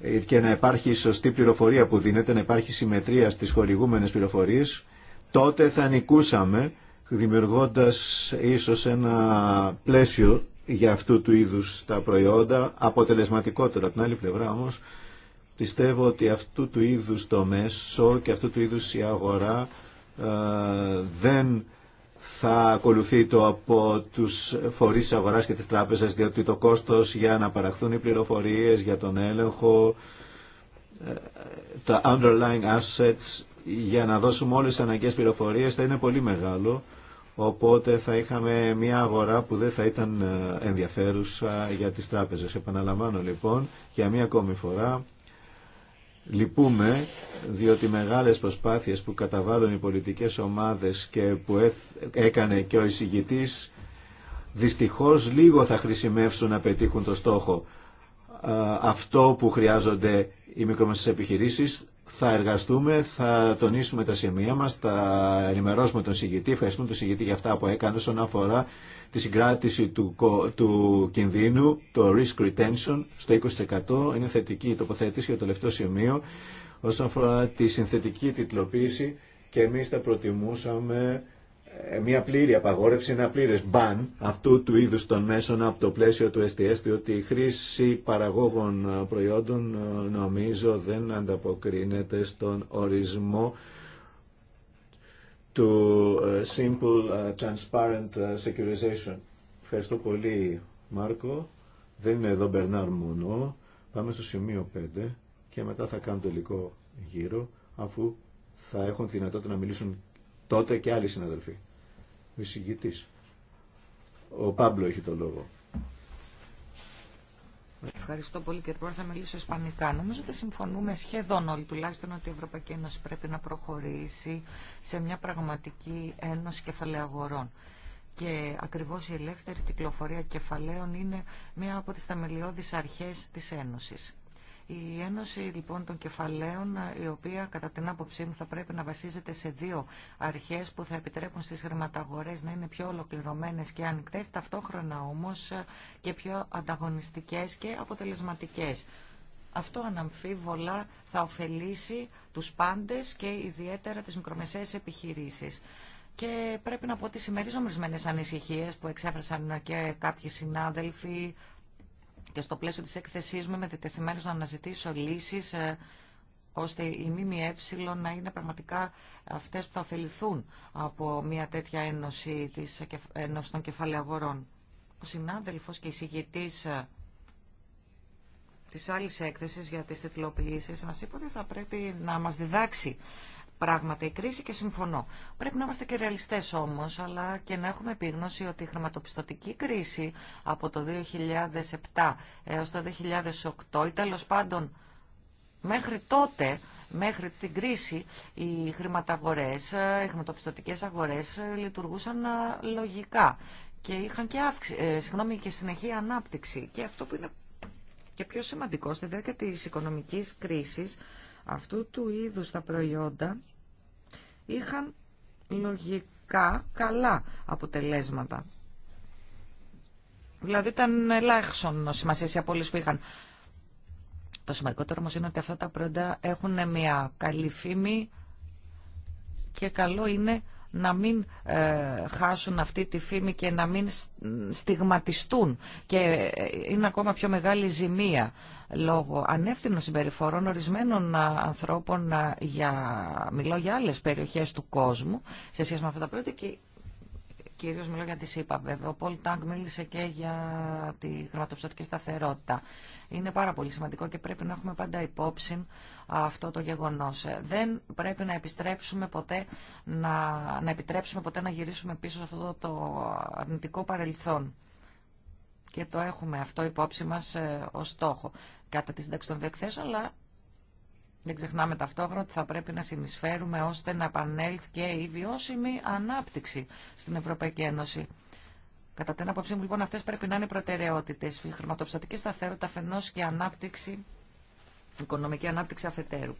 D: ε, και να υπάρχει σωστή πληροφορία που δίνεται, να υπάρχει συμμετρία στις χορηγούμενες πληροφορίες, τότε θα νικούσαμε δημιουργώντας ίσως ένα πλαίσιο για αυτού του είδους τα προϊόντα αποτελεσματικότερα. Την άλλη πλευρά όμως πιστεύω ότι αυτού του είδους το μέσο και αυτού του είδους η αγορά ε, δεν θα ακολουθεί το από τους φορείς αγοράς και της τράπεζας διότι το κόστος για να παραχθούν οι πληροφορίες για τον έλεγχο ε, τα underlying assets για να δώσουμε όλες τις αναγκαίες πληροφορίες θα είναι πολύ μεγάλο οπότε θα είχαμε μια αγορά που δεν θα ήταν ε, ενδιαφέρουσα για τις τράπεζες. Επαναλαμβάνω λοιπόν για μια ακόμη φορά Λυπούμε διότι μεγάλες προσπάθειες που καταβάλουν οι πολιτικές ομάδες και που έκανε και ο εισηγητής δυστυχώς λίγο θα χρησιμεύσουν να πετύχουν το στόχο. Αυτό που χρειάζονται οι μικρομεσαίες επιχειρήσεις θα εργαστούμε, θα τονίσουμε τα σημεία μας, θα ενημερώσουμε τον συγητή, ευχαριστούμε τον συγητή για αυτά που έκανε όσον αφορά τη συγκράτηση του, του κινδύνου, το risk retention στο 20% είναι θετική η τοποθέτηση για το τελευταίο σημείο όσον αφορά τη συνθετική τιτλοποίηση και εμείς θα προτιμούσαμε ε, μια πλήρη απαγόρευση, ένα πλήρε μπαν αυτού του είδου των μέσων από το πλαίσιο του STS, διότι η χρήση παραγόγων ε, προϊόντων ε, νομίζω δεν ανταποκρίνεται στον ορισμό του Simple Transparent Securization. Ευχαριστώ πολύ, Μάρκο. Δεν είναι εδώ Μπερνάρ μόνο. Πάμε στο σημείο 5 και μετά θα κάνω τελικό γύρο, αφού θα έχουν δυνατότητα να μιλήσουν τότε και άλλοι συναδελφοί. Ο Ο Πάμπλο έχει το λόγο.
C: Ευχαριστώ πολύ και τώρα Θα μιλήσω ισπανικά. Νομίζω ότι συμφωνούμε σχεδόν όλοι τουλάχιστον ότι η Ευρωπαϊκή Ένωση πρέπει να προχωρήσει σε μια πραγματική ένωση κεφαλαίου αγορών. Και ακριβώς η ελεύθερη κυκλοφορία κεφαλαίων είναι μία από τις θεμελιώδεις αρχές της Ένωσης. Η Ένωση λοιπόν των Κεφαλαίων, η οποία κατά την άποψή μου θα πρέπει να βασίζεται σε δύο αρχές που θα επιτρέπουν στις χρηματαγορές να είναι πιο ολοκληρωμένες και ανοιχτές, ταυτόχρονα όμως και πιο ανταγωνιστικές και αποτελεσματικές. Αυτό αναμφίβολα θα ωφελήσει τους πάντες και ιδιαίτερα τις μικρομεσαίες επιχειρήσεις. Και πρέπει να πω ότι συμμερίζομαι ορισμένε ανησυχίε που εξέφρασαν και κάποιοι συνάδελφοι και στο πλαίσιο της έκθεσής μου είμαι διτεθειμένος να αναζητήσω λύσεις ε, ώστε οι ΜΜΕ να είναι πραγματικά αυτές που θα ωφεληθούν από μια τέτοια ένωση, της, ένωση των κεφαλαίων Ο συνάδελφος και εισηγητής ε, της άλλης έκθεσης για τις τετλοποιήσεις μας είπε ότι θα πρέπει να μας διδάξει πράγματα η κρίση και συμφωνώ. Πρέπει να είμαστε και ρεαλιστέ όμω, αλλά και να έχουμε επίγνωση ότι η χρηματοπιστωτική κρίση από το 2007 έω το 2008 ή τέλο πάντων μέχρι τότε μέχρι την κρίση οι χρηματαγορές, ε, οι χρηματοπιστωτικές αγορές ε, λειτουργούσαν ε, λογικά και είχαν και, αύξη, συνεχή ανάπτυξη. Και αυτό που είναι και πιο σημαντικό στη διάρκεια τη οικονομική κρίση. Αυτού του είδους τα προϊόντα είχαν λογικά καλά αποτελέσματα. Δηλαδή ήταν ελάχιστον σημασία οι απόλυες που είχαν. Το σημαντικότερο όμως είναι ότι αυτά τα προϊόντα έχουν μια καλή φήμη και καλό είναι να μην ε, χάσουν αυτή τη φήμη και να μην στιγματιστούν. Και ε, είναι ακόμα πιο μεγάλη ζημία λόγω ανεύθυνων συμπεριφορών ορισμένων ε, ανθρώπων για, μιλώ για άλλες περιοχές του κόσμου σε σχέση με αυτά τα πρώτα και κυρίως μιλώ για τη ΣΥΠΑ βέβαια. Ο Πολ Τάγκ μίλησε και για τη χρηματοπιστωτική σταθερότητα. Είναι πάρα πολύ σημαντικό και πρέπει να έχουμε πάντα υπόψη αυτό το γεγονός. Δεν πρέπει να επιστρέψουμε ποτέ, να, να επιτρέψουμε ποτέ να γυρίσουμε πίσω σε αυτό το αρνητικό παρελθόν. Και το έχουμε αυτό υπόψη μας ε, ως στόχο κατά τη σύνταξη των αλλά δεν ξεχνάμε ταυτόχρονα ότι θα πρέπει να συνεισφέρουμε ώστε να επανέλθει και η βιώσιμη ανάπτυξη στην Ευρωπαϊκή Ένωση. Κατά την άποψή μου, λοιπόν, αυτέ πρέπει να είναι προτεραιότητε. Η χρηματοπιστωτική σταθερότητα αφενό και ανάπτυξη, οικονομική ανάπτυξη αφετέρου.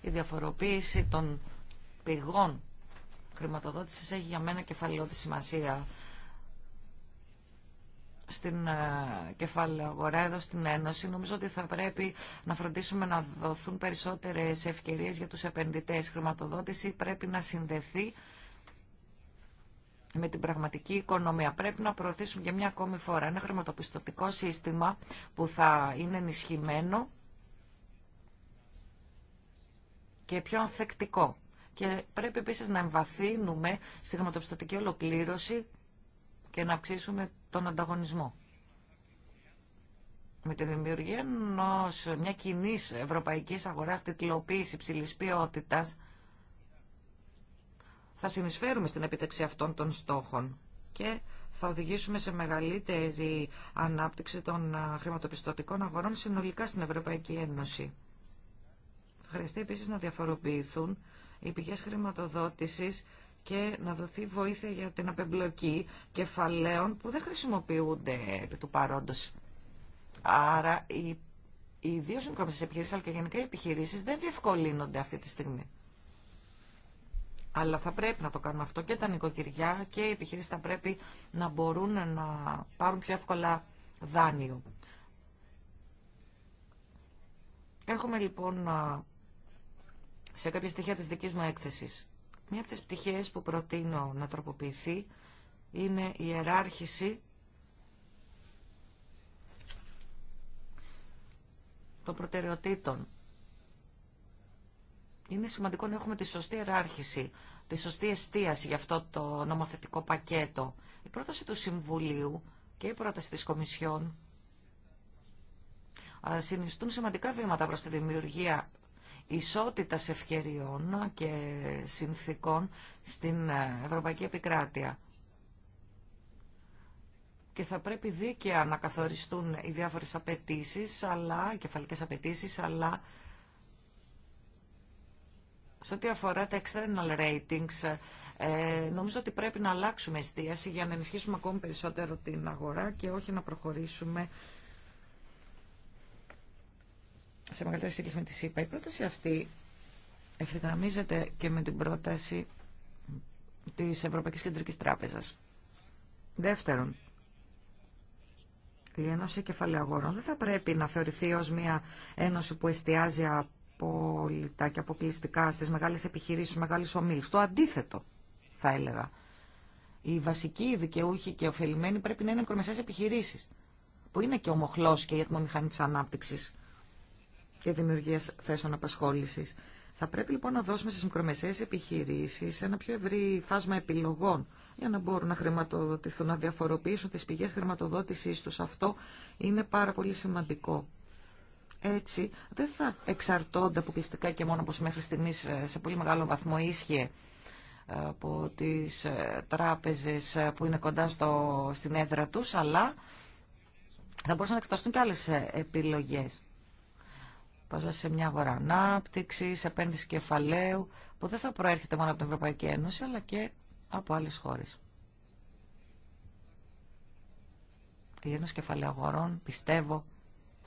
C: Η διαφοροποίηση των πηγών χρηματοδότηση έχει για μένα κεφαλαιότητα σημασία στην ε, κεφάλαιο αγορά εδώ στην Ένωση. Νομίζω ότι θα πρέπει να φροντίσουμε να δοθούν περισσότερες ευκαιρίες για τους επενδυτές. Η χρηματοδότηση πρέπει να συνδεθεί με την πραγματική οικονομία. Πρέπει να προωθήσουμε για μια ακόμη φορά ένα χρηματοπιστωτικό σύστημα που θα είναι ενισχυμένο και πιο ανθεκτικό. Και πρέπει επίσης να εμβαθύνουμε στη χρηματοπιστωτική ολοκλήρωση και να αυξήσουμε τον ανταγωνισμό. Με τη δημιουργία ενό μια κοινή ευρωπαϊκή αγορά τιτλοποίηση ψηλή ποιότητα θα συνεισφέρουμε στην επίτευξη αυτών των στόχων και θα οδηγήσουμε σε μεγαλύτερη ανάπτυξη των χρηματοπιστωτικών αγορών συνολικά στην Ευρωπαϊκή Ένωση. Χρειαστεί επίσης να διαφοροποιηθούν οι πηγές χρηματοδότησης και να δοθεί βοήθεια για την απεμπλοκή κεφαλαίων που δεν χρησιμοποιούνται επί του παρόντος. Άρα οι, οι δύο επιχειρήσεις αλλά και γενικά οι επιχειρήσεις δεν διευκολύνονται αυτή τη στιγμή. Αλλά θα πρέπει να το κάνουμε αυτό και τα νοικοκυριά και οι επιχειρήσεις θα πρέπει να μπορούν να πάρουν πιο εύκολα δάνειο. Έρχομαι λοιπόν σε κάποια στοιχεία της δικής μου έκθεσης. Μία από τις πτυχές που προτείνω να τροποποιηθεί είναι η ιεράρχηση των προτεραιοτήτων. Είναι σημαντικό να έχουμε τη σωστή ιεράρχηση, τη σωστή εστίαση για αυτό το νομοθετικό πακέτο. Η πρόταση του Συμβουλίου και η πρόταση της Κομισιόν συνιστούν σημαντικά βήματα προς τη δημιουργία ισότητας ευκαιριών και συνθήκων στην ε, Ευρωπαϊκή Επικράτεια. Και θα πρέπει δίκαια να καθοριστούν οι διάφορες απαιτήσει, αλλά, οι κεφαλικές απαιτήσει, αλλά σε ό,τι αφορά τα external ratings, ε, νομίζω ότι πρέπει να αλλάξουμε εστίαση για να ενισχύσουμε ακόμη περισσότερο την αγορά και όχι να προχωρήσουμε σε μεγαλύτερη σύγκριση με τη ΣΥΠΑ. Η πρόταση αυτή ευθυγραμμίζεται και με την πρόταση της Ευρωπαϊκής Κεντρικής Τράπεζας. Δεύτερον, η Ένωση Κεφαλαίου δεν θα πρέπει να θεωρηθεί ως μια ένωση που εστιάζει απόλυτα και αποκλειστικά στις μεγάλες επιχειρήσεις, στους μεγάλους ομίλους. Το αντίθετο, θα έλεγα. Οι βασικοί δικαιούχοι και ωφελημένοι πρέπει να είναι οι επιχειρήσεις, που είναι και ο και η ατμομηχανή τη ανάπτυξης και δημιουργία θέσεων απασχόληση. Θα πρέπει λοιπόν να δώσουμε στι μικρομεσαίε επιχειρήσει ένα πιο ευρύ φάσμα επιλογών για να μπορούν να χρηματοδοτηθούν, να διαφοροποιήσουν τι πηγέ χρηματοδότησή του. Αυτό είναι πάρα πολύ σημαντικό. Έτσι δεν θα εξαρτώνται αποκλειστικά και μόνο όπω μέχρι στιγμή ε, σε πολύ μεγάλο βαθμό ίσχυε ε, από τις ε, τράπεζες που είναι κοντά στο, στην έδρα τους, αλλά θα μπορούσαν να εξεταστούν και άλλες επιλογές σε μια αγορά ανάπτυξη, επένδυση κεφαλαίου, που δεν θα προέρχεται μόνο από την Ευρωπαϊκή Ένωση, αλλά και από άλλες χώρες. Η Ένωση Κεφαλαίου Αγορών πιστεύω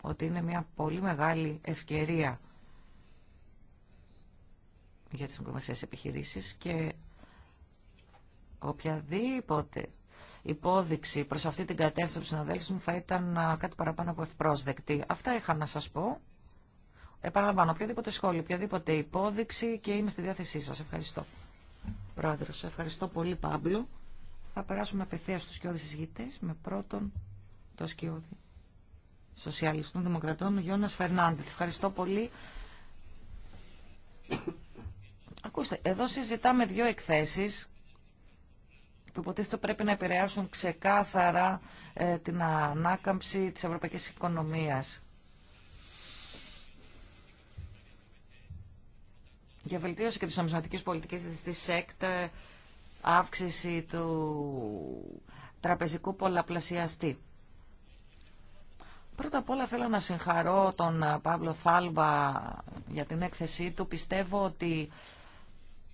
C: ότι είναι μια πολύ μεγάλη ευκαιρία για τις μικρομεσαίες επιχειρήσεις και οποιαδήποτε υπόδειξη προς αυτή την κατεύθυνση του συναδέλφου μου θα ήταν κάτι παραπάνω από ευπρόσδεκτη. Αυτά είχα να σας πω. Επαναλαμβάνω, οποιαδήποτε σχόλιο, οποιαδήποτε υπόδειξη και είμαι στη διάθεσή σας. Ευχαριστώ. Πρόεδρος, ευχαριστώ πολύ Παύλο. Θα περάσουμε απευθείας στους σκιώδης εισηγητές με πρώτον το σκιώδη Σοσιαλιστών Δημοκρατών, Γιώνας Φερνάνδη. Ευχαριστώ πολύ. Ακούστε, εδώ συζητάμε δύο εκθέσεις που υποτίθεται πρέπει να επηρεάσουν ξεκάθαρα ε, την ανάκαμψη της ευρωπαϊκής οικονομίας. για βελτίωση και της νομισματικής πολιτικής της ΣΕΚΤ, ε, αύξηση του τραπεζικού πολλαπλασιαστή. Πρώτα απ' όλα θέλω να συγχαρώ τον ε, Παύλο Θάλμπα για την έκθεσή του. Πιστεύω ότι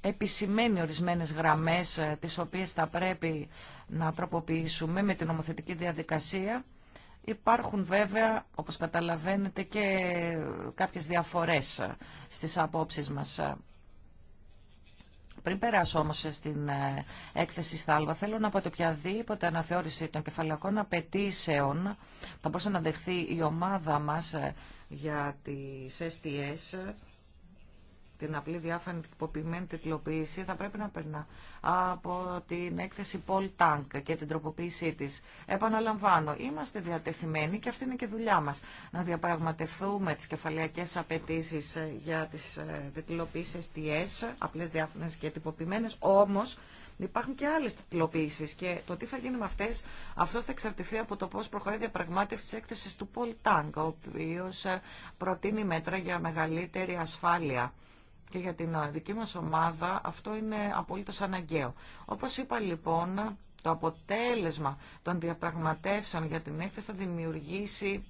C: επισημαίνει ορισμένες γραμμές ε, τις οποίες θα πρέπει να τροποποιήσουμε με την νομοθετική διαδικασία Υπάρχουν βέβαια, όπως καταλαβαίνετε, και κάποιες διαφορές στις απόψεις μας. Πριν περάσω όμως στην ε, έκθεση Στάλβα, θέλω να πω ότι οποιαδήποτε αναθεώρηση των κεφαλαικών απαιτήσεων θα μπορούσε να δεχθεί η ομάδα μας ε, για τις STS την απλή διάφανη τυποποιημένη τυπλοποίηση θα πρέπει να περνά από την έκθεση Paul Tank και την τροποποίησή της. Επαναλαμβάνω, είμαστε διατεθειμένοι και αυτή είναι και δουλειά μας να διαπραγματευτούμε τις κεφαλαιακές απαιτήσει ε, για τις ε, τετλοποίησεις STS, απλές διάφανες και τυποποιημένες, όμως Υπάρχουν και άλλες τυπλοποίησει και το τι θα γίνει με αυτές αυτό θα εξαρτηθεί από το πώς προχωρεί η διαπραγμάτευση της έκθεση του Πολ Τάγκ, ο ε, προτείνει μέτρα για μεγαλύτερη ασφάλεια και για την ε, δική μας ομάδα αυτό είναι απολύτως αναγκαίο. Όπως είπα λοιπόν, το αποτέλεσμα των διαπραγματεύσεων για την έκθεση θα δημιουργήσει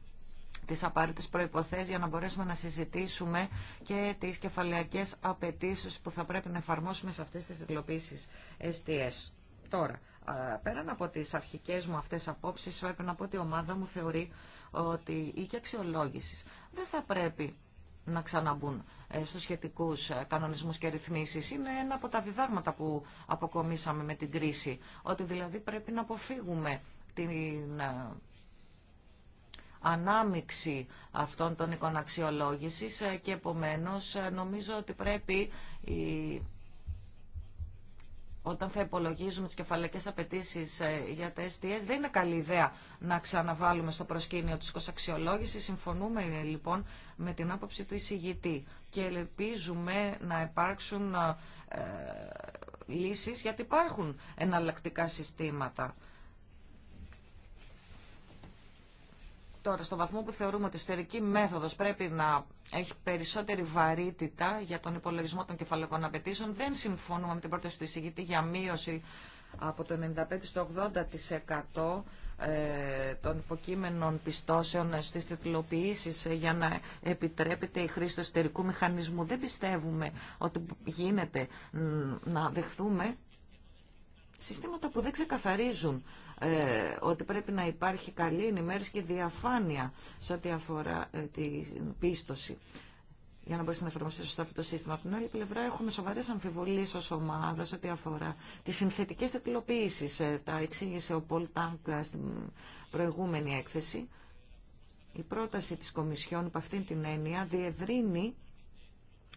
C: τις απαραίτητες προϋποθέσεις για να μπορέσουμε να συζητήσουμε και τις κεφαλαιακές απαιτήσει που θα πρέπει να εφαρμόσουμε σε αυτές τις δηλοποίησεις STS. Τώρα, πέραν από τις αρχικές μου αυτές απόψεις, πρέπει να πω ότι η ομάδα μου θεωρεί ότι η και αξιολόγηση. δεν θα πρέπει να ξαναμπούν ε, στους σχετικούς ε, κανονισμούς και ρυθμίσεις. Είναι ένα από τα διδάγματα που αποκομίσαμε με την κρίση, ότι δηλαδή πρέπει να αποφύγουμε την ε, ανάμιξη αυτών των εικοναξιολόγησης και επομένως νομίζω ότι πρέπει όταν θα υπολογίζουμε τις κεφαλαϊκές απαιτήσει ε, για τα STS, δεν είναι καλή ιδέα να ξαναβάλουμε στο προσκήνιο της κοσαξιολόγηση. Συμφωνούμε ε, λοιπόν με την άποψη του εισηγητή και ελπίζουμε να υπάρξουν ε, ε λύσεις γιατί υπάρχουν εναλλακτικά συστήματα. Τώρα, στο βαθμό που θεωρούμε ότι η εστερική μέθοδος πρέπει να έχει περισσότερη βαρύτητα για τον υπολογισμό των κεφαλαίων απαιτήσεων, δεν συμφωνούμε με την πρόταση του εισηγητή για μείωση από το 95% στο 80% ε, των υποκείμενων πιστώσεων στις τιτλοποιήσεις ε, για να επιτρέπεται η χρήση του εσωτερικού μηχανισμού. Δεν πιστεύουμε ότι γίνεται να δεχθούμε συστήματα που δεν ξεκαθαρίζουν ε, ότι πρέπει να υπάρχει καλή ενημέρωση και διαφάνεια σε ό,τι αφορά ε, την πίστοση για να μπορέσει να εφαρμοστεί σωστά αυτό το σύστημα. Από την άλλη πλευρά, έχουμε σοβαρές αμφιβολίες ως ομάδα σε ό,τι αφορά τι συνθετικέ επιλοποιησει ε, Τα εξήγησε ο Πολ Τάνκ ε, στην προηγούμενη έκθεση. Η πρόταση της Κομισιόν, από αυτήν την έννοια, διευρύνει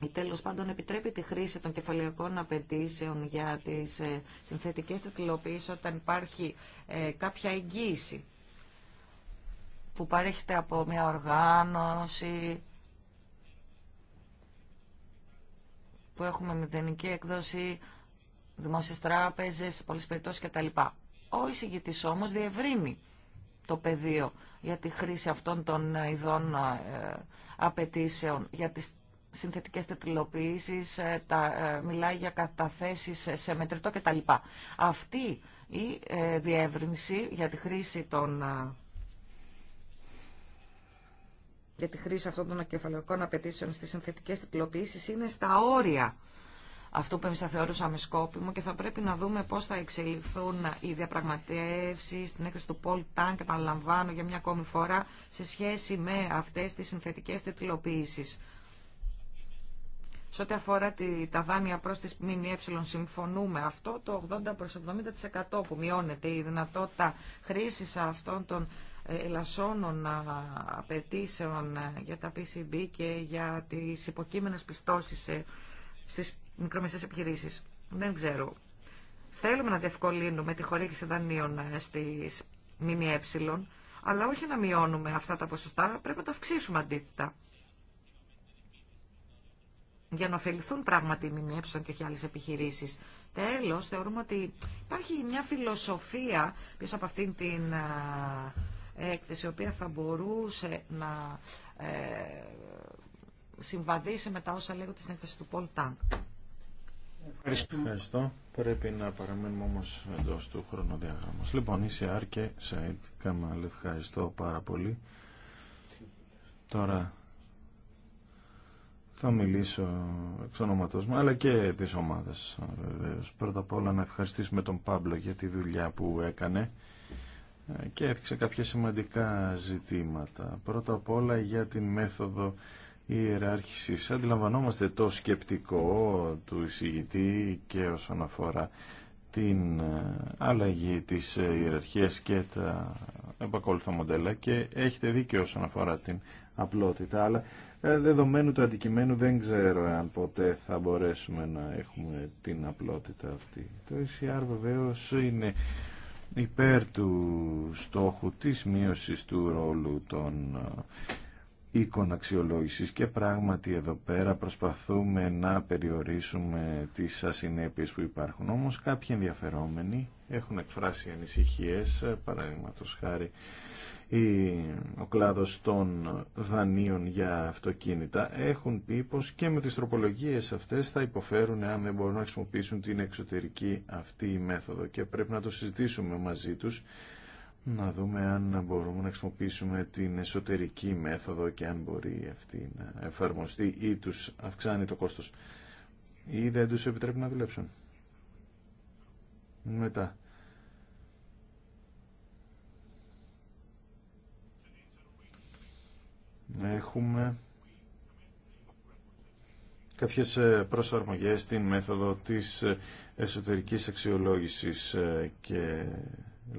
C: ή τέλος πάντων επιτρέπει τη χρήση των κεφαλαιακών απαιτήσεων για τις ε, συνθετικές τετλοποίησεις όταν υπάρχει ε, κάποια εγγύηση που παρέχεται από μια οργάνωση που έχουμε μηδενική έκδοση, δημόσιες τράπεζες, πολλές περιπτώσεις κτλ. Ο εισηγητής όμως διευρύνει το πεδίο για τη χρήση αυτών των ειδών ε, απαιτήσεων για τις συνθετικές τετριλοποιήσεις, ε, τα, ε, μιλάει για καταθέσεις σε μετρητό κτλ. Αυτή η ε, διεύρυνση για τη χρήση των για τη χρήση αυτών των ακεφαλαιοκών απαιτήσεων στις συνθετικές τυπλοποιήσεις είναι στα όρια αυτού που εμείς θα θεωρούσαμε σκόπιμο και θα πρέπει να δούμε πώς θα εξελιχθούν οι διαπραγματεύσεις στην έκθεση του Πολ Τάνκ, επαναλαμβάνω για μια ακόμη φορά, σε σχέση με αυτές τις συνθετικές τυπλοποιήσεις. Σε ό,τι αφορά τη, τα δάνεια προς τις ΜΜΕ συμφωνούμε αυτό, το 80 προς 70% που μειώνεται η δυνατότητα χρήσης αυτών των ε, ελασσόνων απαιτήσεων ε, για τα PCB και για τις υποκείμενες πιστώσεις στις μικρομεσαίες επιχειρήσεις. Δεν ξέρω. Θέλουμε να διευκολύνουμε τη χορήγηση δανείων ε, στις ΜΜΕ, αλλά όχι να μειώνουμε αυτά τα ποσοστά, πρέπει να τα αυξήσουμε αντίθετα για να ωφεληθούν πράγματι οι ΜΜΕ και όχι άλλε επιχειρήσεις. Τέλος, θεωρούμε ότι υπάρχει μια φιλοσοφία πίσω από αυτήν την έκθεση, η οποία θα μπορούσε να ε, συμβαδίσει με τα όσα λέγω στην έκθεση του Πολ Τάγκ.
A: Ευχαριστώ. Πρέπει να παραμένουμε όμω εντό του χρονοδιάγραμμα. Λοιπόν, είσαι Άρκε Σαΐτ Καμάλ. Ευχαριστώ πάρα πολύ. Τώρα θα μιλήσω εξ ονόματός μου, αλλά και της ομάδας βεβαίω. Πρώτα απ' όλα να ευχαριστήσουμε τον Πάμπλο για τη δουλειά που έκανε και έφτιαξε κάποια σημαντικά ζητήματα. Πρώτα απ' όλα για την μέθοδο ιεράρχησης. Αντιλαμβανόμαστε το σκεπτικό του εισηγητή και όσον αφορά την αλλαγή της ιεραρχίας και τα επακόλουθα μοντέλα και έχετε δίκιο όσον αφορά την απλότητα, αλλά ε, δεδομένου του αντικειμένου δεν ξέρω αν ποτέ θα μπορέσουμε να έχουμε την απλότητα αυτή. Το ECR βεβαίω είναι υπέρ του στόχου της μείωσης του ρόλου των ε, οίκων και πράγματι εδώ πέρα προσπαθούμε να περιορίσουμε τις ασυνέπειες που υπάρχουν. Όμως κάποιοι ενδιαφερόμενοι έχουν εκφράσει ανησυχίες, ε, παραδείγματος χάρη ο κλάδος των δανείων για αυτοκίνητα έχουν πει πως και με τις τροπολογίες αυτές θα υποφέρουν αν δεν μπορούν να χρησιμοποιήσουν την εξωτερική αυτή μέθοδο και πρέπει να το συζητήσουμε μαζί τους να δούμε αν μπορούμε να χρησιμοποιήσουμε την εσωτερική μέθοδο και αν μπορεί αυτή να εφαρμοστεί ή τους αυξάνει το κόστος ή δεν τους επιτρέπει να δουλέψουν. Μετά. έχουμε κάποιες ε, προσαρμογές στην μέθοδο της ε, εσωτερικής αξιολόγησης ε, και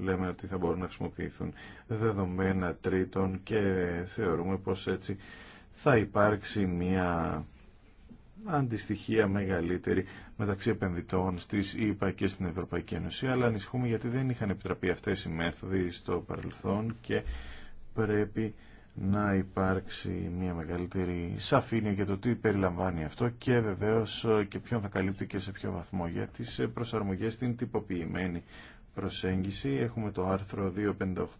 A: λέμε ότι θα μπορούν να χρησιμοποιηθούν δεδομένα τρίτων και θεωρούμε πως έτσι θα υπάρξει μια αντιστοιχεία μεγαλύτερη μεταξύ επενδυτών στις ΗΠΑ και στην Ευρωπαϊκή Ένωση, αλλά ανησυχούμε γιατί δεν είχαν επιτραπεί αυτές οι μέθοδοι στο παρελθόν και πρέπει να υπάρξει μια μεγαλύτερη σαφήνεια για το τι περιλαμβάνει αυτό και βεβαίως ε, και ποιον θα καλύπτει και σε ποιο βαθμό για τις ε, προσαρμογές στην τυποποιημένη προσέγγιση. Έχουμε το άρθρο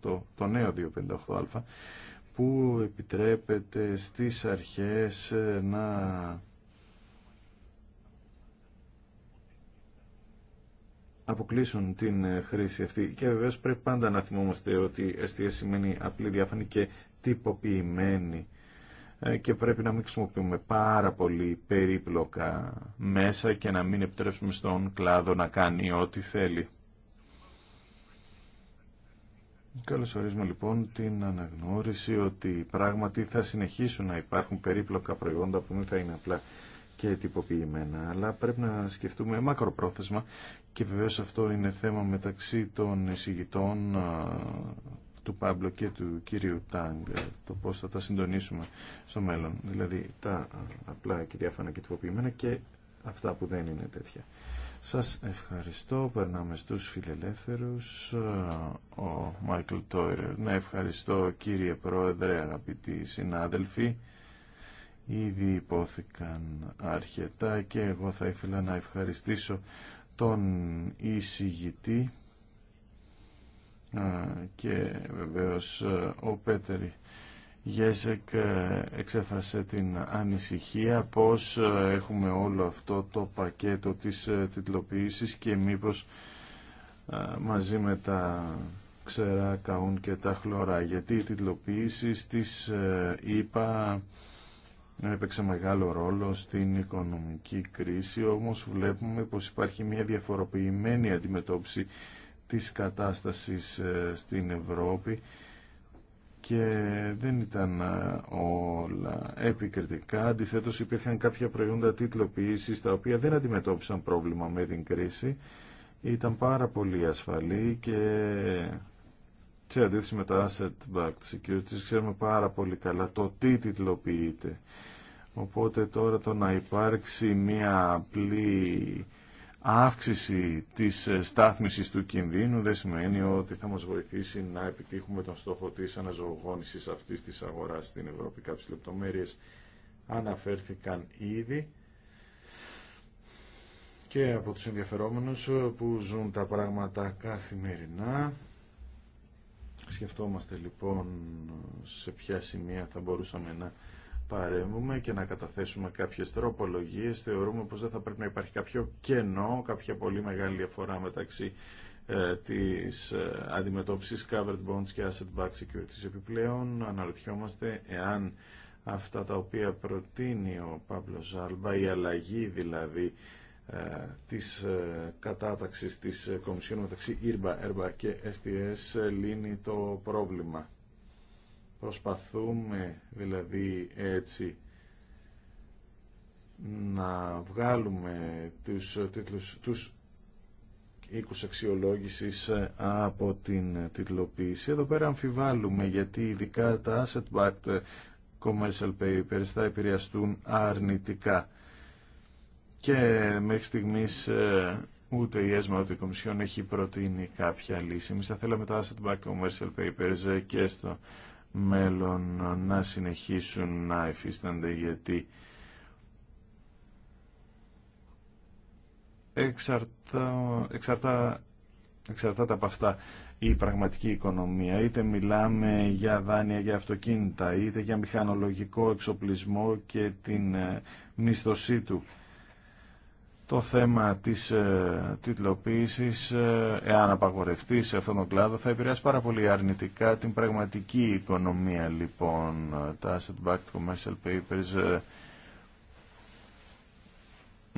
A: 258, το νέο 258α που επιτρέπεται στις αρχές ε, να αποκλείσουν την χρήση αυτή. Και βεβαίως πρέπει πάντα να θυμόμαστε ότι STS σημαίνει απλή, διάφανη και τυποποιημένη ε, και πρέπει να μην χρησιμοποιούμε πάρα πολύ περίπλοκα μέσα και να μην επιτρέψουμε στον κλάδο να κάνει ό,τι θέλει. Καλώς ορίζουμε λοιπόν την αναγνώριση ότι πράγματι θα συνεχίσουν να υπάρχουν περίπλοκα προϊόντα που μην θα είναι απλά και τυποποιημένα, αλλά πρέπει να σκεφτούμε μακροπρόθεσμα και βεβαίως αυτό είναι θέμα μεταξύ των εισηγητών του Πάμπλο και του κύριου Τάγκ ε, το πώς θα τα συντονίσουμε στο μέλλον. Δηλαδή τα απλά και διάφανα και τυποποιημένα και αυτά που δεν είναι τέτοια. Σας ευχαριστώ. Περνάμε στους φιλελεύθερους. Ο Μάικλ Τόιρερ. Να ευχαριστώ κύριε Πρόεδρε, αγαπητοί συνάδελφοι. Ήδη υπόθηκαν αρκετά και εγώ θα ήθελα να ευχαριστήσω τον εισηγητή και βεβαίως ε, ο Πέτερη Γέσεκ ε, εξέφρασε την ανησυχία πως ε, έχουμε όλο αυτό το πακέτο της τιτλοποίησης και μήπως μαζί με τα ξερά καούν και τα χλωρά γιατί η τιτλοποίηση στις ΕΠΑ έπαιξε μεγάλο ρόλο στην οικονομική κρίση όμως βλέπουμε πως υπάρχει μια διαφοροποιημένη αντιμετώπιση της κατάστασης ε, στην Ευρώπη και δεν ήταν ε, όλα επικριτικά. Αντιθέτως υπήρχαν κάποια προϊόντα τίτλοποίησης τα οποία δεν αντιμετώπισαν πρόβλημα με την κρίση. Ήταν πάρα πολύ ασφαλή και σε αντίθεση με τα asset-backed securities ξέρουμε πάρα πολύ καλά το τι τίτλοποιείται. Οπότε τώρα το να υπάρξει μια απλή αύξηση της ε, στάθμισης του κινδύνου δεν σημαίνει ότι θα μας βοηθήσει να επιτύχουμε τον στόχο της αναζωογόνησης αυτής της αγοράς στην Ευρώπη. Κάποιες λεπτομέρειες αναφέρθηκαν ήδη και από τους ενδιαφερόμενους ε, που ζουν τα πράγματα καθημερινά. Σκεφτόμαστε λοιπόν ε, σε ποια σημεία θα μπορούσαμε να παρέμβουμε και να καταθέσουμε κάποιες τροπολογίες. Θεωρούμε πως δεν θα πρέπει να υπάρχει κάποιο κενό, κάποια πολύ μεγάλη διαφορά μεταξύ ε, της ε, αντιμετώπισης covered bonds και asset backed securities. Επιπλέον αναρωτιόμαστε εάν αυτά τα οποία προτείνει ο Παύλος Ζάλμπα, η αλλαγή δηλαδή ε, της ε, κατάταξης της ε, Κομισιόν μεταξύ IRBA, ERBA και STS ε, λύνει το πρόβλημα. Προσπαθούμε δηλαδή έτσι να βγάλουμε τους, τίτλους, τους οίκους αξιολόγησης ε, από την τίτλοποίηση. Εδώ πέρα αμφιβάλλουμε γιατί ειδικά τα asset-backed ε, commercial papers θα επηρεαστούν αρνητικά. Και μέχρι στιγμής ε, ούτε η ΕΣΜΑ ούτε η Κομισιόν έχει προτείνει κάποια λύση. Εμείς θα θέλαμε τα asset-backed commercial papers και στο μέλλον να συνεχίσουν να εφίστανται γιατί εξαρτά, εξαρτά, εξαρτάται από αυτά η πραγματική οικονομία. Είτε μιλάμε για δάνεια για αυτοκίνητα, είτε για μηχανολογικό εξοπλισμό και την ε, μισθωσή του το θέμα της ε, τίτλοποίησης, ε, εάν απαγορευτεί σε αυτόν τον κλάδο, θα επηρεάσει πάρα πολύ αρνητικά την πραγματική οικονομία. Λοιπόν, τα asset-backed commercial papers, ε,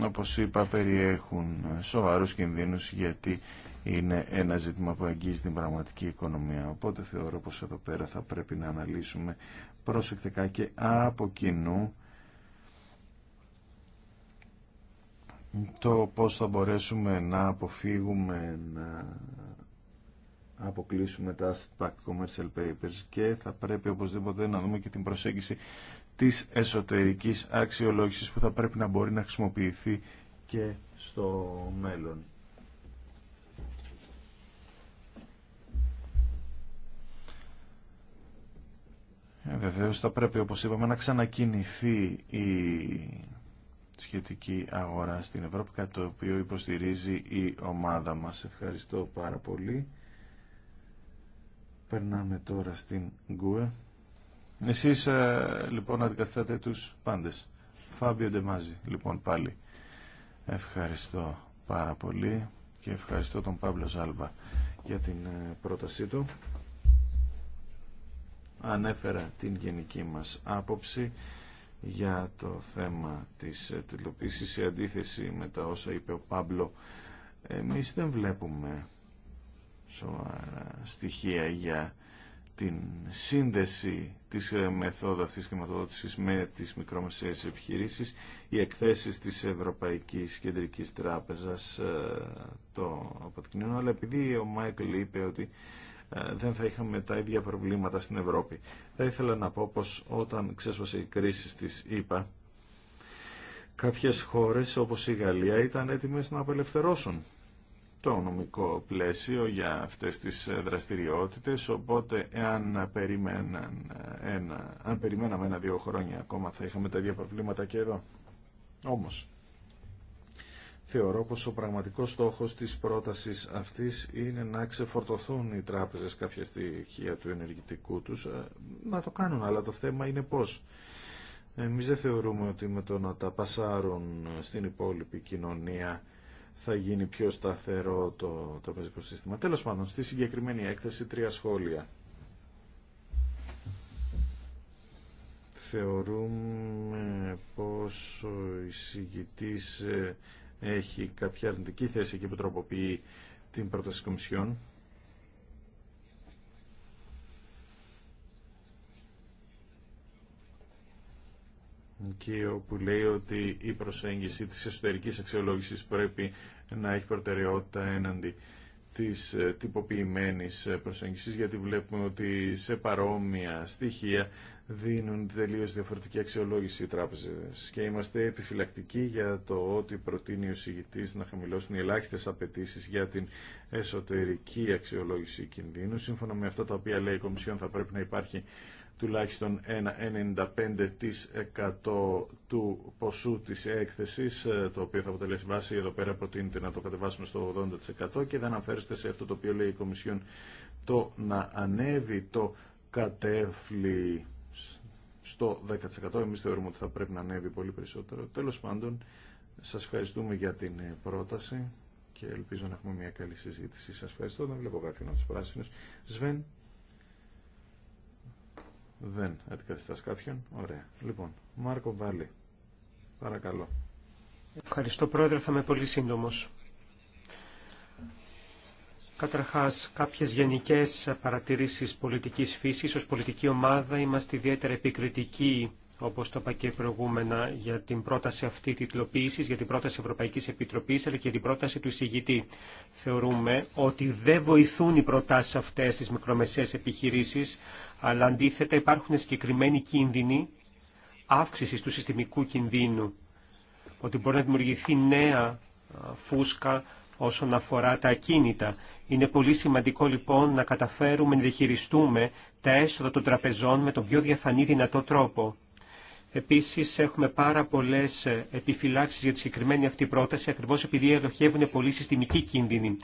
A: όπως είπα, περιέχουν σοβαρούς κινδύνους γιατί είναι ένα ζήτημα που αγγίζει την πραγματική οικονομία. Οπότε θεωρώ πως εδώ πέρα θα πρέπει να αναλύσουμε προσεκτικά και από κοινού το πώς θα μπορέσουμε να αποφύγουμε να αποκλείσουμε τα asset commercial papers και θα πρέπει οπωσδήποτε να δούμε και την προσέγγιση της εσωτερικής αξιολόγησης που θα πρέπει να μπορεί να χρησιμοποιηθεί και στο μέλλον. Ε, βεβαίως θα πρέπει όπως είπαμε να ξανακινηθεί η σχετική αγορά στην Ευρώπη, κάτι το οποίο υποστηρίζει η ομάδα μας. Ευχαριστώ πάρα πολύ. Περνάμε τώρα στην Γκουε. Εσείς ε, λοιπόν αντικαθιστάτε τους πάντες. Φάμπιο Ντεμάζη λοιπόν πάλι. Ευχαριστώ πάρα πολύ και ευχαριστώ τον Παύλο Ζάλμπα για την ε, πρότασή του. Ανέφερα την γενική μας άποψη για το θέμα της ε, τηλεοποίησης σε αντίθεση με τα όσα είπε ο Πάμπλο. Εμείς δεν βλέπουμε σοβαρά στοιχεία για την σύνδεση της ε, μεθόδου αυτής χρηματοδότησης με τις μικρομεσαίες επιχειρήσεις. Οι εκθέσεις της Ευρωπαϊκής Κεντρικής Τράπεζας ε, το αποδεικνύουν, αλλά επειδή ο Μάικλ είπε ότι ε, δεν θα είχαμε τα ίδια προβλήματα στην Ευρώπη. Θα ήθελα να πω πως όταν ξέσπασε η κρίση της ΕΠΑ, κάποιες χώρες όπως η Γαλλία ήταν έτοιμες να απελευθερώσουν το νομικό πλαίσιο για αυτές τις δραστηριότητες, οπότε εάν αν περιμέναμε ένα-δύο χρόνια ακόμα θα είχαμε τα ίδια προβλήματα και εδώ. Όμως, Θεωρώ πως ο πραγματικός στόχος της πρότασης αυτής είναι να ξεφορτωθούν οι τράπεζες κάποια στοιχεία του ενεργητικού τους. Ε, να το κάνουν, αλλά το θέμα είναι πώς. Εμείς δεν θεωρούμε ότι με το να τα πασάρουν στην υπόλοιπη κοινωνία θα γίνει πιο σταθερό το τραπεζικό σύστημα. Τέλος πάντων, στη συγκεκριμένη έκθεση τρία σχόλια. Θεωρούμε πως ο εισηγητής ε, έχει κάποια αρνητική θέση και που τροποποιεί την πρόταση της Κομισιόν. και όπου λέει ότι η προσέγγιση της εσωτερικής αξιολόγησης πρέπει να έχει προτεραιότητα έναντι της ε, τυποποιημένης ε, προσέγγισης γιατί βλέπουμε ότι σε παρόμοια στοιχεία δίνουν τελείω διαφορετική αξιολόγηση οι τράπεζε. και είμαστε επιφυλακτικοί για το ότι προτείνει ο Συγητή να χαμηλώσουν οι ελάχιστε απαιτήσει για την εσωτερική αξιολόγηση κινδύνου. Σύμφωνα με αυτά τα οποία λέει η Κομισιόν θα πρέπει να υπάρχει τουλάχιστον ένα 95% του ποσού της έκθεσης, το οποίο θα αποτελέσει βάση, εδώ πέρα προτείνεται να το κατεβάσουμε στο 80% και δεν αναφέρεστε σε αυτό το οποίο λέει η Κομισιόν το να ανέβει το κατέφλι στο 10%. Εμείς θεωρούμε ότι θα πρέπει να ανέβει πολύ περισσότερο. Τέλος πάντων, σας ευχαριστούμε για την ε, πρόταση και ελπίζω να έχουμε μια καλή συζήτηση. Σας ευχαριστώ. Δεν βλέπω κάποιον από τους πράσινους. Σβέν.
B: Δεν αντικαθιστάς κάποιον. Ωραία. Λοιπόν, Μάρκο Βάλλη. Παρακαλώ. Ευχαριστώ πρόεδρε. Θα είμαι πολύ σύντομος. Καταρχά κάποιες γενικές παρατηρήσεις πολιτικής φύσης. Ως πολιτική ομάδα είμαστε ιδιαίτερα επικριτικοί, όπως το είπα και προηγούμενα, για την πρόταση αυτή τιτλοποίησης, για την πρόταση Ευρωπαϊκής Επιτροπής, αλλά και την πρόταση του εισηγητή. Θεωρούμε ότι δεν βοηθούν οι προτάσεις αυτές στις μικρομεσαίες επιχειρήσεις, αλλά αντίθετα υπάρχουν συγκεκριμένοι κίνδυνοι αύξηση του συστημικού κινδύνου, ότι μπορεί να δημιουργηθεί νέα φούσκα όσον αφορά τα ακίνητα. Είναι πολύ σημαντικό λοιπόν να καταφέρουμε να διαχειριστούμε τα έσοδα των τραπεζών με τον πιο διαφανή δυνατό τρόπο. Επίσης έχουμε πάρα πολλές επιφυλάξεις για τη συγκεκριμένη αυτή πρόταση ακριβώς επειδή ελοχεύουν πολύ συστημικοί κίνδυνη.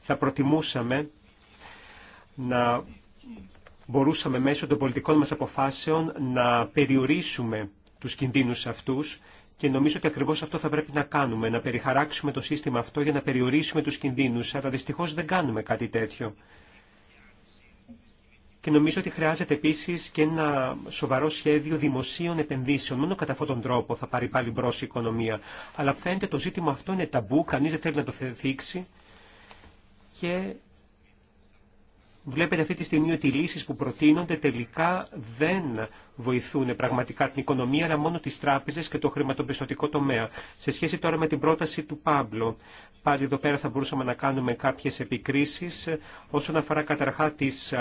B: Θα προτιμούσαμε να μπορούσαμε μέσω των πολιτικών μας αποφάσεων να περιορίσουμε τους κινδύνους αυτούς και νομίζω ότι ακριβώς αυτό θα πρέπει να κάνουμε, να περιχαράξουμε το σύστημα αυτό για να περιορίσουμε τους κινδύνους, αλλά δυστυχώς δεν κάνουμε κάτι τέτοιο. Και νομίζω ότι χρειάζεται επίση και ένα σοβαρό σχέδιο δημοσίων επενδύσεων. Μόνο κατά αυτόν τον τρόπο θα πάρει πάλι μπρο η οικονομία. Αλλά φαίνεται το ζήτημα αυτό είναι ταμπού, κανεί δεν θέλει να το θίξει. Και Βλέπετε αυτή τη στιγμή ότι οι λύσεις που προτείνονται τελικά δεν βοηθούν πραγματικά την οικονομία, αλλά μόνο τις τράπεζες και το χρηματοπιστωτικό τομέα. Σε σχέση τώρα με την πρόταση του Πάμπλο, πάλι εδώ πέρα θα μπορούσαμε να κάνουμε κάποιες επικρίσεις όσον αφορά καταρχά τις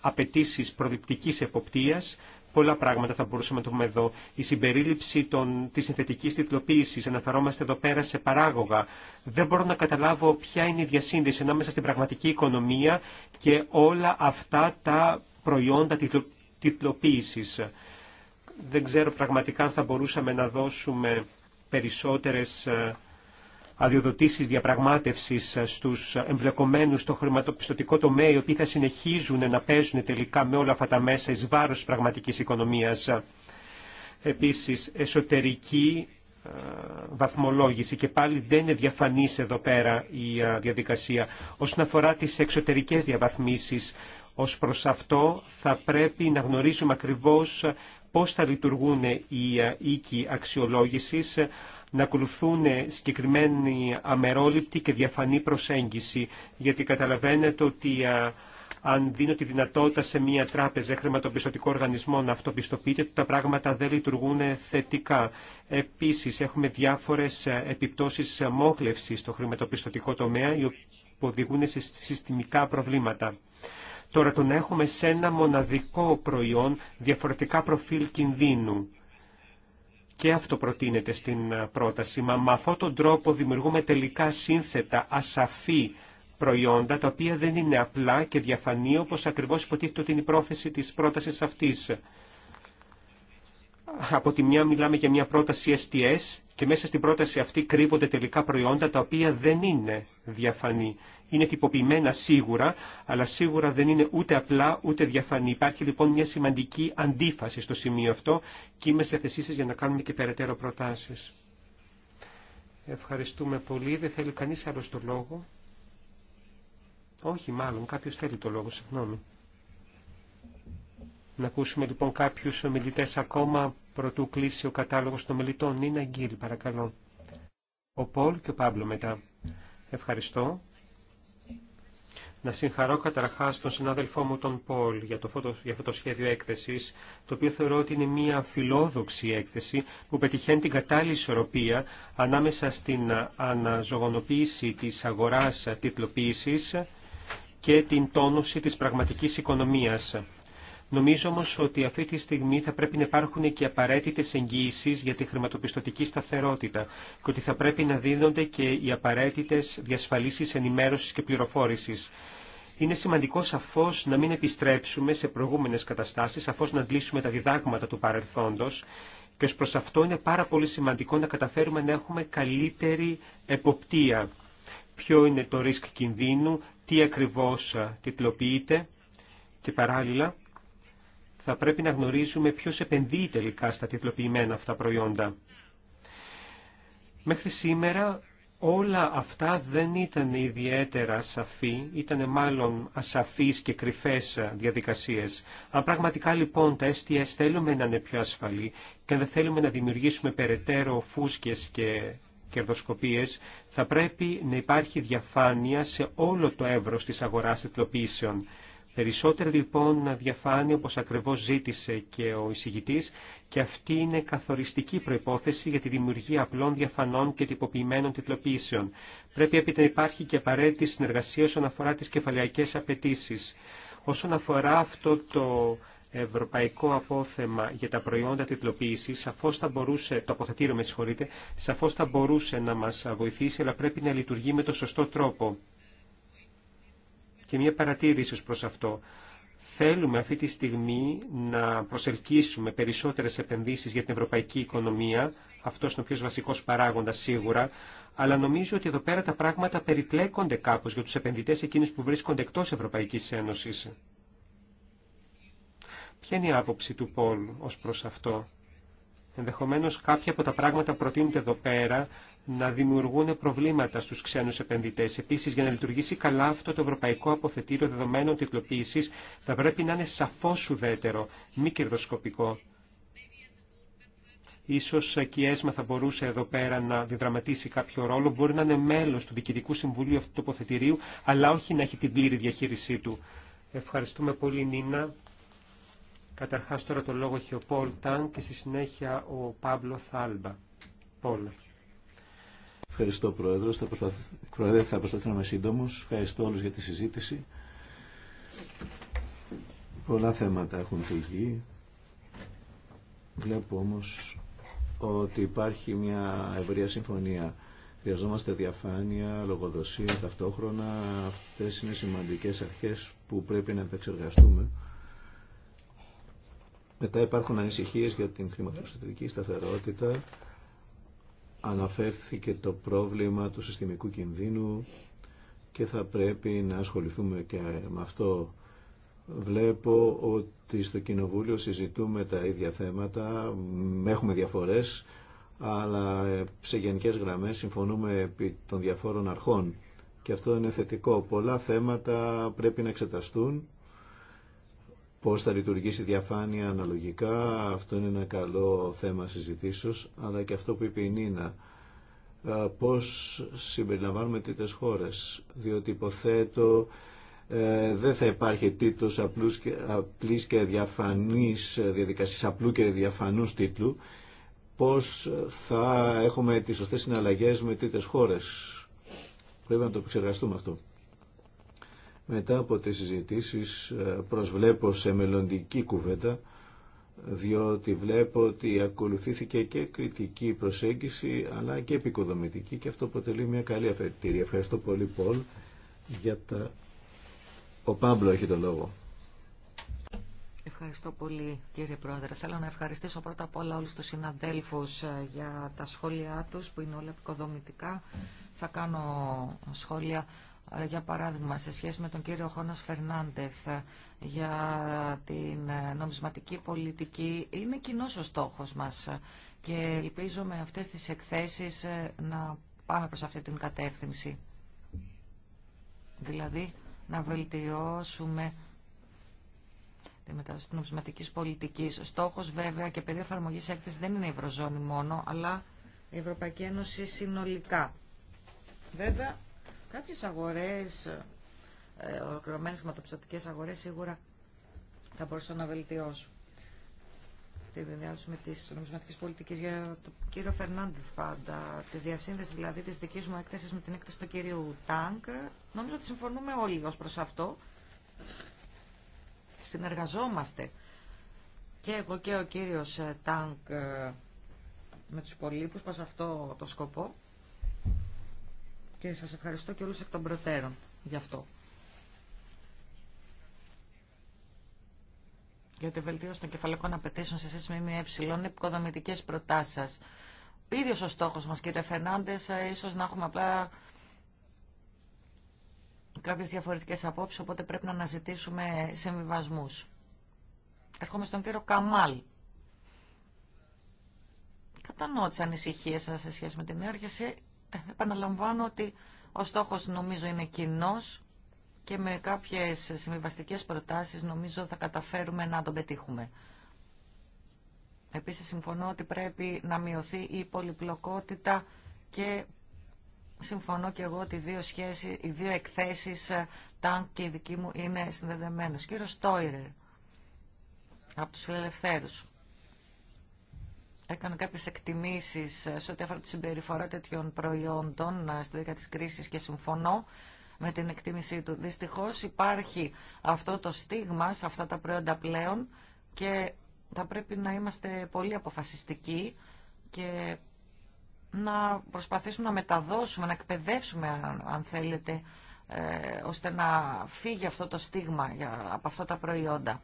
B: απαιτήσει προληπτικής εποπτείας, Πολλά πράγματα θα μπορούσαμε να το δούμε εδώ. Η συμπερίληψη των, της συνθετικής τιτλοποίησης, αναφερόμαστε εδώ πέρα σε παράγωγα. Δεν μπορώ να καταλάβω ποια είναι η διασύνδεση ανάμεσα στην πραγματική οικονομία και όλα αυτά τα προϊόντα τιτλο, Δεν ξέρω πραγματικά αν θα μπορούσαμε να δώσουμε περισσότερες ε, αδειοδοτήσεις διαπραγμάτευσης στους εμπλεκομένους στο χρηματοπιστωτικό τομέα, οι οποίοι θα συνεχίζουν να παίζουν τελικά με όλα αυτά τα μέσα εις βάρος πραγματικής οικονομίας. Επίσης, εσωτερική ε, βαθμολόγηση και πάλι δεν είναι διαφανής εδώ πέρα η ε, διαδικασία. Όσον αφορά τις εξωτερικές διαβαθμίσεις, ως προς αυτό θα πρέπει να γνωρίζουμε ακριβώς πώς θα λειτουργούν οι ε, οίκοι αξιολόγησης, να ακολουθούν συγκεκριμένη αμερόληπτη και διαφανή προσέγγιση, γιατί καταλαβαίνετε ότι αν δίνω τη δυνατότητα σε μια τράπεζα χρηματοπιστωτικό οργανισμό να αυτοπιστοποιείται, τα πράγματα δεν λειτουργούν θετικά. Επίσης, έχουμε διάφορες επιπτώσεις μόχλευσης στο χρηματοπιστωτικό τομέα, οι που οδηγούν σε συστημικά προβλήματα. Τώρα το να έχουμε σε ένα μοναδικό προϊόν διαφορετικά προφίλ κινδύνου και αυτό προτείνεται στην πρόταση. Μα με αυτόν τον τρόπο δημιουργούμε τελικά σύνθετα, ασαφή προϊόντα, τα οποία δεν είναι απλά και διαφανή, όπως ακριβώς υποτίθεται ότι είναι η πρόθεση της πρότασης αυτής. Από τη μια μιλάμε για μια πρόταση STS και μέσα στην πρόταση αυτή κρύβονται τελικά προϊόντα τα οποία δεν είναι διαφανή είναι τυποποιημένα σίγουρα, αλλά σίγουρα δεν είναι ούτε απλά ούτε διαφανή. Υπάρχει λοιπόν μια σημαντική αντίφαση στο σημείο αυτό και είμαι στη θεσή σα για να κάνουμε και περαιτέρω προτάσεις. Ευχαριστούμε πολύ. Δεν θέλει κανεί άλλο το λόγο. Όχι, μάλλον κάποιος θέλει το λόγο, συγγνώμη. Να ακούσουμε λοιπόν κάποιου ομιλητέ ακόμα πρωτού κλείσει ο κατάλογο των ομιλητών. Νίνα Γκίλ, παρακαλώ. Ο Πολ και ο Παύλο μετά. Ευχαριστώ. Να συγχαρώ καταρχά τον συνάδελφό μου τον Πολ για, το φωτο, για αυτό το σχέδιο έκθεση, το οποίο θεωρώ ότι είναι μια φιλόδοξη έκθεση που πετυχαίνει την κατάλληλη ισορροπία ανάμεσα στην αναζωογονοποίηση τη αγορά τυπλοποίηση και την τόνωση της πραγματική οικονομίας. Νομίζω όμω ότι αυτή τη στιγμή θα πρέπει να υπάρχουν και απαραίτητε εγγύησει για τη χρηματοπιστωτική σταθερότητα και ότι θα πρέπει να δίνονται και οι απαραίτητε διασφαλίσει ενημέρωση και πληροφόρηση. Είναι σημαντικό σαφώ να μην επιστρέψουμε σε προηγούμενε καταστάσει, σαφώ να αντλήσουμε τα διδάγματα του παρελθόντο και ω προ αυτό είναι πάρα πολύ σημαντικό να καταφέρουμε να έχουμε καλύτερη εποπτεία. Ποιο είναι το ρίσκ κινδύνου, τι ακριβώ τυπλοποιείται και παράλληλα θα πρέπει να γνωρίζουμε ποιος επενδύει τελικά στα τιτλοποιημένα αυτά προϊόντα. Μέχρι σήμερα όλα αυτά δεν ήταν ιδιαίτερα σαφή, ήταν μάλλον ασαφείς και κρυφές διαδικασίες. Αν πραγματικά λοιπόν τα STS θέλουμε να είναι πιο ασφαλή και δεν θέλουμε να δημιουργήσουμε περαιτέρω φούσκες και κερδοσκοπίες, θα πρέπει να υπάρχει διαφάνεια σε όλο το εύρος της αγοράς τιτλοποιήσεων. Περισσότερο, λοιπόν να διαφάνει όπως ακριβώς ζήτησε και ο εισηγητής και αυτή είναι καθοριστική προϋπόθεση για τη δημιουργία απλών διαφανών και τυποποιημένων τυπλοποιήσεων. Πρέπει έπειτα να υπάρχει και απαραίτητη συνεργασία όσον αφορά τις κεφαλαϊκές απαιτήσει. Όσον αφορά αυτό το ευρωπαϊκό απόθεμα για τα προϊόντα τυπλοποίησης, σαφώς θα μπορούσε, το αποθετήριο με συγχωρείτε, σαφώς θα μπορούσε να μας βοηθήσει, αλλά πρέπει να λειτουργεί με το σωστό τρόπο. Και μια παρατήρηση ως προς αυτό. Θέλουμε αυτή τη στιγμή να προσελκύσουμε περισσότερες επενδύσεις για την ευρωπαϊκή οικονομία. Αυτός είναι ο πιο βασικός παράγοντας σίγουρα. Αλλά νομίζω ότι εδώ πέρα τα πράγματα περιπλέκονται κάπως για τους επενδυτές εκείνους που βρίσκονται εκτός Ευρωπαϊκής Ένωσης. Ποια είναι η άποψη του Πολ ως προς αυτό. Ενδεχομένως κάποια από τα πράγματα προτείνονται εδώ πέρα να δημιουργούν προβλήματα στους ξένους επενδυτές. Επίσης, για να λειτουργήσει καλά αυτό το ευρωπαϊκό αποθετήριο δεδομένων τυπλοποίησης θα πρέπει να είναι σαφώς ουδέτερο, μη κερδοσκοπικό. Ίσως και η ΕΣΜΑ θα μπορούσε εδώ πέρα να διδραματίσει κάποιο ρόλο. Μπορεί να είναι μέλος του Διοικητικού Συμβουλίου αυτού του αποθετηρίου, αλλά όχι να έχει την πλήρη διαχείρισή του. Ευχαριστούμε πολύ, Νίνα. Καταρχάς τώρα το λόγο έχει ο Πολ Τάν και στη συνέχεια ο Παύλο Θάλμπα.
D: Πόλ. Ευχαριστώ Πρόεδρος. Θα, Πρόεδρε, θα προσπαθήσω να είμαι σύντομος. Ευχαριστώ όλους για τη συζήτηση. Πολλά θέματα έχουν φυγεί. Βλέπω όμως ότι υπάρχει μια ευρεία συμφωνία. Χρειαζόμαστε διαφάνεια, λογοδοσία ταυτόχρονα. Αυτές είναι σημαντικές αρχές που πρέπει να επεξεργαστούμε. Μετά υπάρχουν ανησυχίες για την χρηματοπιστωτική σταθερότητα αναφέρθηκε το πρόβλημα του συστημικού κινδύνου και θα πρέπει να ασχοληθούμε και με αυτό. Βλέπω ότι στο Κοινοβούλιο συζητούμε τα ίδια θέματα, έχουμε διαφορές, αλλά σε γενικές γραμμές συμφωνούμε επί των διαφόρων αρχών. Και αυτό είναι θετικό. Πολλά θέματα πρέπει να εξεταστούν πώς θα λειτουργήσει η διαφάνεια αναλογικά. Αυτό είναι ένα καλό θέμα συζητήσεως, αλλά και αυτό που είπε η Νίνα, πώς συμπεριλαμβάνουμε τρίτες χώρες, διότι υποθέτω ε, δεν θα υπάρχει τίτλος απλούς και, απλής και διαφανής ε, διαδικασίας, απλού και διαφανούς τίτλου, πώς θα έχουμε τις σωστές συναλλαγές με τρίτες χώρες. Πρέπει να το επεξεργαστούμε αυτό. Μετά από τις συζητήσεις ε, προσβλέπω σε μελλοντική κουβέντα διότι βλέπω ότι ακολουθήθηκε και κριτική προσέγγιση αλλά και επικοδομητική και αυτό αποτελεί μια καλή αφαιρετήρια. Ευχαριστώ πολύ Πολ για Ο Πάμπλο έχει το λόγο.
C: Ευχαριστώ πολύ κύριε Πρόεδρε. Θέλω να ευχαριστήσω πρώτα απ' όλα όλους τους συναδέλφους ε, για τα σχόλιά τους που είναι όλα επικοδομητικά. Θα κάνω σχόλια για παράδειγμα, σε σχέση με τον κύριο Χώνας Φερνάντεθ για την ε, νομισματική πολιτική, είναι κοινό ο στόχος μας και ελπίζω με αυτές τις εκθέσεις ε, να πάμε προς αυτή την κατεύθυνση. Δηλαδή, να βελτιώσουμε τη μετάδοση της νομισματικής πολιτικής. Στόχος βέβαια και πεδίο εφαρμογής έκθεση δεν είναι η Ευρωζώνη μόνο, αλλά η Ευρωπαϊκή Ένωση συνολικά. Βέβαια, Κάποιες αγορές, ε, ολοκληρωμένες χρηματοπιστωτικές αγορές σίγουρα θα μπορούσαν να βελτιώσουν τη με τις νομισματικές πολιτικές για τον κύριο Φερνάνδη πάντα, τη διασύνδεση δηλαδή τη δική μου έκθεση με την έκθεση του κύριου Τάγκ. Νομίζω ότι συμφωνούμε όλοι ω προ αυτό. Συνεργαζόμαστε και εγώ και ο κύριος ε, Τάγκ ε, με τους υπολείπους προς αυτό το σκοπό και σας ευχαριστώ και όλους εκ των προτέρων γι' αυτό. Για τη βελτίωση των κεφαλικών απαιτήσεων σε σχέση με μη είναι επικοδομητικέ προτάσει σα. Ήδη ο στόχο μα, κύριε Φερνάντε, ίσω να έχουμε απλά κάποιε διαφορετικέ απόψει, οπότε πρέπει να αναζητήσουμε συμβιβασμού. Έρχομαι στον κύριο Καμάλ. Κατανοώ τι ανησυχίε σα σε σχέση με την έργαση επαναλαμβάνω ότι ο στόχος νομίζω είναι κοινό και με κάποιες συμβιβαστικέ προτάσεις νομίζω θα καταφέρουμε να τον πετύχουμε. Επίσης συμφωνώ ότι πρέπει να μειωθεί η πολυπλοκότητα και συμφωνώ και εγώ ότι οι δύο, σχέσεις, οι δύο εκθέσεις, ε, ΤΑΝΚ και η δική μου, είναι συνδεδεμένες. Κύριο Στόιρερ, από τους φιλελευθέρους έκανε κάποιες εκτιμήσεις ε, σε ό,τι αφορά τη συμπεριφορά τέτοιων προϊόντων ε, στη δέκα της κρίσης και συμφωνώ με την εκτίμησή του. Δυστυχώς υπάρχει αυτό το στίγμα σε αυτά τα προϊόντα πλέον και θα πρέπει να είμαστε πολύ αποφασιστικοί και να προσπαθήσουμε να μεταδώσουμε, να εκπαιδεύσουμε αν θέλετε, ε, ώστε να φύγει αυτό το στίγμα από αυτά τα προϊόντα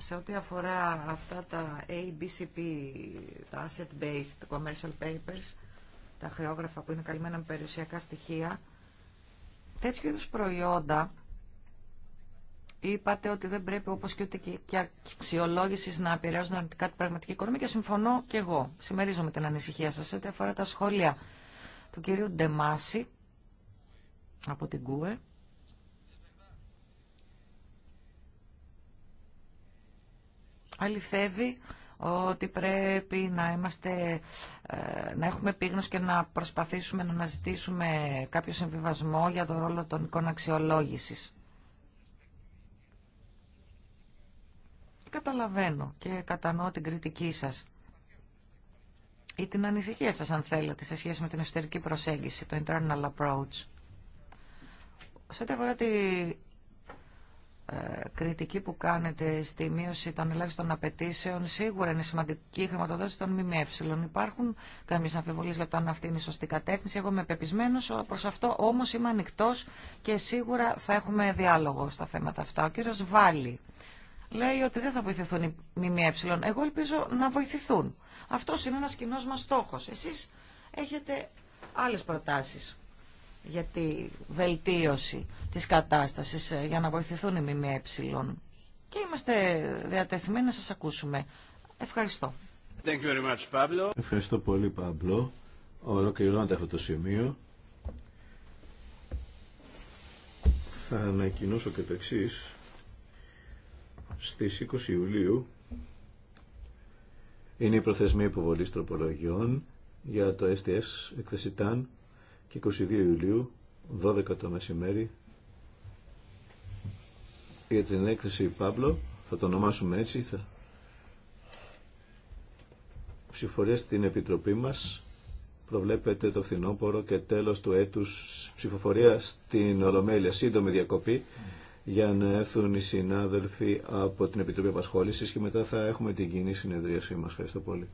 C: σε ό,τι αφορά αυτά τα ABCP, τα Asset-Based Commercial Papers, τα χρεόγραφα που είναι καλυμμένα με περιουσιακά στοιχεία, τέτοιου είδους προϊόντα είπατε ότι δεν πρέπει όπως και ούτε και αξιολόγησης να επηρεάζουν αρνητικά την πραγματική οικονομία και συμφωνώ και εγώ. με την ανησυχία σας ό,τι αφορά τα σχόλια του κυρίου Ντεμάση από την ΚΟΕ αληθεύει ότι πρέπει να, είμαστε, ε, να έχουμε πείγνωση και να προσπαθήσουμε να αναζητήσουμε κάποιο συμβιβασμό για τον ρόλο των εικόνων αξιολόγηση. Καταλαβαίνω και κατανοώ την κριτική σας ή την ανησυχία σας αν θέλετε σε σχέση με την εσωτερική προσέγγιση, το internal approach. Σε ό,τι αφορά ε, κριτική που κάνετε στη μείωση των ελάχιστων απαιτήσεων σίγουρα είναι σημαντική η χρηματοδότηση των ΜΜΕ. Υπάρχουν κάποιε αμφιβολίε για το αν αυτή είναι η σωστή κατεύθυνση. Εγώ είμαι πεπισμένο προ αυτό, όμω είμαι ανοιχτό και σίγουρα θα έχουμε διάλογο στα θέματα αυτά. Ο κύριο Βάλλη λέει ότι δεν θα βοηθηθούν οι ΜΜΕ. Εγώ ελπίζω να βοηθηθούν. Αυτό είναι ένα κοινό μα στόχο. Εσεί έχετε άλλε προτάσει για τη βελτίωση της κατάστασης ε, για να βοηθηθούν οι ΜΜΕ και είμαστε διατεθειμένοι να σας ακούσουμε. Ευχαριστώ.
D: Thank you very much, Ευχαριστώ πολύ Παμπλό. Ολοκληρώνεται αυτό το σημείο. Θα ανακοινώσω και το εξή. Στις 20 Ιουλίου είναι η προθεσμία υποβολής τροπολογιών για το STS εκθεσιτάν και 22 Ιουλίου 12 το μεσημέρι για την έκθεση Παύλο θα το ονομάσουμε έτσι θα ψηφορία στην Επιτροπή μας προβλέπεται το φθινόπωρο και τέλος του έτους ψηφοφορία στην Ολομέλεια σύντομη διακοπή για να έρθουν οι συνάδελφοι από την Επιτροπή Απασχόλησης και μετά θα έχουμε την κοινή συνεδρίασή μας. Ευχαριστώ πολύ.